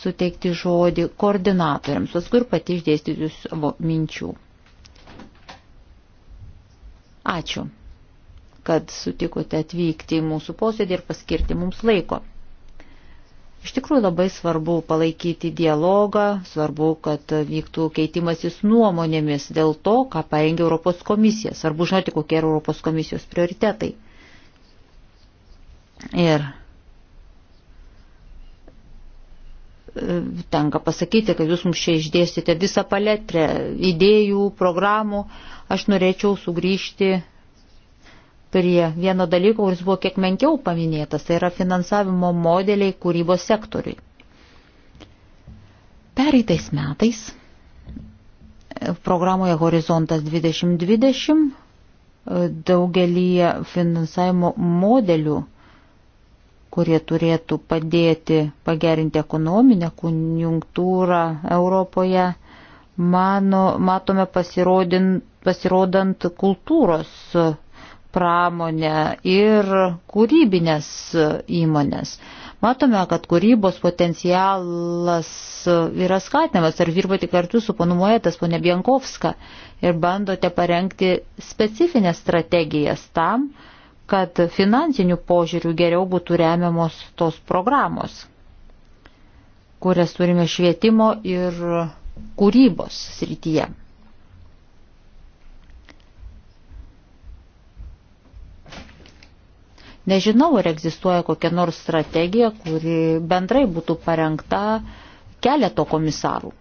suteikti žodį koordinatoriams, paskui ir pati išdėstysiu savo minčių. Ačiū, kad sutikote atvykti į mūsų posėdį ir paskirti mums laiko. Iš tikrųjų labai svarbu palaikyti dialogą, svarbu, kad vyktų keitimasis nuomonėmis dėl to, ką parengė Europos komisija. Svarbu žinoti, kokie yra Europos komisijos prioritetai. Ir e, tenka pasakyti, kad jūs mums čia išdėstėte visą paletrę idėjų, programų. Aš norėčiau sugrįžti prie vieno dalyko, kuris buvo kiek menkiau paminėtas, tai yra finansavimo modeliai kūrybos sektoriui. Pereitais metais e, programoje Horizontas 2020 e, daugelį finansavimo modelių, kurie turėtų padėti pagerinti ekonominę konjunktūrą Europoje, mano, matome pasirodant kultūros pramonę ir kūrybinės įmonės. Matome, kad kūrybos potencialas yra skatinamas ir dirbate kartu su ponu Moetas, ponė Bienkovska ir bandote parengti specifines strategijas tam, kad finansinių požiūrių geriau būtų remiamos tos programos, kurias turime švietimo ir kūrybos srityje. Nežinau, ar egzistuoja kokia nors strategija, kuri bendrai būtų parengta keleto komisarų.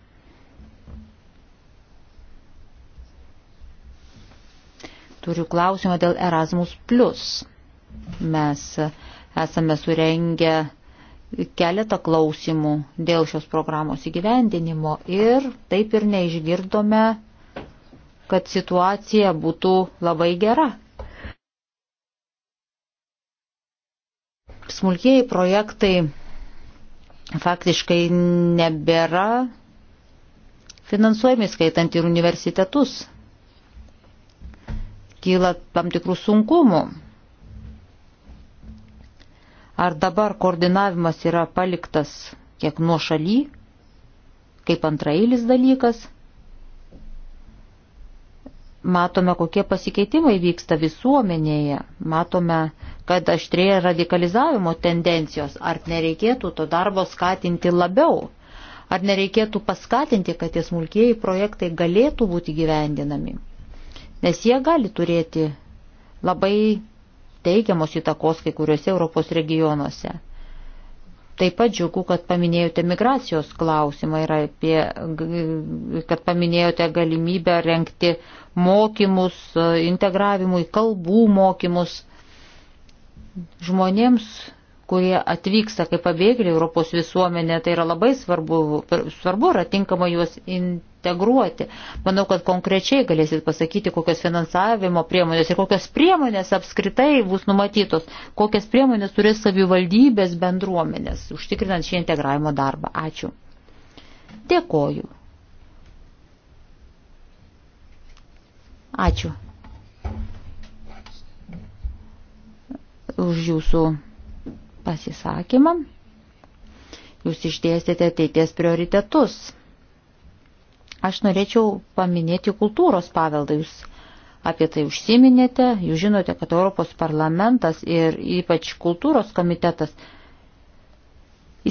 Turiu klausimą dėl Erasmus. Mes esame surengę keletą klausimų dėl šios programos įgyvendinimo ir taip ir neišgirdome, kad situacija būtų labai gera Smulkiai projektai faktiškai nebėra finansuojami skaitant ir universitetus. Kyla tam tikrų sunkumų. Ar dabar koordinavimas yra paliktas kiek nuo šaly, kaip antrailis dalykas? matome, kokie pasikeitimai vyksta visuomenėje, matome, kad aštrėja radikalizavimo tendencijos, ar nereikėtų to darbo skatinti labiau, ar nereikėtų paskatinti, kad tie smulkieji projektai galėtų būti gyvendinami, nes jie gali turėti labai teigiamos įtakos kai kuriuose Europos regionuose. Taip pat džiugu, kad paminėjote migracijos klausimą ir apie, kad paminėjote galimybę renkti mokymus, integravimui, kalbų mokymus žmonėms, kurie atvyksta kaip pabėgėliai Europos visuomenė, tai yra labai svarbu, svarbu yra tinkamai juos integruoti integruoti. Manau, kad konkrečiai galėsit pasakyti, kokios finansavimo priemonės ir kokios priemonės apskritai bus numatytos, kokias priemonės turės savivaldybės bendruomenės, užtikrinant šį integravimo darbą. Ačiū. Dėkoju. Ačiū. Už jūsų pasisakymą. Jūs išdėstėte ateities prioritetus. Aš norėčiau paminėti kultūros paveldą. Jūs apie tai užsiminėte, jūs žinote, kad Europos parlamentas ir ypač kultūros komitetas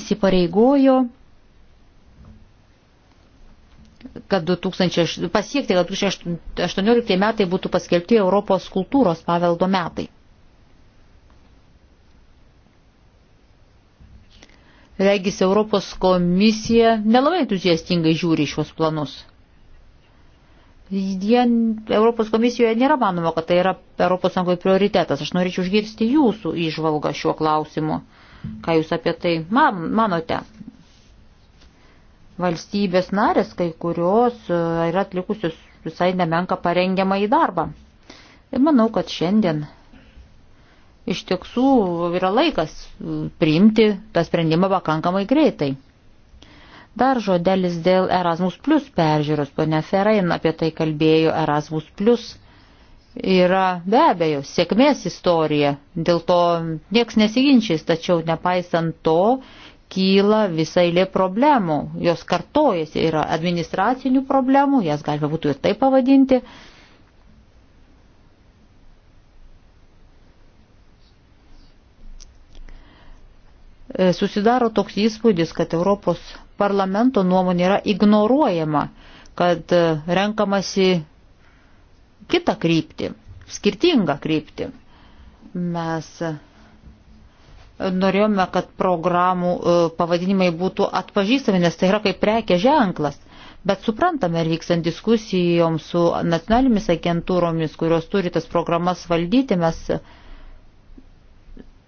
įsipareigojo kad 2000, pasiekti, kad 2018 metai būtų paskelbti Europos kultūros paveldo metai. Regis Europos komisija nelabai entuziastingai žiūri šios planus. Jie Europos komisijoje nėra manoma, kad tai yra Europos Sąjungoje prioritetas. Aš norėčiau išgirsti jūsų išvalgą šiuo klausimu. Ką jūs apie tai man, manote? Valstybės narės, kai kurios e, yra atlikusios visai nemenka parengiamą į darbą. Ir manau, kad šiandien iš tiesų yra laikas priimti tą sprendimą pakankamai greitai. Dar žodelis dėl Erasmus Plus peržiūros, ponia Ferain apie tai kalbėjo, Erasmus Plus yra be abejo sėkmės istorija, dėl to nieks nesiginčys, tačiau nepaisant to kyla visai lė problemų, jos kartojasi, yra administracinių problemų, jas galima būtų ir taip pavadinti, E, susidaro toks įspūdis, kad Europos parlamento nuomonė yra ignoruojama, kad e, renkamasi kitą kryptį, skirtingą kryptį. Mes e, norėjome, kad programų pavadinimai būtų atpažįstami, nes tai yra kaip prekė ženklas. Bet suprantame, ir vykstant diskusijoms su nacionalinėmis agentūromis, kurios turi tas programas valdyti, mes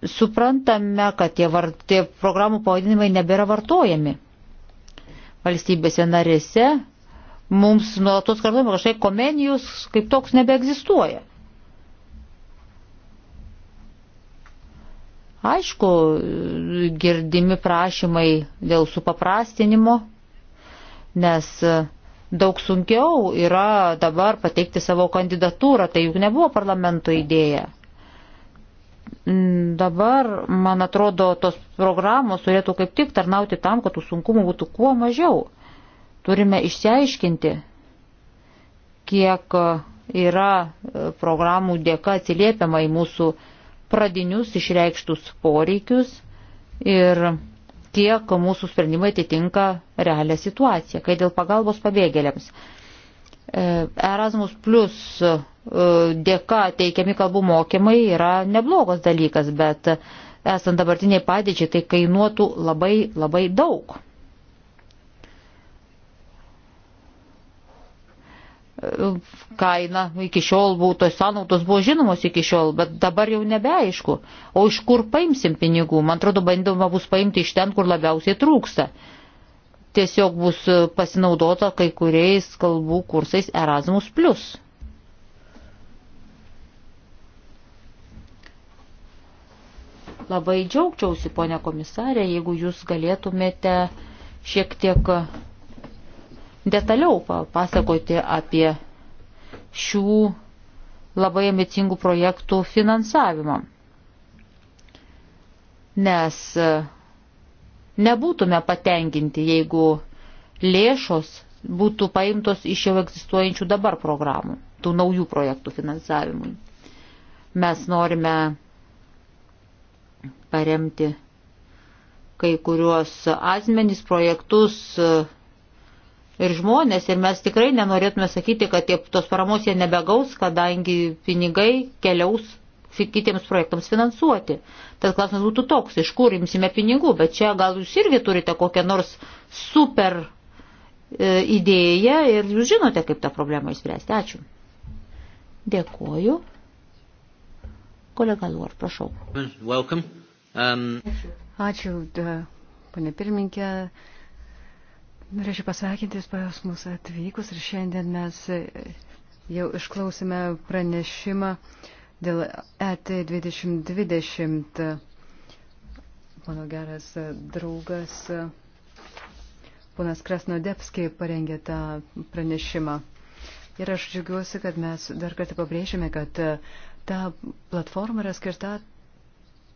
suprantame, kad tie, var, tie programų pavadinimai nebėra vartojami. Valstybėse narėse mums nuolatos kartuojama, kad štai komenijus kaip toks nebeegzistuoja. Aišku, girdimi prašymai dėl supaprastinimo, nes daug sunkiau yra dabar pateikti savo kandidatūrą, tai juk nebuvo parlamento idėja dabar, man atrodo, tos programos turėtų kaip tik tarnauti tam, kad tų sunkumų būtų kuo mažiau. Turime išsiaiškinti, kiek yra e, programų dėka atsiliepiama į mūsų pradinius išreikštus poreikius ir kiek mūsų sprendimai atitinka realią situaciją, kai dėl pagalbos pabėgėliams. E, Erasmus plus dėka teikiami kalbų mokymai yra neblogas dalykas, bet esant dabartiniai padėčiai tai kainuotų labai labai daug. kaina iki šiol buvo, tos sąnaudos buvo žinomos iki šiol, bet dabar jau nebeaišku. O iš kur paimsim pinigų? Man atrodo, bandoma bus paimti iš ten, kur labiausiai trūksta. Tiesiog bus pasinaudota kai kuriais kalbų kursais Erasmus. Labai džiaugčiausi, ponė komisarė, jeigu jūs galėtumėte šiek tiek detaliau papasakoti apie šių labai ambicingų projektų finansavimą. Nes e, nebūtume patenkinti, jeigu lėšos būtų paimtos iš jau egzistuojančių dabar programų, tų naujų projektų finansavimui. Mes norime paremti kai kuriuos asmenys, projektus e, ir žmonės. Ir mes tikrai nenorėtume sakyti, kad tie, tos paramos jie nebegaus, kadangi pinigai keliaus kitiems projektams finansuoti. Tas klausimas būtų toks, iš kur imsime pinigų, bet čia gal jūs irgi turite kokią nors super e, idėją ir jūs žinote, kaip tą problemą išspręsti. Ačiū. Dėkuoju. Kolega Luar, prašau. Welcome. Um... Ačiū, da, pane pirminkė. Norėčiau pasakinti pas mus atvykus ir šiandien mes jau išklausime pranešimą dėl ET 2020. Mano geras draugas ponas Krasnodepskiai parengė tą pranešimą. Ir aš džiugiuosi, kad mes dar kartą pabrėžėme, kad ta platforma yra skirta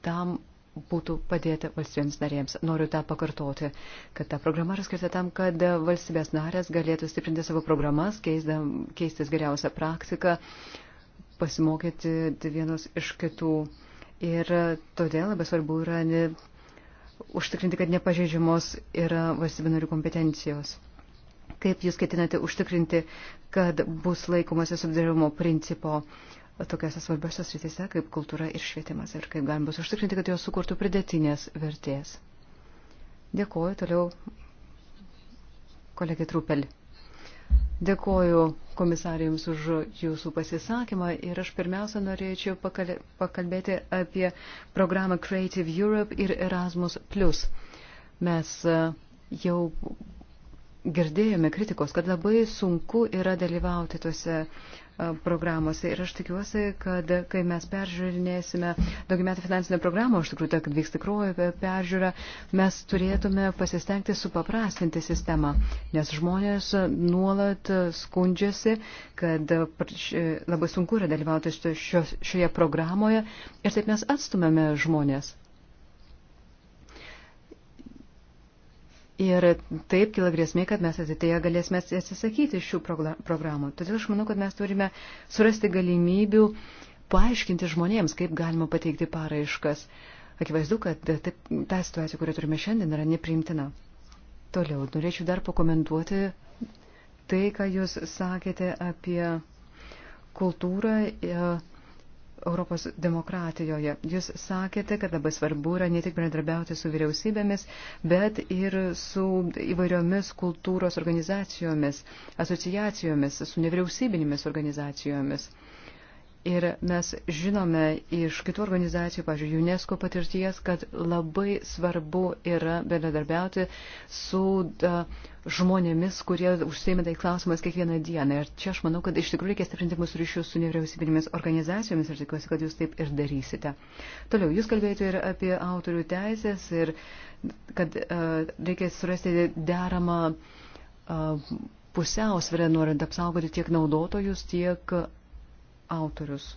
tam, būtų padėti valstybėms narėms. Noriu tą pakartoti, kad ta programa yra skirta tam, kad valstybės narės galėtų stiprinti savo programas, keistis geriausią praktiką, pasimokyti vienos iš kitų. Ir todėl labai svarbu yra ne, užtikrinti, kad nepažeidžiamos yra valstybė narių kompetencijos. Kaip jūs ketinate užtikrinti, kad bus laikomasi subdarumo principo? Uh, tokiose svarbiose srityse kaip kultūra ir švietimas ir kaip galima bus užtikrinti, kad jos sukurtų pridėtinės vertės. Dėkuoju toliau kolegė Trupelį. Dėkuoju komisarijams už jūsų pasisakymą ir aš pirmiausia norėčiau pakalbėti apie programą Creative Europe ir Erasmus. Mes e, jau girdėjome kritikos, kad labai sunku yra dalyvauti tose programuose. Ir aš tikiuosi, kad kai mes peržiūrinėsime daugiametį finansinę programą, aš tikrųjų, kad vyks tikroji peržiūra, mes turėtume pasistengti supaprastinti sistemą, nes žmonės nuolat skundžiasi, kad labai sunku yra dalyvauti šioje programoje ir taip mes atstumėme žmonės. Ir taip kila grėsmė, kad mes ateityje galėsime atsisakyti šių programų. Todėl aš manau, kad mes turime surasti galimybių paaiškinti žmonėms, kaip galima pateikti paraiškas. Akivaizdu, kad taip, ta situacija, kurią turime šiandien, yra nepriimtina. Toliau, norėčiau dar pakomentuoti tai, ką jūs sakėte apie kultūrą. E, Europos demokratijoje. Jūs sakėte, kad labai svarbu yra ne tik bendradarbiauti su vyriausybėmis, bet ir su įvairiomis kultūros organizacijomis, asociacijomis, su nevyriausybinėmis organizacijomis. Ir mes žinome iš kitų organizacijų, pavyzdžiui, UNESCO patirties, kad labai svarbu yra bendradarbiauti su da, žmonėmis, kurie užsieimė tai klausimas kiekvieną dieną. Ir čia aš manau, kad iš tikrųjų reikia stiprinti mūsų ryšius su nevyriausybinėmis organizacijomis ir tikiuosi, kad jūs taip ir darysite. Toliau, jūs kalbėjote ir apie autorių teisės ir kad uh, reikia surasti deramą. Uh, pusiausvėrę, norint apsaugoti tiek naudotojus, tiek autorius.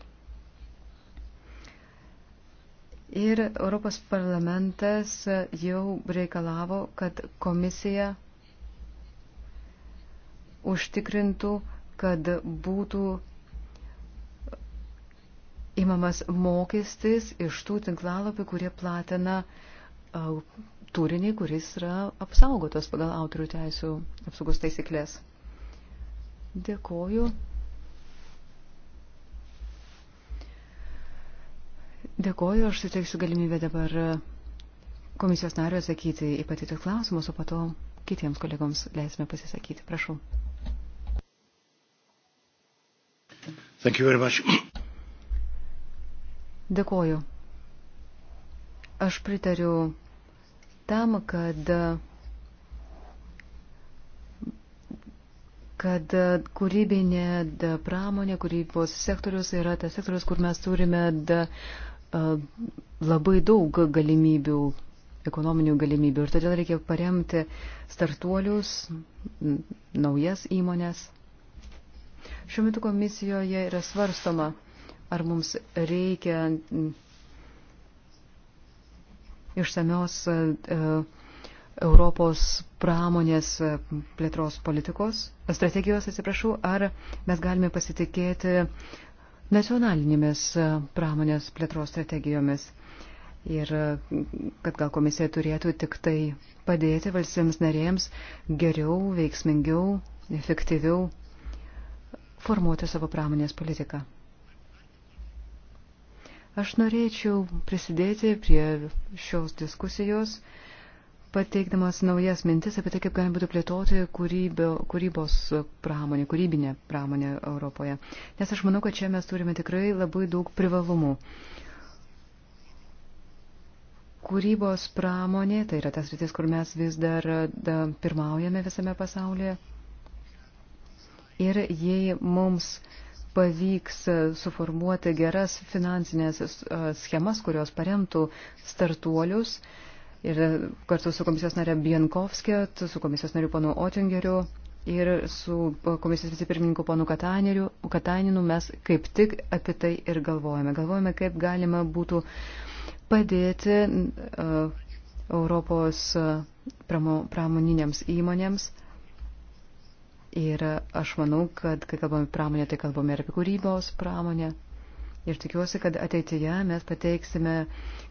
Ir Europos parlamentas jau reikalavo, kad komisija užtikrintų, kad būtų imamas mokestis iš tų tinklalapių, kurie platina turinį, kuris yra apsaugotas pagal autorių teisų apsaugos taisyklės. Dėkoju. Dėkoju, aš suteiksiu galimybę dabar komisijos nariu atsakyti į patytus klausimus, o pato kitiems kolegoms leisime pasisakyti. Prašau. Thank you very much. Dėkoju. Aš pritariu tam, kad, kad kūrybinė pramonė, kūrybos sektorius yra tas sektorius, kur mes turime da, uh, labai daug galimybių, ekonominių galimybių ir todėl reikia paremti startuolius, naujas įmonės. Šiuo metu komisijoje yra svarstoma, ar mums reikia išsamios Europos pramonės plėtros politikos, strategijos, atsiprašau, ar mes galime pasitikėti uh, nacionalinėmis e, pramonės plėtros strategijomis. Ir e, kad gal komisija turėtų tik tai padėti valstybėms narėjams geriau, veiksmingiau, efektyviau formuoti savo pramonės politiką. Aš norėčiau prisidėti prie šios diskusijos pateikdamas naujas mintis apie tai, kaip galima būtų plėtoti kūrybio, kūrybos pramonę, kūrybinę pramonę Europoje. Nes aš manau, kad čia mes turime tikrai labai daug privalumų. Kūrybos pramonė, tai yra tas rytis, kur mes vis dar da, pirmaujame visame pasaulyje. Ir jei mums pavyks suformuoti geras finansinės schemas, kurios paremtų startuolius, uh, ir kartu su komisijos narė Bienkovskė, su komisijos nariu panu Otingeriu ir su komisijos vicepirmininku panu Kataninu mes kaip tik apie tai ir galvojame. Galvojame, kaip galima būtų padėti uh, Europos uh, pramo, pramoninėms įmonėms. Ir aš manau, kad kai kalbame pramonę, tai kalbame ir apie kūrybos pramonę. Ir tikiuosi, kad ateityje mes pateiksime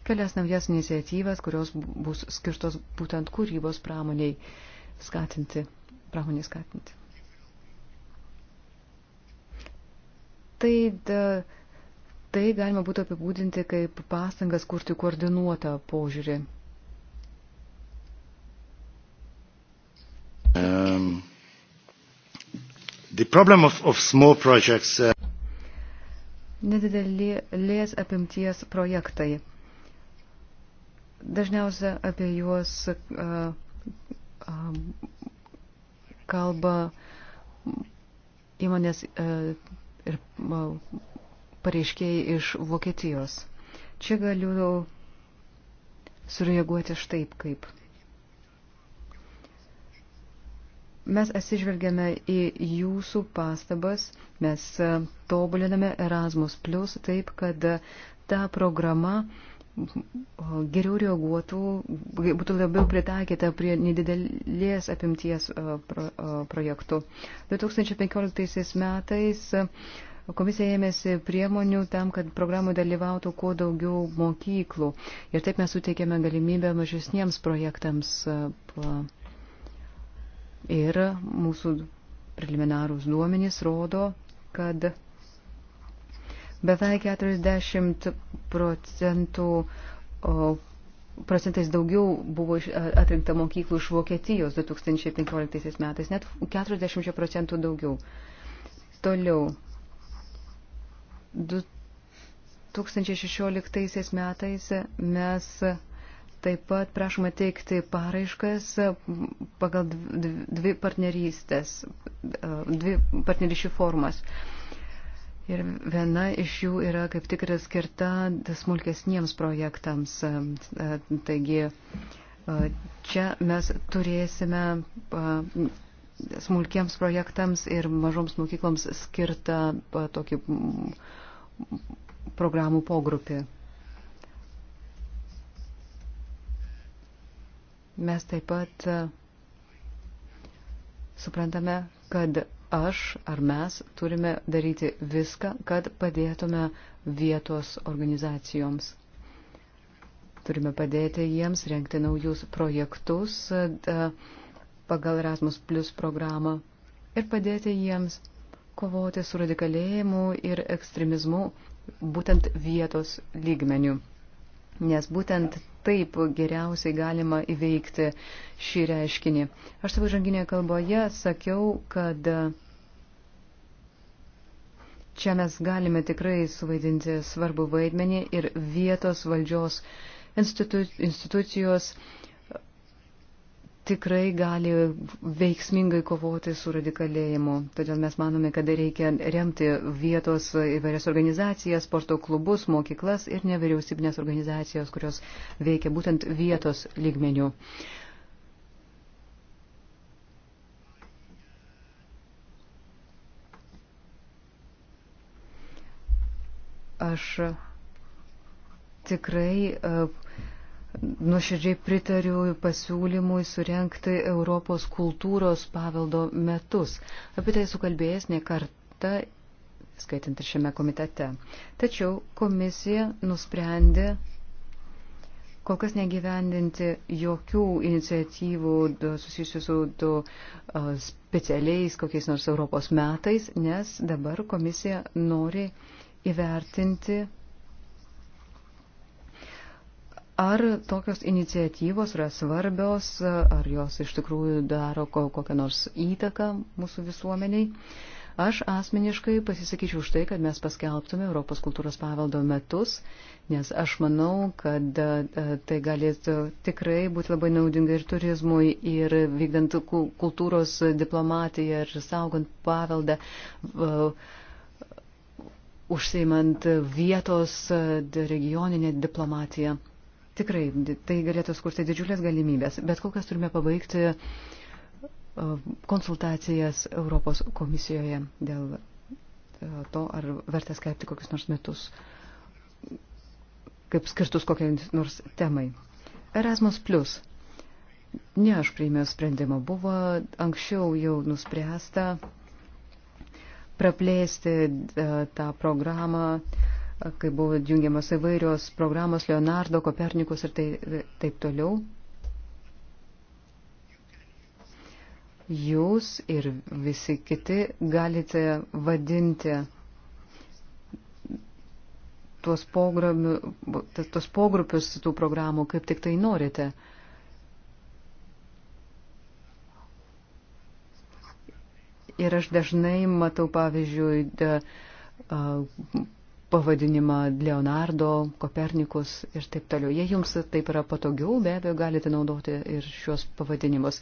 kelias naujas iniciatyvas, kurios bus skirtos būtent kūrybos pramoniai skatinti, pramoniai skatinti. Tai, da, tai galima būtų apibūdinti kaip pastangas kurti koordinuotą požiūrį. Um, the problem of, of small projects uh, nedidelės apimties projektai. Dažniausia apie juos kalba įmonės ir pareiškėjai iš Vokietijos. Čia galiu sureaguoti štaip kaip. Mes atsižvelgiame į jūsų pastabas, mes e, tobuliname Erasmus, taip, kad e, ta programa geriau reaguotų, būtų labiau pritaikyta prie nedidelės apimties e, projektų. 2015 metais Komisija ėmėsi priemonių tam, kad programų dalyvautų kuo daugiau mokyklų. Ir taip mes suteikėme galimybę mažesniems projektams Ir mūsų preliminarūs duomenys rodo, kad beveik 40 procentų procentais daugiau buvo atrinkta mokyklų iš Vokietijos 2015 metais, net 40 procentų daugiau. Toliau, 2016 metais mes Taip pat prašoma teikti paraiškas pagal dvi partnerystės, dvi partnerysčių formas. Ir viena iš jų yra kaip tik yra skirta smulkesniems projektams. Taigi čia mes turėsime smulkiems projektams ir mažoms mokykloms skirtą tokį programų pogrupį. Mes taip pat e, suprantame, kad aš ar mes turime daryti viską, kad padėtume vietos organizacijoms. Turime padėti jiems renkti naujus projektus e, pagal Erasmus Plus programą ir padėti jiems kovoti su radikalėjimu ir ekstremizmu būtent vietos lygmeniu. Nes būtent taip geriausiai galima įveikti šį reiškinį. Aš savo žanginėje kalboje sakiau, kad čia mes galime tikrai suvaidinti svarbų vaidmenį ir vietos valdžios institu, institucijos uh, tikrai gali veiksmingai kovoti su radikalėjimu. Todėl mes manome, kad reikia remti vietos įvairias organizacijas, sporto klubus, mokyklas ir nevyriausybinės organizacijos, kurios veikia būtent vietos lygmenių. Aš tikrai uh, Nuoširdžiai pritariu pasiūlymui surenkti Europos kultūros paveldo metus. Apie tai sukalbėjęs ne kartą, skaitant ir šiame komitete. Tačiau komisija nusprendė kol kas negyvendinti jokių iniciatyvų susijusių su du, specialiais kokiais nors Europos metais, nes dabar komisija nori įvertinti Ar tokios iniciatyvos yra svarbios, ar jos iš tikrųjų daro kokią nors įtaką mūsų visuomeniai? Aš asmeniškai pasisakyčiau už tai, kad mes paskelbtume Europos kultūros paveldo metus, nes aš manau, kad e, tai galėtų tikrai būti labai naudinga ir turizmui, ir vykdant kultūros diplomatiją, ir saugant paveldą, užseimant vietos e, regioninę diplomatiją. Tikrai, tai galėtų skurti didžiulės galimybės, bet kol kas turime pabaigti e, konsultacijas Europos komisijoje dėl e, to, ar verta skelbti kokius nors metus, kaip skirtus kokiai nors temai. Erasmus Plus. Ne aš priėmiau sprendimą, buvo anksčiau jau nuspręsta praplėsti e, tą programą uh, kai buvo jungiamas įvairios programos Leonardo, Kopernikus ir tai, taip toliau. Jūs ir visi kiti galite vadinti tuos, tuos pogrupius tų programų, kaip tik tai norite. Ir aš dažnai matau, pavyzdžiui, da, a, pavadinimą Leonardo, Kopernikus ir taip toliau. Jei jums taip yra patogiau, be abejo, galite naudoti ir šios pavadinimus.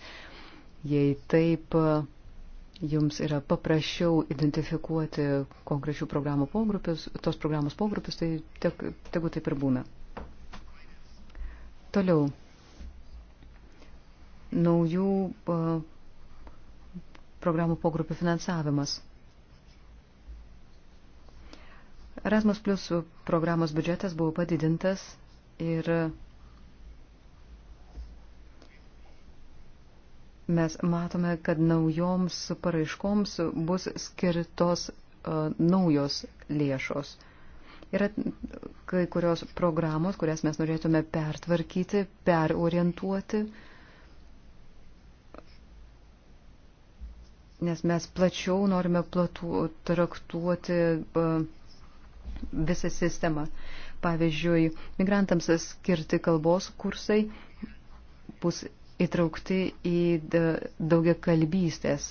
Jei taip jums yra paprasčiau identifikuoti konkrečių programų pogrupius, tos programos pogrupius, tai teg, tegu taip ir būna. Toliau. Naujų uh, programų pogrupių finansavimas. Erasmus Plus programos biudžetas buvo padidintas ir mes matome, kad naujoms paraiškoms bus skirtos uh, naujos lėšos. Yra kai kurios programos, kurias mes norėtume pertvarkyti, perorientuoti, nes mes plačiau norime platu, traktuoti uh, visą sistemą. Pavyzdžiui, migrantams skirti kalbos kursai bus įtraukti į daugia kalbystės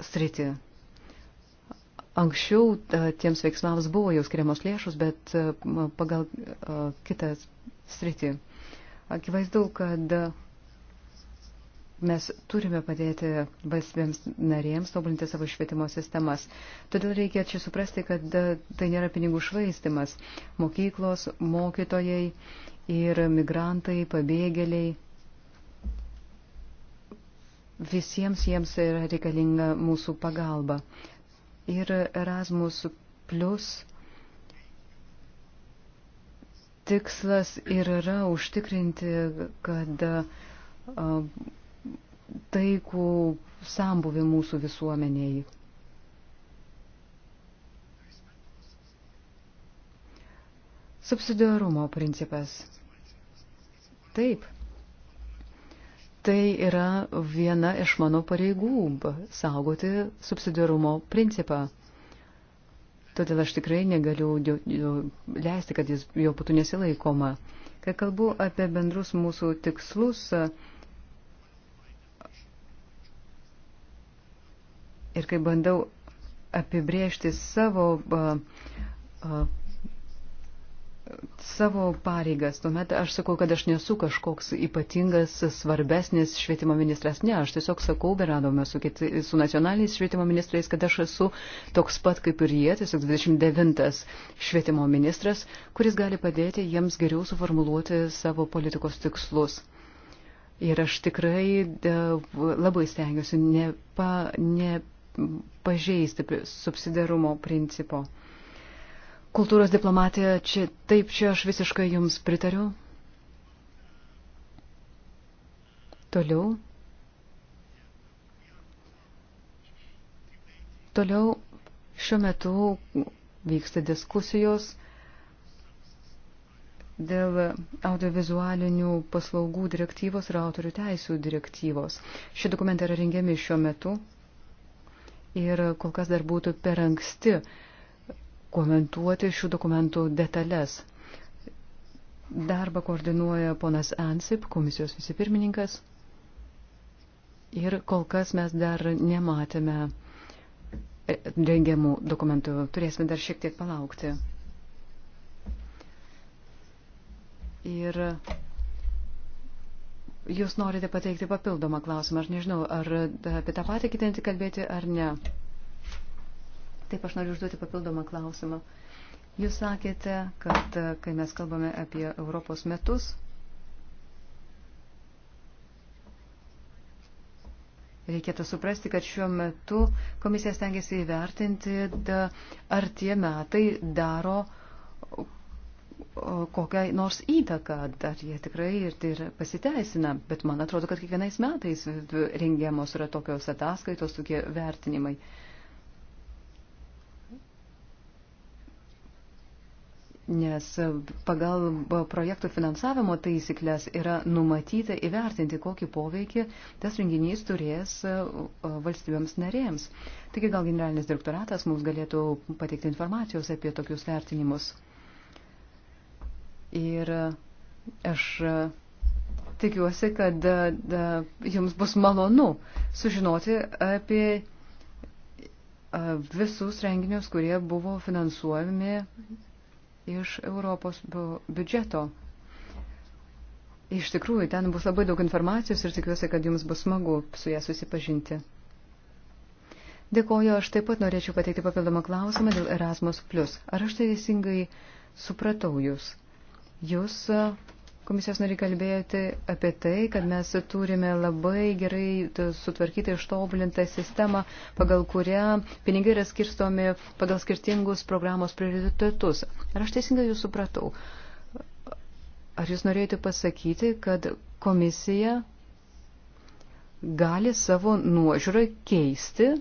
sritį. Anksčiau tiems veiksmams buvo jau skiriamos lėšos, bet pagal kitą sritį. Akivaizdu, kad Mes turime padėti valstybėms narėms tobulinti savo švietimo sistemas. Todėl reikia čia suprasti, kad e, tai nėra pinigų švaistimas. Mokyklos, mokytojai ir migrantai, pabėgėliai. Visiems jiems yra reikalinga mūsų pagalba. Ir Erasmus plus tikslas ir yra užtikrinti, kad uh, taikų sambuvi mūsų visuomenėje. Subsidiarumo principas. Taip. Tai yra viena iš mano pareigų - saugoti subsidiarumo principą. Todėl aš tikrai negaliu leisti, kad jis jo būtų nesilaikoma. Kai kalbu apie bendrus mūsų tikslus, Ir kai bandau apibriežti savo, savo pareigas, tuomet aš sakau, kad aš nesu kažkoks ypatingas, svarbesnis švietimo ministras. Ne, aš tiesiog sakau, beradome su, kiti, su nacionaliniais švietimo ministrais, kad aš esu toks pat kaip ir jie, tiesiog 29 švietimo ministras, kuris gali padėti jiems geriau suformuluoti savo politikos tikslus. Ir aš tikrai e, labai stengiuosi nepa, ne pažeisti subsidarumo principo. Kultūros diplomatija, čia, taip čia aš visiškai jums pritariu. Toliau. Toliau šiuo metu vyksta diskusijos dėl audiovizualinių paslaugų direktyvos ir autorių teisų direktyvos. Šie dokumentai yra rengiami šiuo metu ir kol kas dar būtų per anksti komentuoti šių dokumentų detalės. Darbą koordinuoja ponas Ansip, komisijos vicepirmininkas. Ir kol kas mes dar nematėme e, rengiamų dokumentų. Turėsime dar šiek tiek palaukti. Ir Jūs norite pateikti papildomą klausimą. Aš nežinau, ar apie tą patį kitinti kalbėti ar ne. Taip, aš noriu užduoti papildomą klausimą. Jūs sakėte, kad e, kai mes kalbame apie Europos metus, Reikėtų suprasti, kad šiuo metu komisija stengiasi įvertinti, ar tie metai daro uh, kokią nors įtaką, ar jie tikrai ir tai ir pasiteisina. Bet man atrodo, kad kiekvienais metais rengiamos yra tokios ataskaitos, tokie vertinimai. Nes pagal projektų finansavimo taisyklės yra numatyta įvertinti, kokį poveikį tas renginys turės valstybėms narėms. Taigi gal generalinis direktoratas mums galėtų pateikti informacijos apie tokius vertinimus. Ir e, aš e, tikiuosi, kad e, jums bus malonu sužinoti apie visus renginius, kurie buvo finansuojami iš Europos biudžeto. Iš tikrųjų, ten bus labai daug informacijos ir tikiuosi, kad jums bus smagu su ją susipažinti. Dėkoju, aš taip pat norėčiau pateikti papildomą klausimą dėl Erasmus. Ar aš teisingai supratau jūs? Jūs, e, komisijos nori, kalbėjote apie tai, kad mes turime labai gerai sutvarkyti ištobulintą sistemą, pagal kurią pinigai yra skirstomi pagal skirtingus programos prioritetus. Ar aš teisingai jūs supratau? Ar jūs norėjote pasakyti, kad komisija gali savo nuožiūrą keisti e,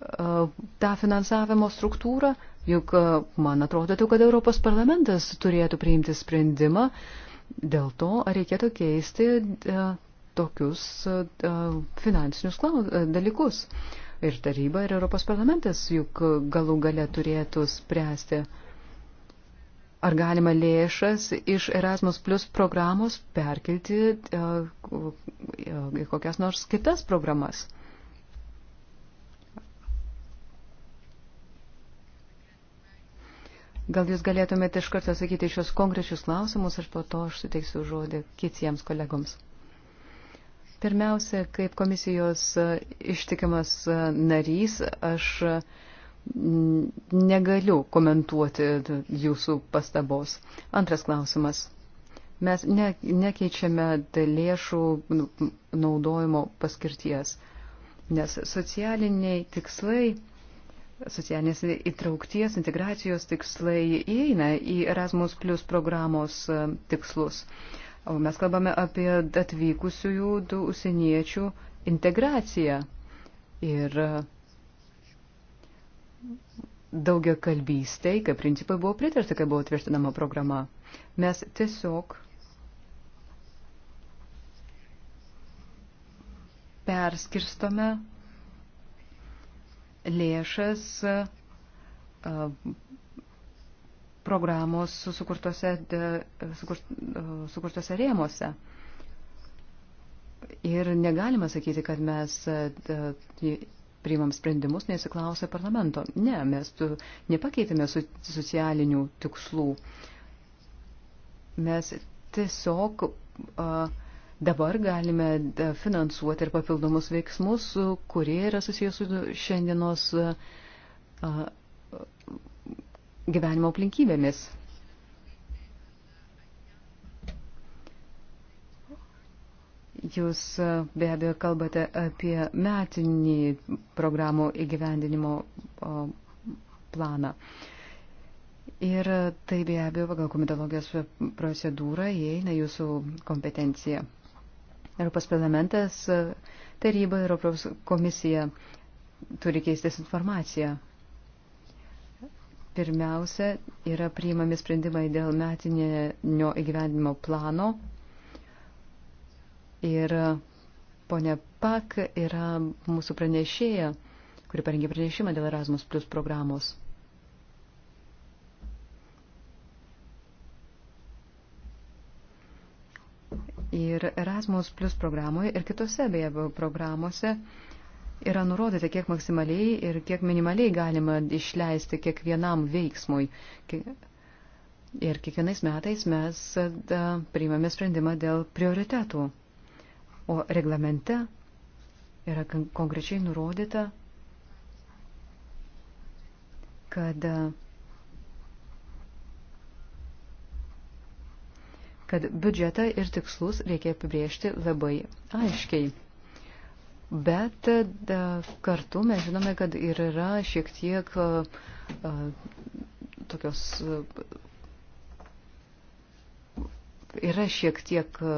tą finansavimo struktūrą, Juk e, man atrodo, kad Europos parlamentas turėtų priimti sprendimą dėl to, ar reikėtų keisti e, tokius e, finansinius dalykus. Ir taryba, ir Europos parlamentas juk galų gale turėtų spręsti, ar galima lėšas iš Erasmus Plus programos perkelti į kokias nors kitas programas. Gal jūs galėtumėte iš karto sakyti šios konkrečius klausimus ir po to aš suteiksiu žodį kitiems kolegoms. Pirmiausia, kaip komisijos e, ištikimas e, narys, aš negaliu komentuoti jūsų pastabos. Antras klausimas. Mes ne, nekeičiame lėšų naudojimo paskirties, nes socialiniai tikslai socialinės įtraukties, integracijos tikslai įeina į Erasmus Plus programos e, tikslus. O mes kalbame apie atvykusiųjų du užsieniečių integraciją ir e, daugia kalbystai, kai principai buvo pritarta, kai buvo tvirtinama programa. Mes tiesiog perskirstome lėšas programos sukurtose, sukurtose rėmose. Ir negalima sakyti, kad mes priimam sprendimus nesiklausę parlamento. Ne, mes nepakeitėme socialinių tikslų. Mes tiesiog uh, Dabar galime finansuoti ir papildomus veiksmus, kurie yra susijęs su šiandienos gyvenimo aplinkybėmis. Jūs be abejo kalbate apie metinį programų įgyvendinimo planą. Ir tai be abejo pagal komitologijos procedūrą įeina jūsų kompetencija. Europos parlamentas, taryba ir Europos komisija turi keistis informaciją. Pirmiausia, yra priimami sprendimai dėl metinio įgyvendimo plano ir ponia Pak yra mūsų pranešėja, kuri parengė pranešimą dėl Erasmus Plus programos. Ir Erasmus Plus programoje ir kitose beje programuose yra nurodyta, kiek maksimaliai ir kiek minimaliai galima išleisti kiekvienam veiksmui. Ir kiekvienais metais mes priimame sprendimą dėl prioritetų. O reglamente yra konkrečiai nurodyta, kad kad biudžetą ir tikslus reikia apibriežti labai aiškiai. Bet da, kartu mes žinome, kad ir yra šiek tiek a, a, tokios. A, yra šiek tiek a,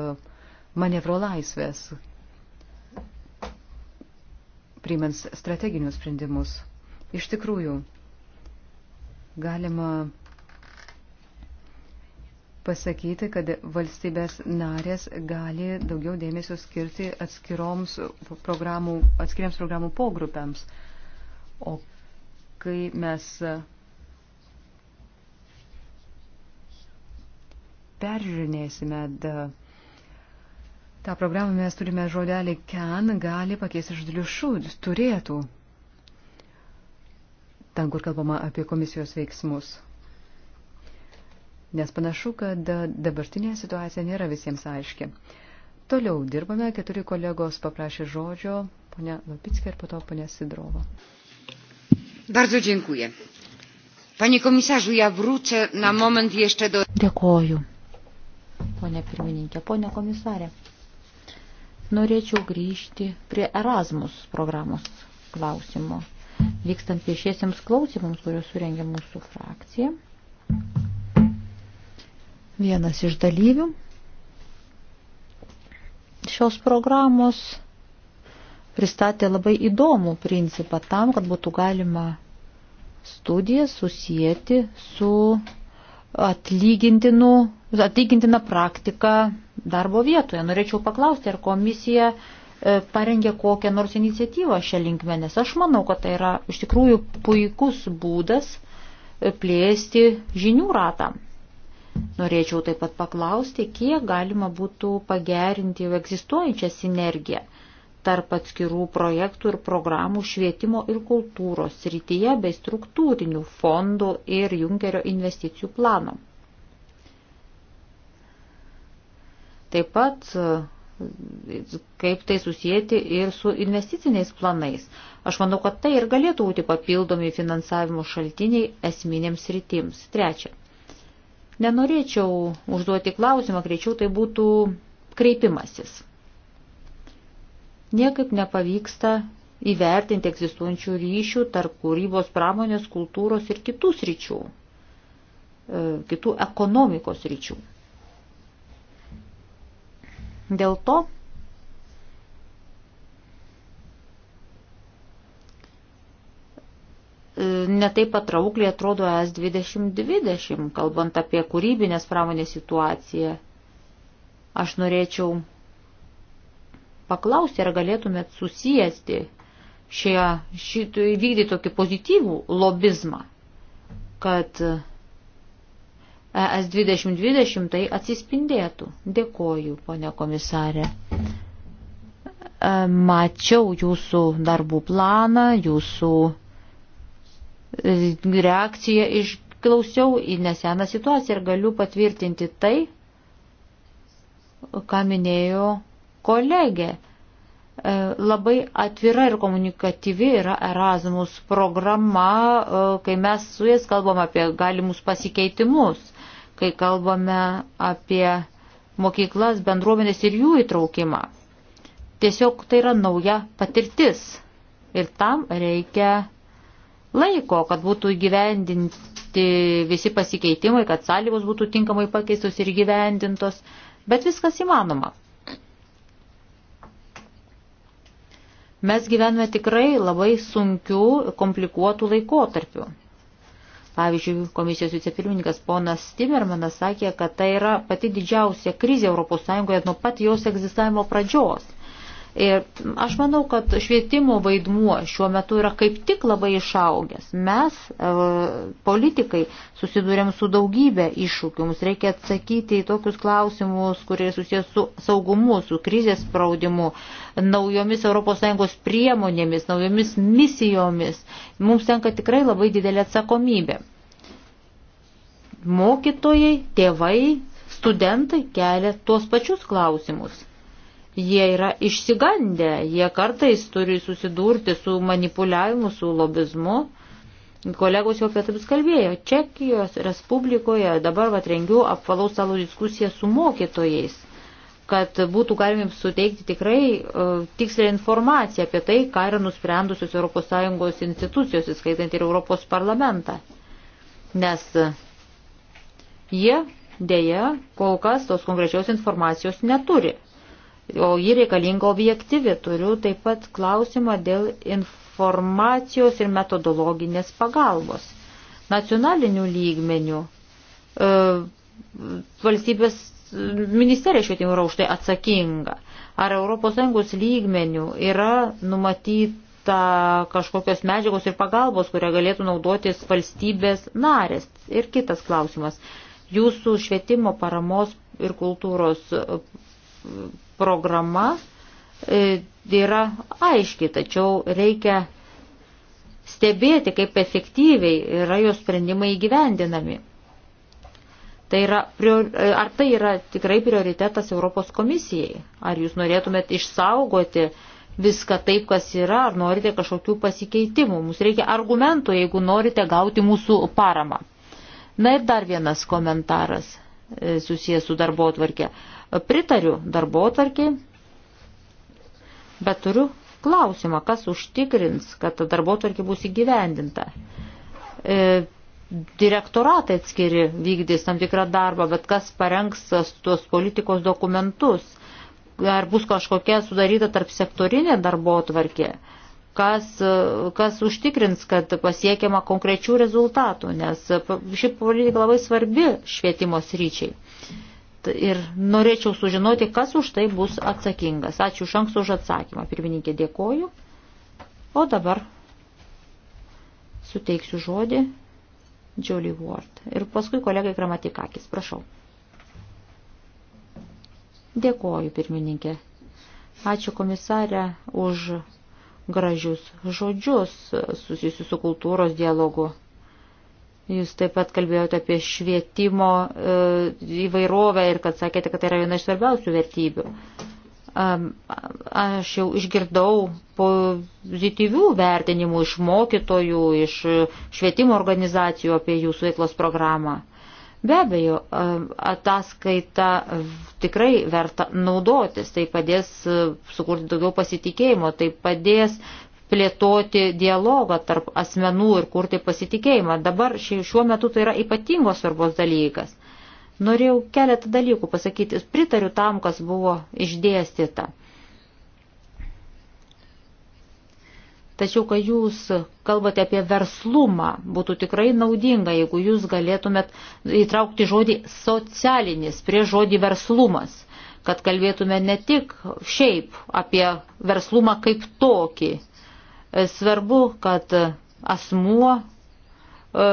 manevro laisvės, priimant strateginius sprendimus. Iš tikrųjų, galima pasakyti, kad valstybės narės gali daugiau dėmesio skirti atskiroms programų, atskiriams programų pogrupiams. O kai mes peržiūrinėsime tą programą, mes turime žodelį can, gali pakeisti žodeliu should, turėtų, ten, kur kalbama apie komisijos veiksmus nes panašu, kad dabartinė situacija nėra visiems aiški. Toliau dirbame, keturi kolegos paprašė žodžio, ponia Lapitskė ir po to ponia Sidrova. Bardzo dziękuję. Panie komisarzu, ja wrócę na moment jeszcze do... Dėkoju, ponia pirmininkė, ponia komisarė. Norėčiau grįžti prie Erasmus programos klausimo. Vykstant viešiesiams klausimams, kuriuos surengė mūsų frakcija, vienas iš dalyvių šios programos pristatė labai įdomų principą tam, kad būtų galima studiją susijęti su atlygintina praktika darbo vietoje. Norėčiau paklausti, ar komisija e, parengė kokią nors iniciatyvą šią linkmę, nes aš manau, kad tai yra iš tikrųjų puikus būdas e, plėsti žinių ratą. Norėčiau taip pat paklausti, kiek galima būtų pagerinti jau egzistuojančią sinergiją tarp atskirų projektų ir programų švietimo ir kultūros srityje bei struktūrinių fondų ir Junkerio investicijų plano. Taip pat kaip tai susijęti ir su investiciniais planais. Aš manau, kad tai ir galėtų būti papildomi finansavimo šaltiniai esminėms rytims. Trečia. Nenorėčiau užduoti klausimą, greičiau tai būtų kreipimasis. Niekaip nepavyksta įvertinti egzistuojančių ryšių tarp kūrybos pramonės, kultūros ir kitų sričių, e, kitų ekonomikos ryčių. Dėl to netai patraukliai atrodo ES 2020, kalbant apie kūrybinės pramonės situaciją. Aš norėčiau paklausti, ar galėtumėt susijęsti šie, šį, vykdyti tokį pozityvų lobizmą, kad ES 2020 tai atsispindėtų. Dėkoju, ponia komisarė. Mačiau jūsų darbų planą, jūsų reakciją išklausiau į neseną situaciją ir galiu patvirtinti tai, ką minėjo kolegė. E, labai atvira ir komunikatyvi yra Erasmus programa, e, kai mes su jais kalbam apie galimus pasikeitimus, kai kalbame apie mokyklas, bendruomenės ir jų įtraukimą. Tiesiog tai yra nauja patirtis ir tam reikia laiko, kad būtų įgyvendinti visi pasikeitimai, kad sąlygos būtų tinkamai pakeistos ir įgyvendintos, bet viskas įmanoma. Mes gyvename tikrai labai sunkių, komplikuotų laikotarpių. Pavyzdžiui, komisijos vicepirmininkas ponas Timermanas sakė, kad tai yra pati didžiausia krizė ES nuo pat jos egzistavimo pradžios – Ir aš manau, kad švietimo vaidmuo šiuo metu yra kaip tik labai išaugęs. Mes, e, politikai, susidurėm su daugybė iššūkių. Mums reikia atsakyti į tokius klausimus, kurie susijęs su saugumu, su krizės spaudimu, naujomis ES priemonėmis, naujomis misijomis. Mums tenka tikrai labai didelė atsakomybė. Mokytojai, tėvai, studentai kelia tuos pačius klausimus Jie yra išsigandę, jie kartais turi susidurti su manipuliavimu, su lobizmu. Kolegos jau apie tai kalbėjo. Čekijos Respublikoje dabar atrengiu apvalaus stalo diskusiją su mokytojais kad būtų galima suteikti tikrai uh, e, tikslę informaciją apie tai, ką yra nusprendusios ES institucijos, įskaitant ir Europos parlamentą. Nes e, jie dėja kol kas tos konkrečios informacijos neturi o jį reikalinga objektyvi. Turiu taip pat klausimą dėl informacijos ir metodologinės pagalbos. Nacionalinių lygmenių e, valstybės ministerija švietimo yra už tai atsakinga. Ar ES lygmenių yra numatyta kažkokios medžiagos ir pagalbos, kurią galėtų naudotis valstybės narės? Ir kitas klausimas. Jūsų švietimo paramos ir kultūros programa e, yra aiški, tačiau reikia stebėti, kaip efektyviai yra jos sprendimai įgyvendinami. Tai yra, e, ar tai yra tikrai prioritetas Europos komisijai? Ar jūs norėtumėt išsaugoti viską taip, kas yra, ar norite kažkokių pasikeitimų? Mums reikia argumentų, jeigu norite gauti mūsų paramą. Na ir dar vienas komentaras e, susijęs su darbo atvarkė. Pritariu darbo tarkiai, bet turiu klausimą, kas užtikrins, kad ta darbo tarkiai bus įgyvendinta. E, direktoratai atskiri vykdys tam tikrą darbą, bet kas parengs tuos politikos dokumentus, ar bus kažkokia sudaryta tarp sektorinė darbo tvarkė, kas, kas užtikrins, kad pasiekiama konkrečių rezultatų, nes ši politika labai svarbi švietimo sryčiai ir norėčiau sužinoti, kas už tai bus atsakingas. Ačiū iš anksto už atsakymą. Pirmininkė, dėkoju. O dabar suteiksiu žodį Jolie Ward. Ir paskui kolegai Gramatikakis. Prašau. Dėkoju, pirmininkė. Ačiū komisarė už gražius žodžius susijusius su kultūros dialogu. Jūs taip pat kalbėjote apie švietimo e, įvairovę ir kad sakėte, kad tai yra viena iš svarbiausių vertybių. Aš jau išgirdau pozityvių vertinimų iš mokytojų, iš švietimo organizacijų apie jūsų veiklos programą. Be abejo, ataskaita tikrai verta naudotis, tai padės e, sukurti daugiau pasitikėjimo, tai padės plėtoti dialogą tarp asmenų ir kurti pasitikėjimą. Dabar šiuo metu tai yra ypatingos svarbos dalykas. Norėjau keletą dalykų pasakyti. Pritariu tam, kas buvo išdėstyta. Tačiau, kai jūs kalbate apie verslumą, būtų tikrai naudinga, jeigu jūs galėtumėt įtraukti žodį socialinis prie žodį verslumas, kad kalbėtume ne tik šiaip apie verslumą kaip tokį, Svarbu, kad asmuo, e,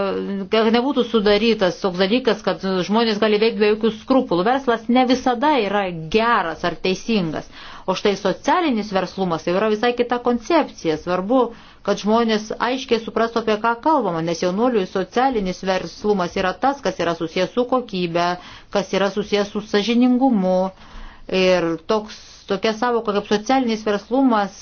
kad nebūtų sudarytas toks dalykas, kad žmonės gali veikti be jokių skrupulų. Verslas ne visada yra geras ar teisingas. O štai socialinis verslumas jau yra visai kita koncepcija. Svarbu, kad žmonės aiškiai suprastų, apie ką kalbama, nes jaunuoliui socialinis verslumas yra tas, kas yra susijęs su kokybė, kas yra susijęs su sažiningumu. Ir toks, tokia savoka kaip socialinis verslumas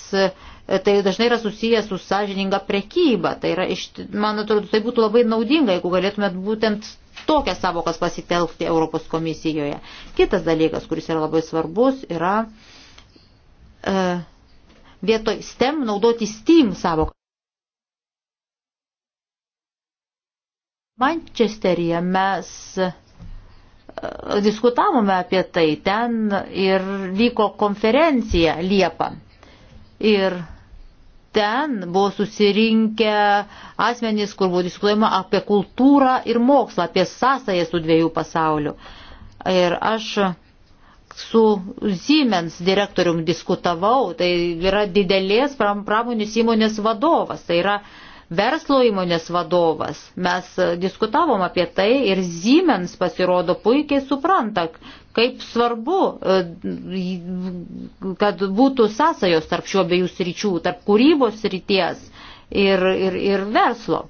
tai dažnai yra susijęs su sąžininga prekyba. Tai yra, man atrodo, tai būtų labai naudinga, jeigu galėtumėt būtent tokias savokas pasitelkti Europos komisijoje. Kitas dalykas, kuris yra labai svarbus, yra e, vietoj STEM naudoti STEAM savoką. Mančesteryje mes e, diskutavome apie tai ten ir vyko konferencija Liepą. Ir Ten buvo susirinkę asmenys, kur buvo diskutuojama apie kultūrą ir mokslą, apie sąsąją su dviejų pasaulių. Ir aš su Siemens direktorium diskutavau, tai yra didelės pramonės įmonės vadovas, tai yra verslo įmonės vadovas. Mes diskutavom apie tai ir Siemens pasirodo puikiai supranta, kaip svarbu, e, kad būtų sąsajos tarp šių abiejų sričių, tarp kūrybos srities ir, ir, ir verslo.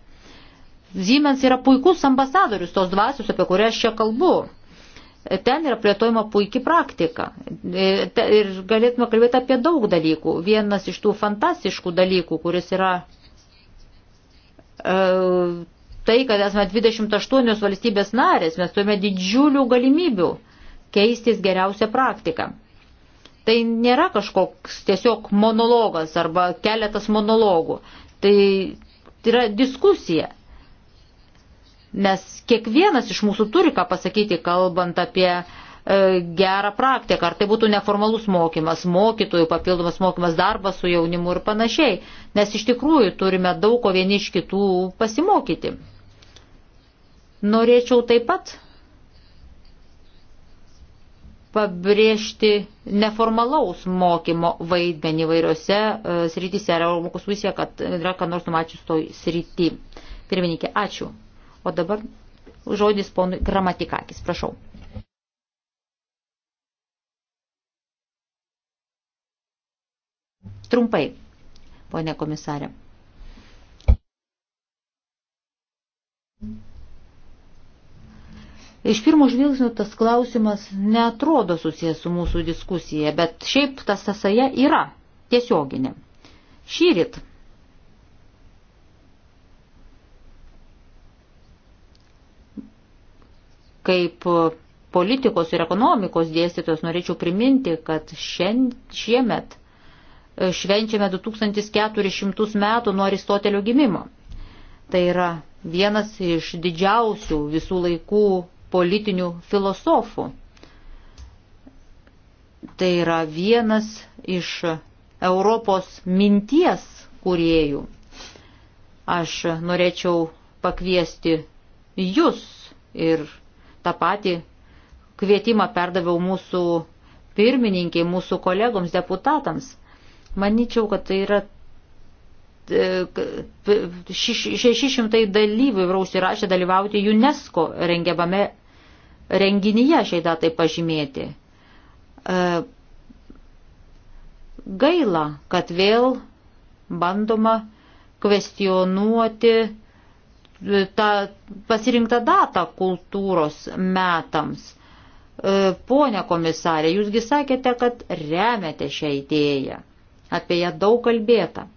Siemens yra puikus ambasadorius tos dvasios, apie kurią aš čia kalbu. Ten yra plėtojama puikia praktika. E, ir galėtume kalbėti apie daug dalykų. Vienas iš tų fantastiškų dalykų, kuris yra e, tai, kad esame 28 valstybės narės, mes turime didžiulių galimybių keistis geriausią praktiką. Tai nėra kažkoks tiesiog monologas arba keletas monologų. Tai yra diskusija. Nes kiekvienas iš mūsų turi ką pasakyti, kalbant apie e, gerą praktiką, ar tai būtų neformalus mokymas, mokytojų papildomas mokymas, darbas su jaunimu ir panašiai. Nes iš tikrųjų turime daug ko vieni iš kitų pasimokyti. Norėčiau taip pat pabrėžti neformalaus mokymo vaidmenį vairiose e, srityse. Ar Europos komisija, kad yra ką nors numačius toj srity. Pirmininkė, ačiū. O dabar žodis ponui Gramatikakis, prašau. Trumpai, ponė komisarė. Iš pirmo žvilgsnio tas klausimas netrodo susijęs su mūsų diskusija, bet šiaip ta sąsaja yra tiesioginė. Šyrit. Kaip politikos ir ekonomikos dėstytos norėčiau priminti, kad šien, šiemet e, švenčiame 2400 metų nuo Aristotelio gimimo. Tai yra vienas iš didžiausių visų laikų politinių filosofų. Tai yra vienas iš Europos minties kuriejų. Aš norėčiau pakviesti jūs ir tą patį kvietimą perdaviau mūsų pirmininkiai, mūsų kolegoms, deputatams. Maničiau, kad tai yra 600 e, dalyvių yra užsirašę dalyvauti UNESCO rengiamame renginyje šiai datai pažymėti. E, gaila, kad vėl bandoma kvestionuoti tą pasirinktą datą kultūros metams. E, Pone komisarė, jūsgi sakėte, kad remiate šią idėją. Apie ją daug kalbėta.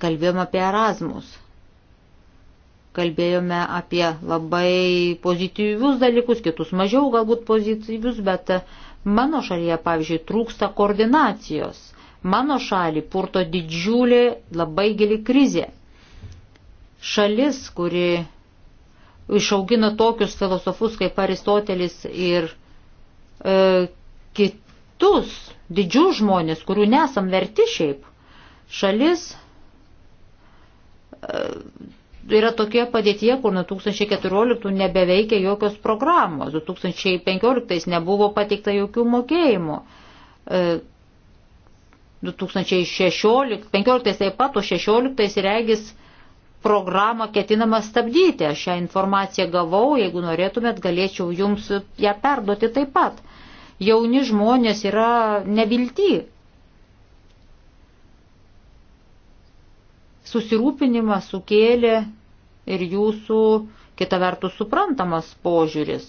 Kalbėjom apie Erasmus kalbėjome apie labai pozityvius dalykus, kitus mažiau galbūt pozityvius, bet mano šalyje, pavyzdžiui, trūksta koordinacijos. Mano šalį purto didžiulė labai gili krizė. Šalis, kuri išaugina tokius filosofus kaip Aristotelis ir e, kitus didžius žmonės, kurių nesam verti šiaip, šalis e, yra tokie padėtie, kur nuo 2014 nebeveikia jokios programos, 2015 nebuvo pateikta jokių mokėjimų. 2015 e, taip pat, o 16 regis programą ketinama stabdyti. Aš šią informaciją gavau, jeigu norėtumėt, galėčiau jums ją perduoti taip pat. Jauni žmonės yra nevilti, Susirūpinimą sukėlė ir jūsų kita vertus suprantamas požiūris.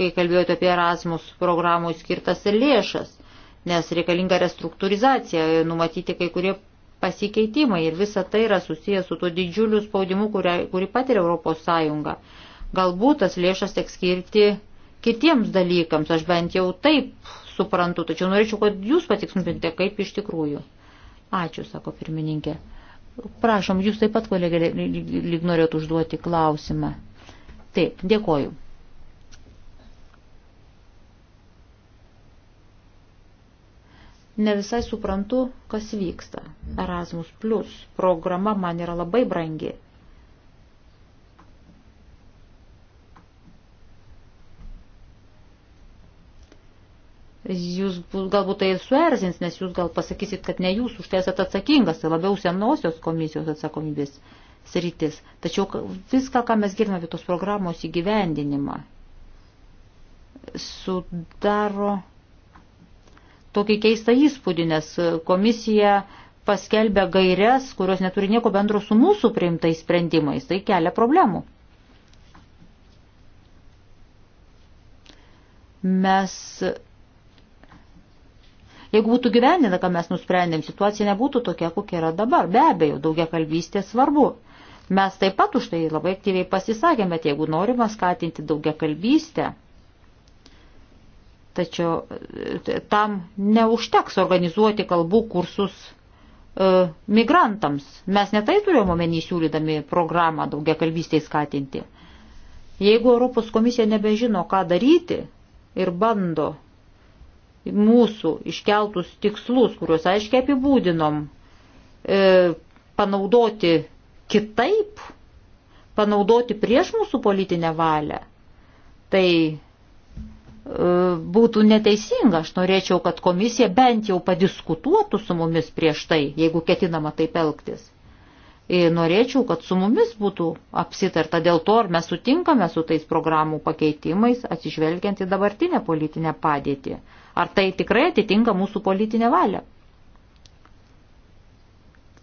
Kai kalbėjote apie Erasmus programų skirtas ir lėšas, nes reikalinga restruktūrizacija, numatyti kai kurie pasikeitimai ir visa tai yra susijęs su tuo didžiuliu spaudimu, kurį, kurį patiria Europos Sąjunga. Galbūt tas lėšas teks skirti kitiems dalykams, aš bent jau taip suprantu, tačiau norėčiau, kad jūs patiksmintumėte, kaip iš tikrųjų. Ačiū, sako pirmininkė. Prašom, jūs taip pat, kolegė, lyg norėt užduoti klausimą. Taip, dėkoju. Ne visai suprantu, kas vyksta. Erasmus Plus programa man yra labai brangi. jūs galbūt tai ir suerzins, nes jūs gal pasakysit, kad ne jūs už tai esate atsakingas, tai labiau senosios komisijos atsakomybės sritis. Tačiau viską, ką mes girdime apie tos programos įgyvendinimą, sudaro tokį keistą įspūdį, nes komisija paskelbia gairias, kurios neturi nieko bendro su mūsų priimtais sprendimais. Tai kelia problemų. Mes Jeigu būtų gyvendina, ką mes nusprendėm, situacija nebūtų tokia, kokia yra dabar. Be abejo, daugia kalbystė svarbu. Mes taip pat už tai labai aktyviai pasisakėm, bet jeigu norima skatinti daugia kalbystę, tačiau e, tam neužteks organizuoti kalbų kursus e, migrantams. Mes netai turėjome omeny siūlydami programą daugia kalbystėj skatinti. Jeigu Europos komisija nebežino, ką daryti ir bando mūsų iškeltus tikslus, kuriuos aiškiai apibūdinom, e, panaudoti kitaip, panaudoti prieš mūsų politinę valią, tai e, būtų neteisinga. Aš norėčiau, kad komisija bent jau padiskutuotų su mumis prieš tai, jeigu ketinama taip elgtis. Ir norėčiau, kad su mumis būtų apsitarta dėl to, ar mes sutinkame su tais programų pakeitimais, atsižvelgiant į dabartinę politinę padėtį. Ar tai tikrai atitinka mūsų politinę valią?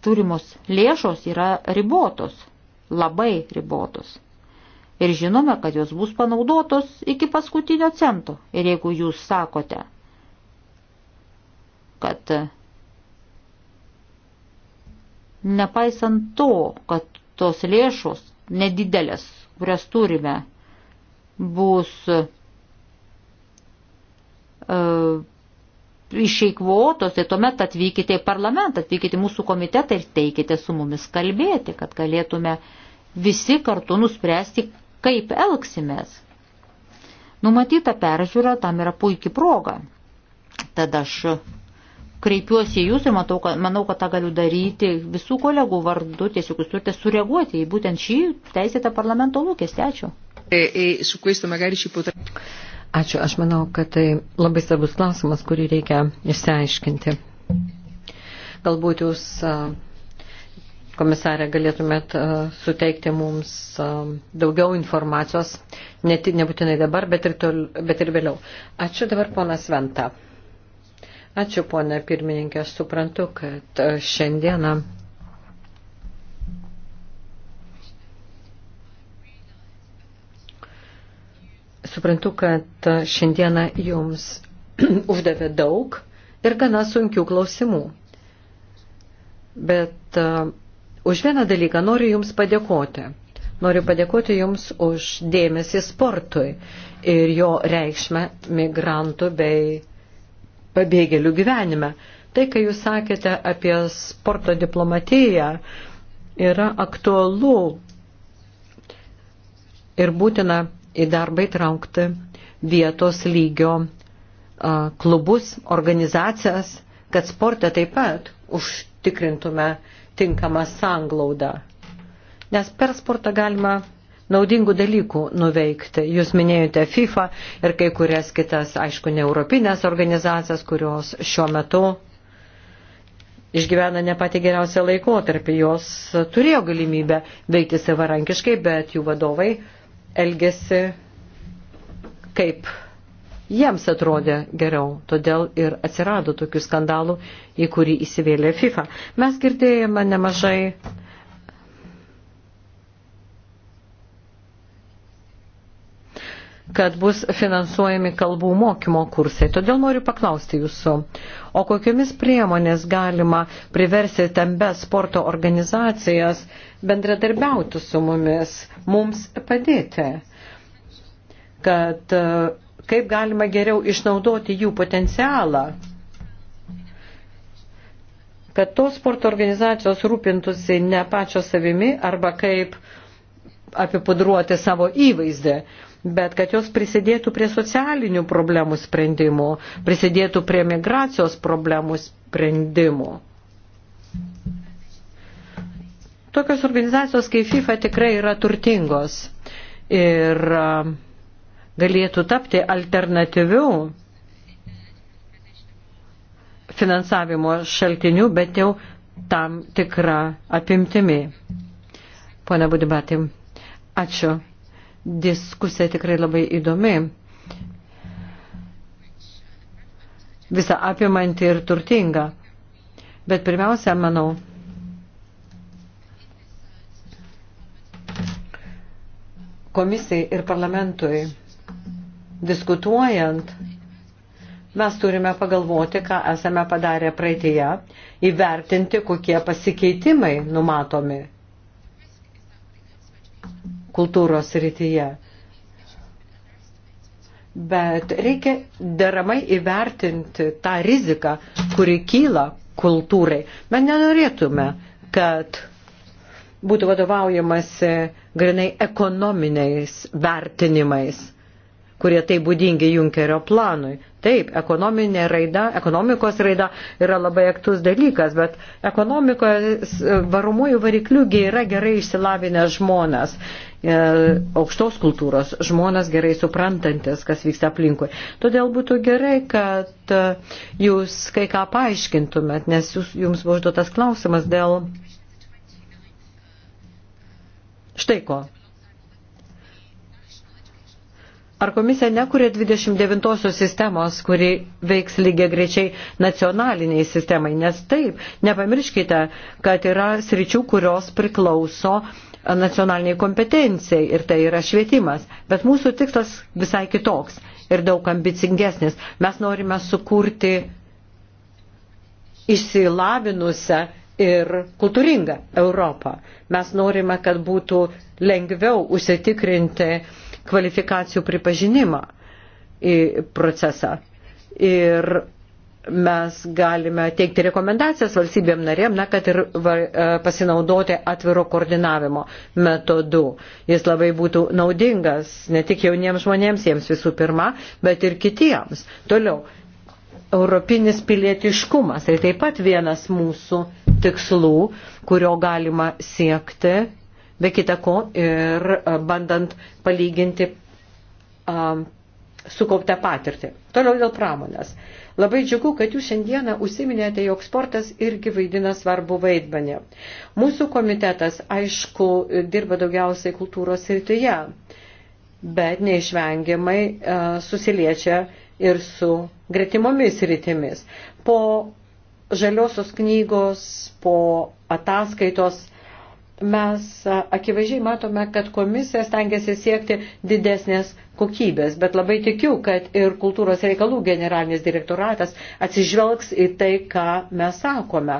Turimos lėšos yra ribotos, labai ribotos. Ir žinome, kad jos bus panaudotos iki paskutinio cento. Ir jeigu jūs sakote, kad nepaisant to, kad tos lėšos nedidelės, kurias turime, bus E, išeikvotos, tai tuomet atvykite į parlamentą, atvykite į mūsų komitetą ir teikite su mumis kalbėti, kad galėtume visi kartu nuspręsti, kaip elgsimės. Numatyta peržiūra tam yra puikia proga. Tad aš kreipiuosi į jūs ir matau, kad, manau, kad tą galiu daryti visų kolegų vardu, tiesiog jūs turite sureaguoti į būtent šį teisėtą parlamento lūkestį. Ačiū. E, e, Ačiū. Aš manau, kad tai labai svarbus klausimas, kurį reikia išsiaiškinti. Galbūt jūs, komisarė, galėtumėt suteikti mums daugiau informacijos, ne, nebūtinai dabar, bet ir, tol, bet ir vėliau. Ačiū dabar, ponas Venta. Ačiū, ponė pirmininkė. Aš suprantu, kad šiandieną suprantu, kad šiandieną jums uždavė daug ir gana sunkių klausimų. Bet uh, už vieną dalyką noriu Jums padėkoti. Noriu padėkoti Jums už dėmesį sportui ir jo reikšmę migrantų bei pabėgėlių gyvenime. Tai, kai Jūs sakėte apie sporto diplomatiją, yra aktualu ir būtina į darbą įtraukti vietos lygio klubus, organizacijas, kad sportą taip pat užtikrintume tinkamą sanglaudą. Nes per sportą galima naudingų dalykų nuveikti. Jūs minėjote FIFA ir kai kurias kitas, aišku, neuropinės organizacijas, kurios šiuo metu išgyvena ne patį geriausią laikotarpį. Jos turėjo galimybę veikti savarankiškai, bet jų vadovai elgėsi kaip jiems atrodė geriau, todėl ir atsirado tokių skandalų, į kurį įsivėlė FIFA. Mes girdėjome nemažai kad bus finansuojami kalbų mokymo kursai. Todėl noriu paklausti jūsų, o kokiomis priemonės galima priversti tambę sporto organizacijas bendradarbiauti su mumis, mums padėti, kad e, kaip galima geriau išnaudoti jų potencialą, kad tos sporto organizacijos rūpintųsi ne pačios savimi arba kaip apipudruoti savo įvaizdį, bet kad jos prisidėtų prie socialinių problemų sprendimų, prisidėtų prie migracijos problemų sprendimų. Tokios organizacijos kaip FIFA tikrai yra turtingos ir galėtų tapti alternatyvių finansavimo šaltinių, bet jau tam tikra apimtimi. Pone Budibatė, ačiū. Diskusija tikrai labai įdomi. Visa apimanti ir turtinga. Bet pirmiausia, manau, komisijai ir parlamentui diskutuojant, mes turime pagalvoti, ką esame padarę praeitėje, įvertinti, kokie pasikeitimai numatomi kultūros rytyje. Bet reikia deramai įvertinti tą riziką, kuri kyla kultūrai. Mes nenorėtume, kad būtų vadovaujamasi grinai ekonominiais vertinimais, kurie tai būdingi Junkerio planui. Taip, ekonominė raida, ekonomikos raida yra labai aktus dalykas, bet ekonomikos e, varomųjų varikliųgi yra gerai išsilavinę žmonas, e, aukštos kultūros žmonas gerai suprantantis, kas vyksta aplinkui. Todėl būtų gerai, kad e, jūs kai ką paaiškintumėt, nes jūs, jums buvo užduotas klausimas dėl Štai ko. Ar komisija nekuria 29 sistemos, kuri veiks lygiai grečiai nacionaliniai sistemai? Nes taip, nepamirškite, kad yra sričių, kurios priklauso nacionaliniai kompetencijai ir tai yra švietimas. Bet mūsų tikslas visai kitoks ir daug ambicingesnis. Mes norime sukurti išsilavinusią ir kultūringą Europą. Mes norime, kad būtų lengviau užsitikrinti kvalifikacijų pripažinimą į procesą. Ir mes galime teikti rekomendacijas valstybėm narėm, na, kad ir e, pasinaudoti atviro koordinavimo metodu. Jis labai būtų naudingas ne tik jauniems žmonėms, jiems visų pirma, bet ir kitiems. Toliau, europinis pilietiškumas. Tai taip pat vienas mūsų tikslų, kurio galima siekti, be kita ko, ir bandant palyginti um, sukauptą patirtį. Toliau dėl pramonės. Labai džiugu, kad jūs šiandieną užsiminėte, jog sportas irgi vaidina svarbu vaidmenį. Mūsų komitetas, aišku, dirba daugiausiai kultūros srityje, bet neišvengiamai susiliečia ir su gretimomis rytimis. Po žaliosios knygos, po ataskaitos mes akivaizdžiai matome, kad komisija stengiasi siekti didesnės kokybės, bet labai tikiu, kad ir kultūros reikalų generalinis direktoratas atsižvelgs į tai, ką mes sakome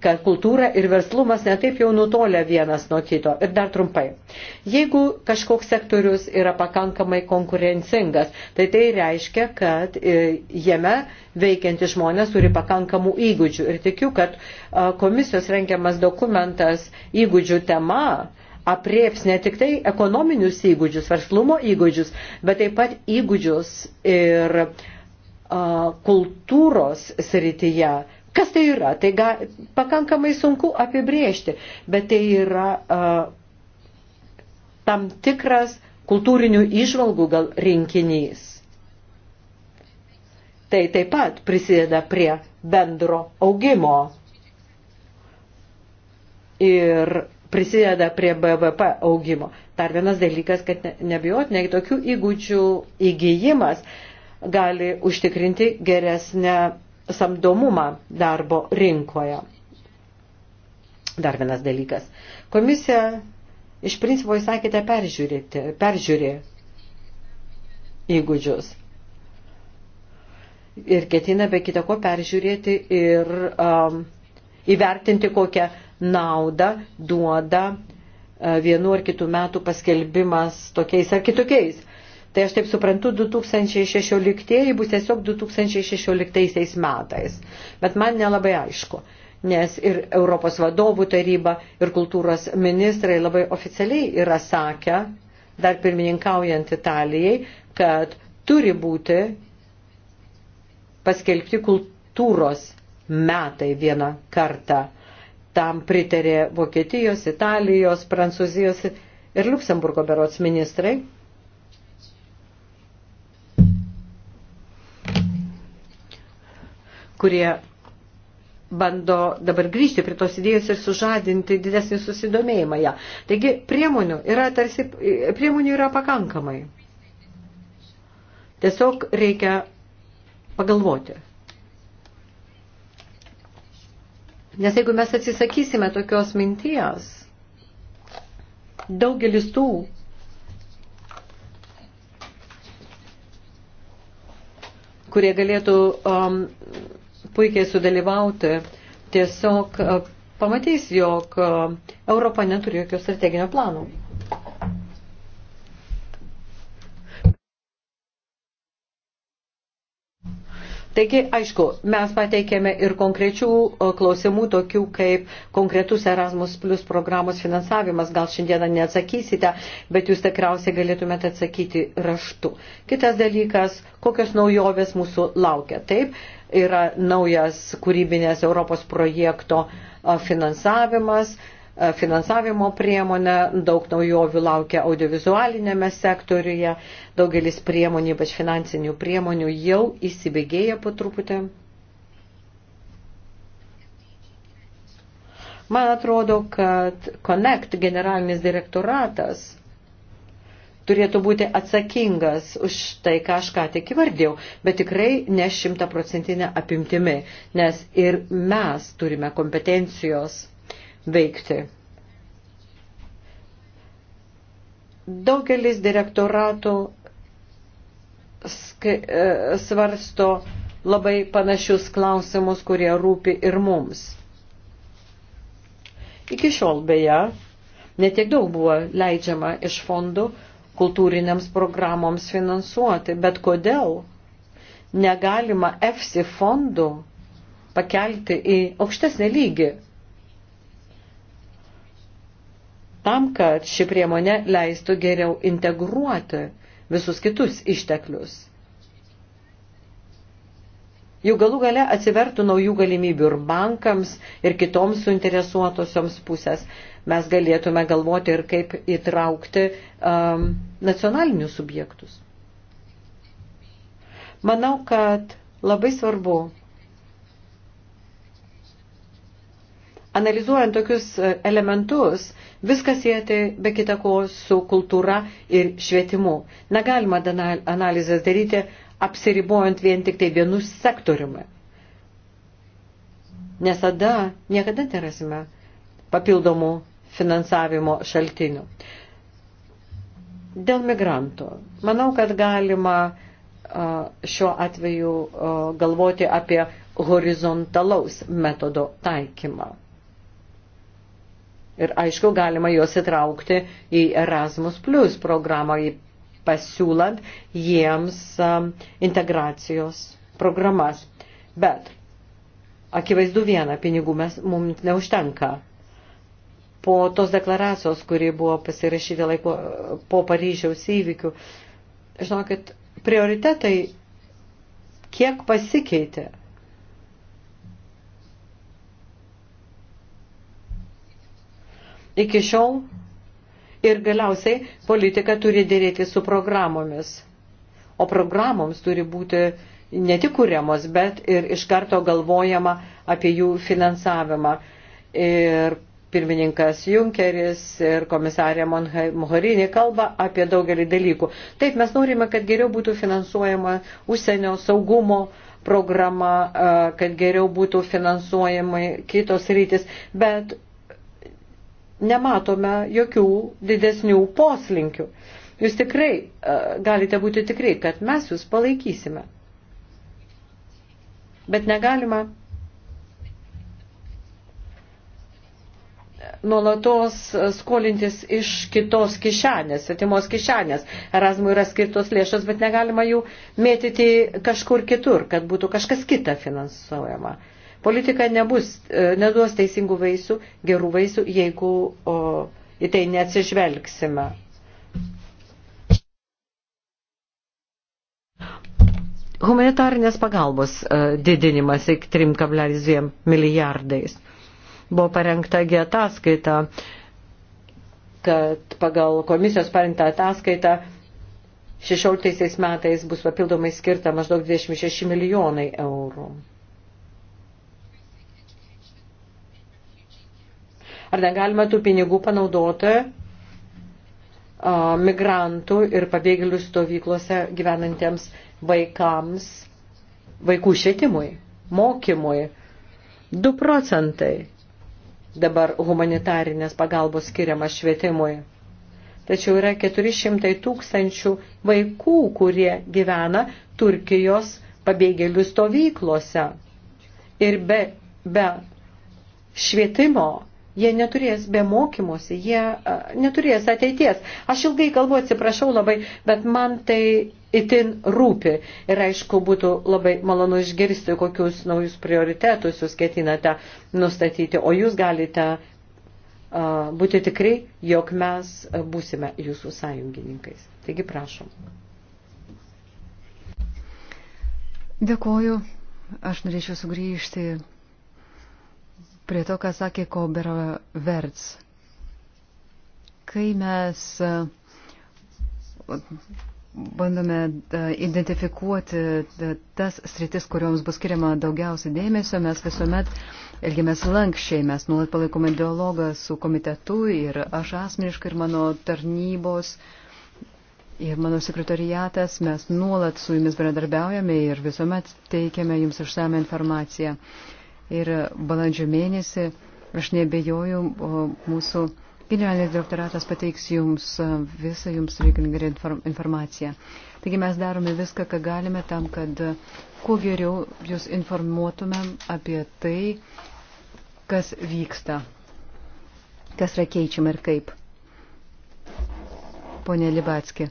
kad kultūra ir verslumas netaip jau nutolia vienas nuo kito. Ir dar trumpai. Jeigu kažkoks sektorius yra pakankamai konkurencingas, tai tai reiškia, kad e, jame veikianti žmonės turi pakankamų įgūdžių. Ir tikiu, kad e, komisijos rengiamas dokumentas įgūdžių tema aprieps ne tik tai ekonominius įgūdžius, verslumo įgūdžius, bet taip pat įgūdžius ir e, kultūros srityje, Kas tai yra? Tai ga, pakankamai sunku apibriežti, bet tai yra a, tam tikras kultūrinių išvalgų gal rinkinys. Tai taip pat prisideda prie bendro augimo ir prisideda prie BVP augimo. Dar vienas dalykas, kad nebijotinai tokių įgūdžių įgyjimas gali užtikrinti geresnę samdomumą darbo rinkoje. Dar vienas dalykas. Komisija iš principo įsakėte peržiūrėti, peržiūrė įgūdžius. Ir ketina be kita ko peržiūrėti ir um, įvertinti, kokią naudą duoda uh, vienu ar kitų metų paskelbimas tokiais ar kitokiais Tai aš taip suprantu, 2016 bus tiesiog 2016 metais. Bet man nelabai aišku, nes ir Europos vadovų taryba, ir kultūros ministrai labai oficialiai yra sakę, dar pirmininkaujant Italijai, kad turi būti paskelbti kultūros metai vieną kartą. Tam pritarė Vokietijos, Italijos, Prancūzijos ir Luksemburgo berots ministrai. kurie bando dabar grįžti prie tos idėjos ir sužadinti didesnį susidomėjimą ją. Taigi priemonių yra, tarsi, priemonių yra pakankamai. Tiesiog reikia pagalvoti. Nes jeigu mes atsisakysime tokios minties, daugelis tų kurie galėtų um, puikiai sudalyvauti, tiesiog e, pamatys, jog e, Europa neturi jokio strateginio plano. Taigi, aišku, mes pateikėme ir konkrečių klausimų, tokių kaip konkretus Erasmus Plus programos finansavimas. Gal šiandieną neatsakysite, bet jūs tikriausiai galėtumėte atsakyti raštu. Kitas dalykas, kokios naujovės mūsų laukia. Taip, yra naujas kūrybinės Europos projekto finansavimas, E, finansavimo priemonę, daug naujovių laukia audiovizualinėme sektoriuje, daugelis priemonių, ypač finansinių priemonių, jau įsibėgėja po truputį. Man atrodo, kad Connect generalinis direktoratas turėtų būti atsakingas už tai, ką aš ką tik įvardėjau, bet tikrai ne šimtaprocentinė apimtimi, nes ir mes turime kompetencijos veikti. Daugelis direktoratų e, svarsto labai panašius klausimus, kurie rūpi ir mums. Iki šiol beje, netiek daug buvo leidžiama iš fondų kultūriniams programoms finansuoti, bet kodėl negalima EFSI fondų pakelti į aukštesnį lygį, tam, kad ši priemonė leistų geriau integruoti visus kitus išteklius. Jų galų gale atsivertų naujų galimybių ir bankams, ir kitoms suinteresuotosioms pusės. Mes galėtume galvoti ir kaip įtraukti um, nacionalinius subjektus. Manau, kad labai svarbu analizuojant tokius e, elementus, Viskas siejate be kitako su kultūra ir švietimu. Negalima analizės daryti apsiribojant vien tik tai vienu sektoriumi. Nes tada niekada nerasime papildomų finansavimo šaltinių. Dėl migrantų. Manau, kad galima šiuo atveju galvoti apie horizontalaus metodo taikymą. Ir aišku, galima juos įtraukti į Erasmus Plus programą, pasiūlant jiems um, integracijos programas. Bet akivaizdu viena, pinigų mes, mums neužtenka. Po tos deklaracijos, kuri buvo pasirašyta laiko po Paryžiaus įvykių, žinokit, prioritetai kiek pasikeitė iki šiol ir galiausiai politika turi dėrėti su programomis. O programoms turi būti ne tik kuriamos, bet ir iš karto galvojama apie jų finansavimą. Ir pirmininkas Junkeris ir komisarė Mohorinė kalba apie daugelį dalykų. Taip, mes norime, kad geriau būtų finansuojama užsienio saugumo programa, kad geriau būtų finansuojama kitos rytis, bet nematome jokių didesnių poslinkių. Jūs tikrai e, galite būti tikrai, kad mes jūs palaikysime. Bet negalima nuolatos skolintis iš kitos kišenės, svetimos kišenės. Erasmui yra skirtos lėšos, bet negalima jų mėtyti kažkur kitur, kad būtų kažkas kita finansuojama. Uh, Politika nebus, e, neduos teisingų vaisių, gerų vaisių, jeigu o, į tai neatsižvelgsime. Humanitarinės pagalbos e, didinimas iki 3,2 milijardais. Buvo parengta ataskaita, kad pagal komisijos parengtą ataskaitą 16 metais bus papildomai skirta maždaug 26 milijonai eurų. Ar negalima tų pinigų panaudoti migrantų ir pabėgėlių stovyklose gyvenantiems vaikams, vaikų švietimui, mokymui. 2 procentai dabar humanitarinės pagalbos skiriama švietimui. Tačiau yra 400 tūkstančių vaikų, kurie gyvena Turkijos pabėgėlių stovyklose. Ir be, be švietimo Jie neturės be mokymosi, jie neturės ateities. Aš ilgai kalbu, atsiprašau labai, bet man tai itin rūpi. Ir aišku, būtų labai malonu išgirsti, kokius naujus prioritetus jūs ketinate nustatyti. O jūs galite uh, būti tikri, jog mes būsime jūsų sąjungininkais. Taigi prašom. Dėkoju. Aš norėčiau sugrįžti prie to, ką sakė Kobero Verts. Kai mes e, bandome e, identifikuoti e, tas sritis, kurioms bus skiriama daugiausia dėmesio, mes visuomet elgiamės lankščiai, mes nuolat palaikome dialogą su komitetu ir aš asmeniškai ir mano tarnybos. Ir mano sekretariatas, mes nuolat su jumis bendradarbiaujame ir visuomet teikiame jums išsame informaciją. Uh, ir balandžio mėnesį, aš nebejoju, mūsų generalinis direktoratas pateiks jums visą jums reikalingą informaciją. Taigi mes darome viską, ką galime tam, kad kuo geriau jūs informuotumėm apie tai, kas vyksta, kas yra keičiama ir kaip. Pone Libatski,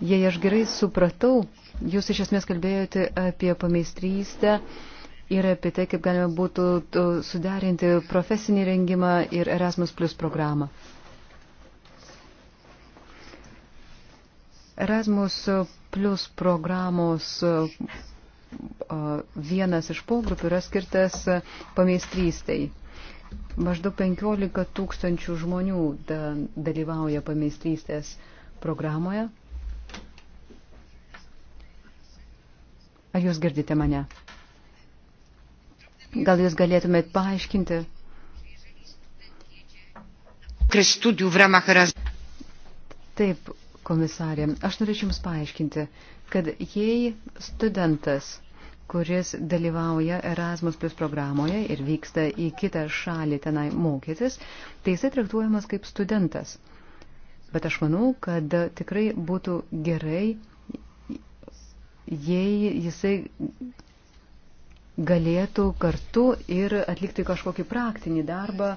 jei aš gerai supratau, jūs iš esmės kalbėjote apie pameistrystę, uh, ir apie tai, kaip galima būtų suderinti profesinį rengimą ir Erasmus Plus programą. Erasmus Plus programos vienas iš pogrupių yra skirtas pameistrystai. Maždaug 15 tūkstančių žmonių da, dalyvauja pameistrystės programoje. Ar jūs girdite mane? Gal jūs galėtumėt paaiškinti? Taip, komisarė, aš norėčiau Jums paaiškinti, kad jei studentas, kuris dalyvauja Erasmus Plus programoje ir vyksta į kitą šalį tenai mokytis, tai jisai traktuojamas kaip studentas. Bet aš manau, kad tikrai būtų gerai, jei jisai galėtų kartu ir atlikti kažkokį praktinį darbą,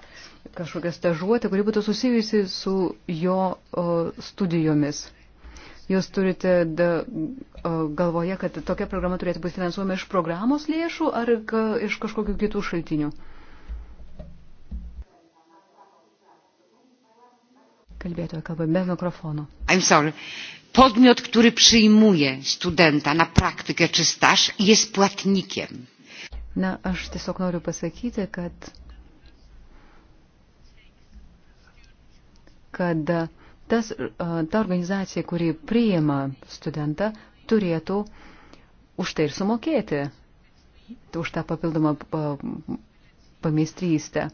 kažkokią stažuotę, kuri būtų susijusi su jo studijomis. Jūs turite da, galvoje, kad tokia programa turėtų būti finansuojama iš programos lėšų ar ka, iš kažkokių kitų šaltinių? Kalbėtoja kalba be mikrofono. I'm sorry. Podmiot, który przyjmuje studenta na praktykę czy staż, jest płatnikiem Na, aš tiesiog noriu pasakyti, kad, kad tas, ta organizacija, kuri priima studentą, turėtų už tai ir sumokėti, už tą papildomą pamistrystę.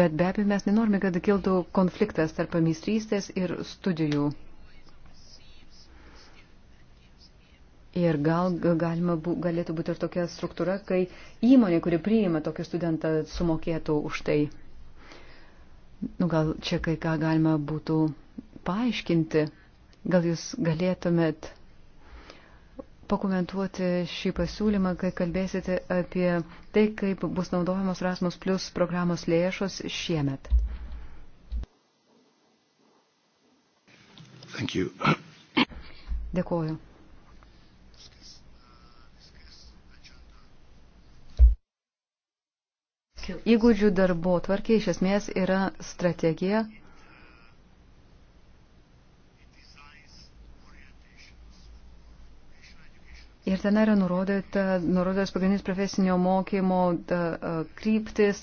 Bet be abejo, mes nenorime, kad kiltų konfliktas tarp pamistrystės ir studijų Ir gal galima, galėtų būti ir tokia struktūra, kai įmonė, kuri priima tokį studentą, sumokėtų už tai. Nu, gal čia kai ką galima būtų paaiškinti. Gal jūs galėtumėt pakomentuoti šį pasiūlymą, kai kalbėsite apie tai, kaip bus naudojamos Rasmus Plus programos lėšos šiemet. Dėkuoju. Įgūdžių darbo tvarkė iš esmės yra strategija, Ir ten yra nurodyta, nurodytas pagrindinis profesinio mokymo da, kryptis,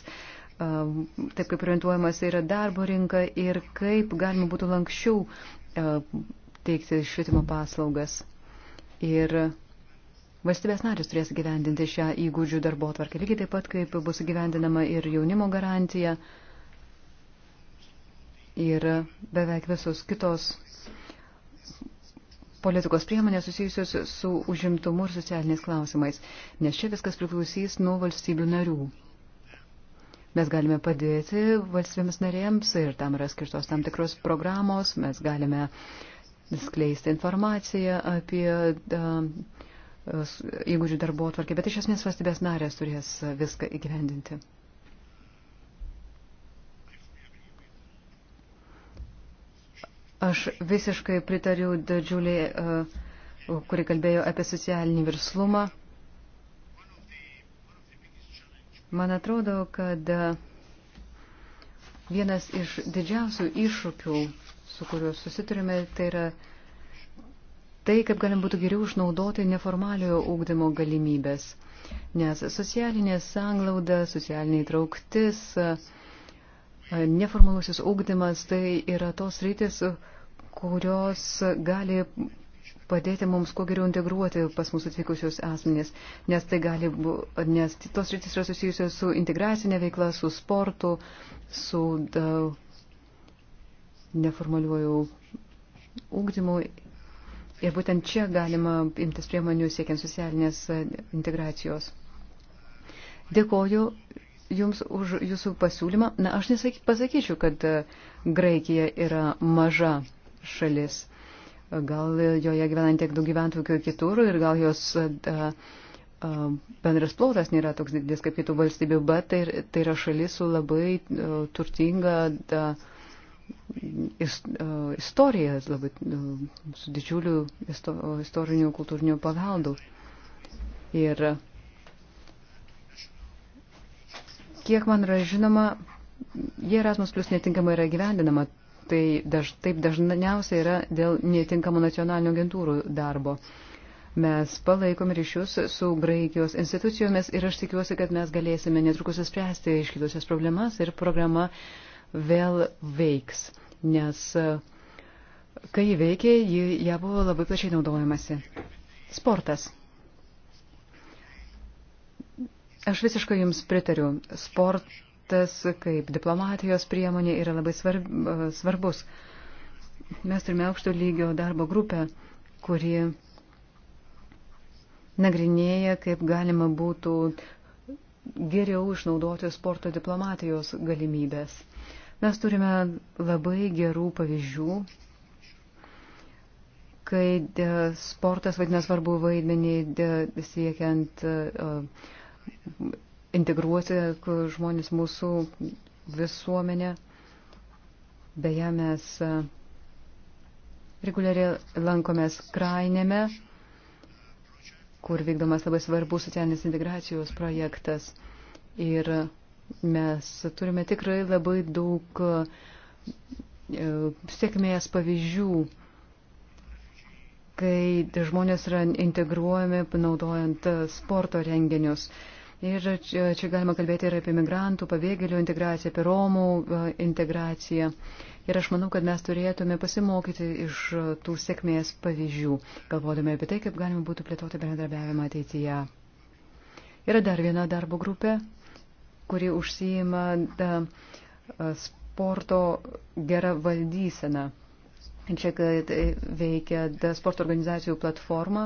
taip kaip orientuojamas yra darbo rinka ir kaip galima būtų lankščiau teikti švietimo paslaugas. Ir Valstybės narės turės gyvendinti šią įgūdžių darbo tvarkę, lygiai taip pat kaip bus gyvendinama ir jaunimo garantija ir beveik visos kitos politikos priemonės susijusios su užimtumu ir socialiniais klausimais, nes čia viskas priklausys nuo valstybių narių. Mes galime padėti valstybėms narėms ir tam yra skirtos tam tikros programos, mes galime skleisti informaciją apie uh, įgūdžių darbo atvarkė, bet iš esmės valstybės narės turės viską įgyvendinti. Aš visiškai pritariu Džiuliai, e, kuri kalbėjo apie socialinį verslumą. Man atrodo, kad e, vienas iš didžiausių iššūkių, su kuriuo susiturime, tai yra tai, kaip galim būtų geriau išnaudoti neformaliojo ūkdymo galimybės. Nes socialinė sanglauda, socialinė įtrauktis, neformalusis ūkdymas tai yra tos rytis, kurios gali padėti mums kuo geriau integruoti pas mūsų atvykusius asmenys, nes, tai gali, nes tos rytis yra susijusios su integracinė veikla, su sportu, su da, neformaliuoju ūkdymu Ir būtent čia galima imtis priemonių siekiant socialinės e, integracijos. Dėkoju Jums už Jūsų pasiūlymą. Na, aš nesakyčiau, kad e, Graikija yra maža šalis. Gal joje gyvena tiek daug gyventojų kaip kitur ir gal jos e, a, a, bendras plotas nėra toks didelis kaip kitų valstybių, bet tai, tai yra šalis su labai a, turtinga. A, E, istoriją, labai, e, su didžiuliu istoriniu kultūriniu paveldu. Ir kiek man yra žinoma, jei Erasmus Plus netinkamai yra gyvendinama, tai daž, taip dažniausiai yra dėl netinkamo nacionalinių agentūrų darbo. Mes palaikom ryšius su Graikijos institucijomis ir aš tikiuosi, kad mes galėsime netrukus spręsti iškilusias problemas ir programa uh, vėl veiks, nes e, kai ji veikė, ji, ją buvo labai plačiai naudojamasi. Sportas. Aš visiškai Jums pritariu. Sportas kaip diplomatijos priemonė yra labai svarb, e, svarbus. Mes turime aukšto lygio darbo grupę, kuri nagrinėja, kaip galima būtų geriau išnaudoti sporto diplomatijos galimybės. Mes turime labai gerų pavyzdžių, kai e, sportas vaidina svarbu vaidmenį siekiant e, integruoti e, žmonės mūsų visuomenę. Beje, mes reguliariai lankomės Krainėme, kur vykdomas labai svarbus socialinės integracijos projektas. Ir Mes turime tikrai labai daug e, sėkmės pavyzdžių, kai žmonės yra integruojami panaudojant sporto renginius. Ir čia, čia galima kalbėti ir apie migrantų, pabėgėlių integraciją, apie Romų e, integraciją. Ir aš manau, kad mes turėtume pasimokyti iš tų sėkmės pavyzdžių, galvodami apie tai, kaip galima būtų plėtoti bendradarbiavimą ateityje. Yra dar viena darbo grupė, kuri užsijima da, sporto gerą valdyseną. Čia e, veikia da, sporto organizacijų platforma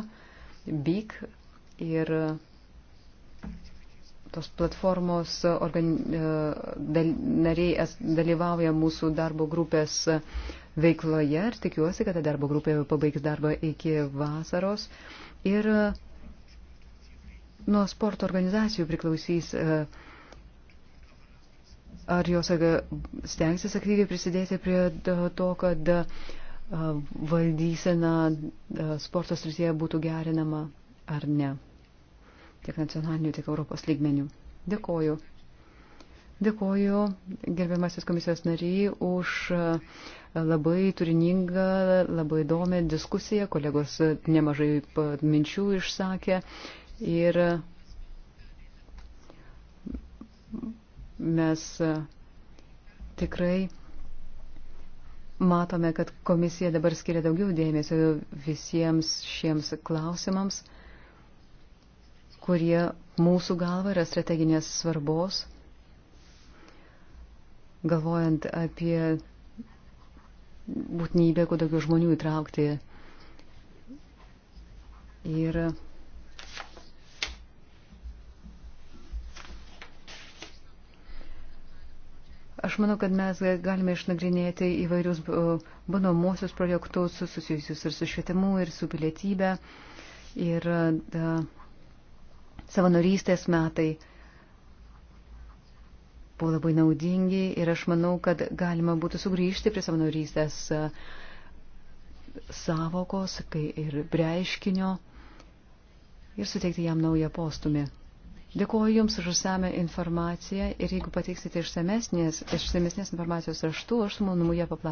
BIG ir tos platformos organi, e, dal, nariai dalyvauja mūsų darbo grupės veikloje ir tikiuosi, kad ta darbo grupė pabaigs darbą iki vasaros. Ir e, nuo sporto organizacijų priklausys uh, ar jos stengsis aktyviai prisidėti prie to, kad valdysena sporto srityje būtų gerinama ar ne, tiek nacionaliniu, tiek Europos lygmeniu. Dėkoju. Dėkoju gerbiamasis komisijos nariai už labai turiningą, labai įdomią diskusiją. Kolegos nemažai minčių išsakė ir Mes e, tikrai matome, kad komisija dabar skiria daugiau dėmesio visiems šiems klausimams, kurie mūsų galva yra strateginės svarbos, galvojant apie būtinybę, kuo daugiau žmonių įtraukti. Ir Aš manau, kad mes galime išnagrinėti įvairius e, bandomuosius projektus susijusius ir su švietimu, ir su pilietybė, ir da, e, savanorystės metai buvo labai naudingi ir aš manau, kad galima būtų sugrįžti prie savanorystės e, savokos ir reiškinio ir suteikti jam naują postumį. Dėkuoju Jums už užsame informaciją ir jeigu pateiksite išsamesnės, išsamesnės informacijos raštu, aš su malonumu ją paplatinu.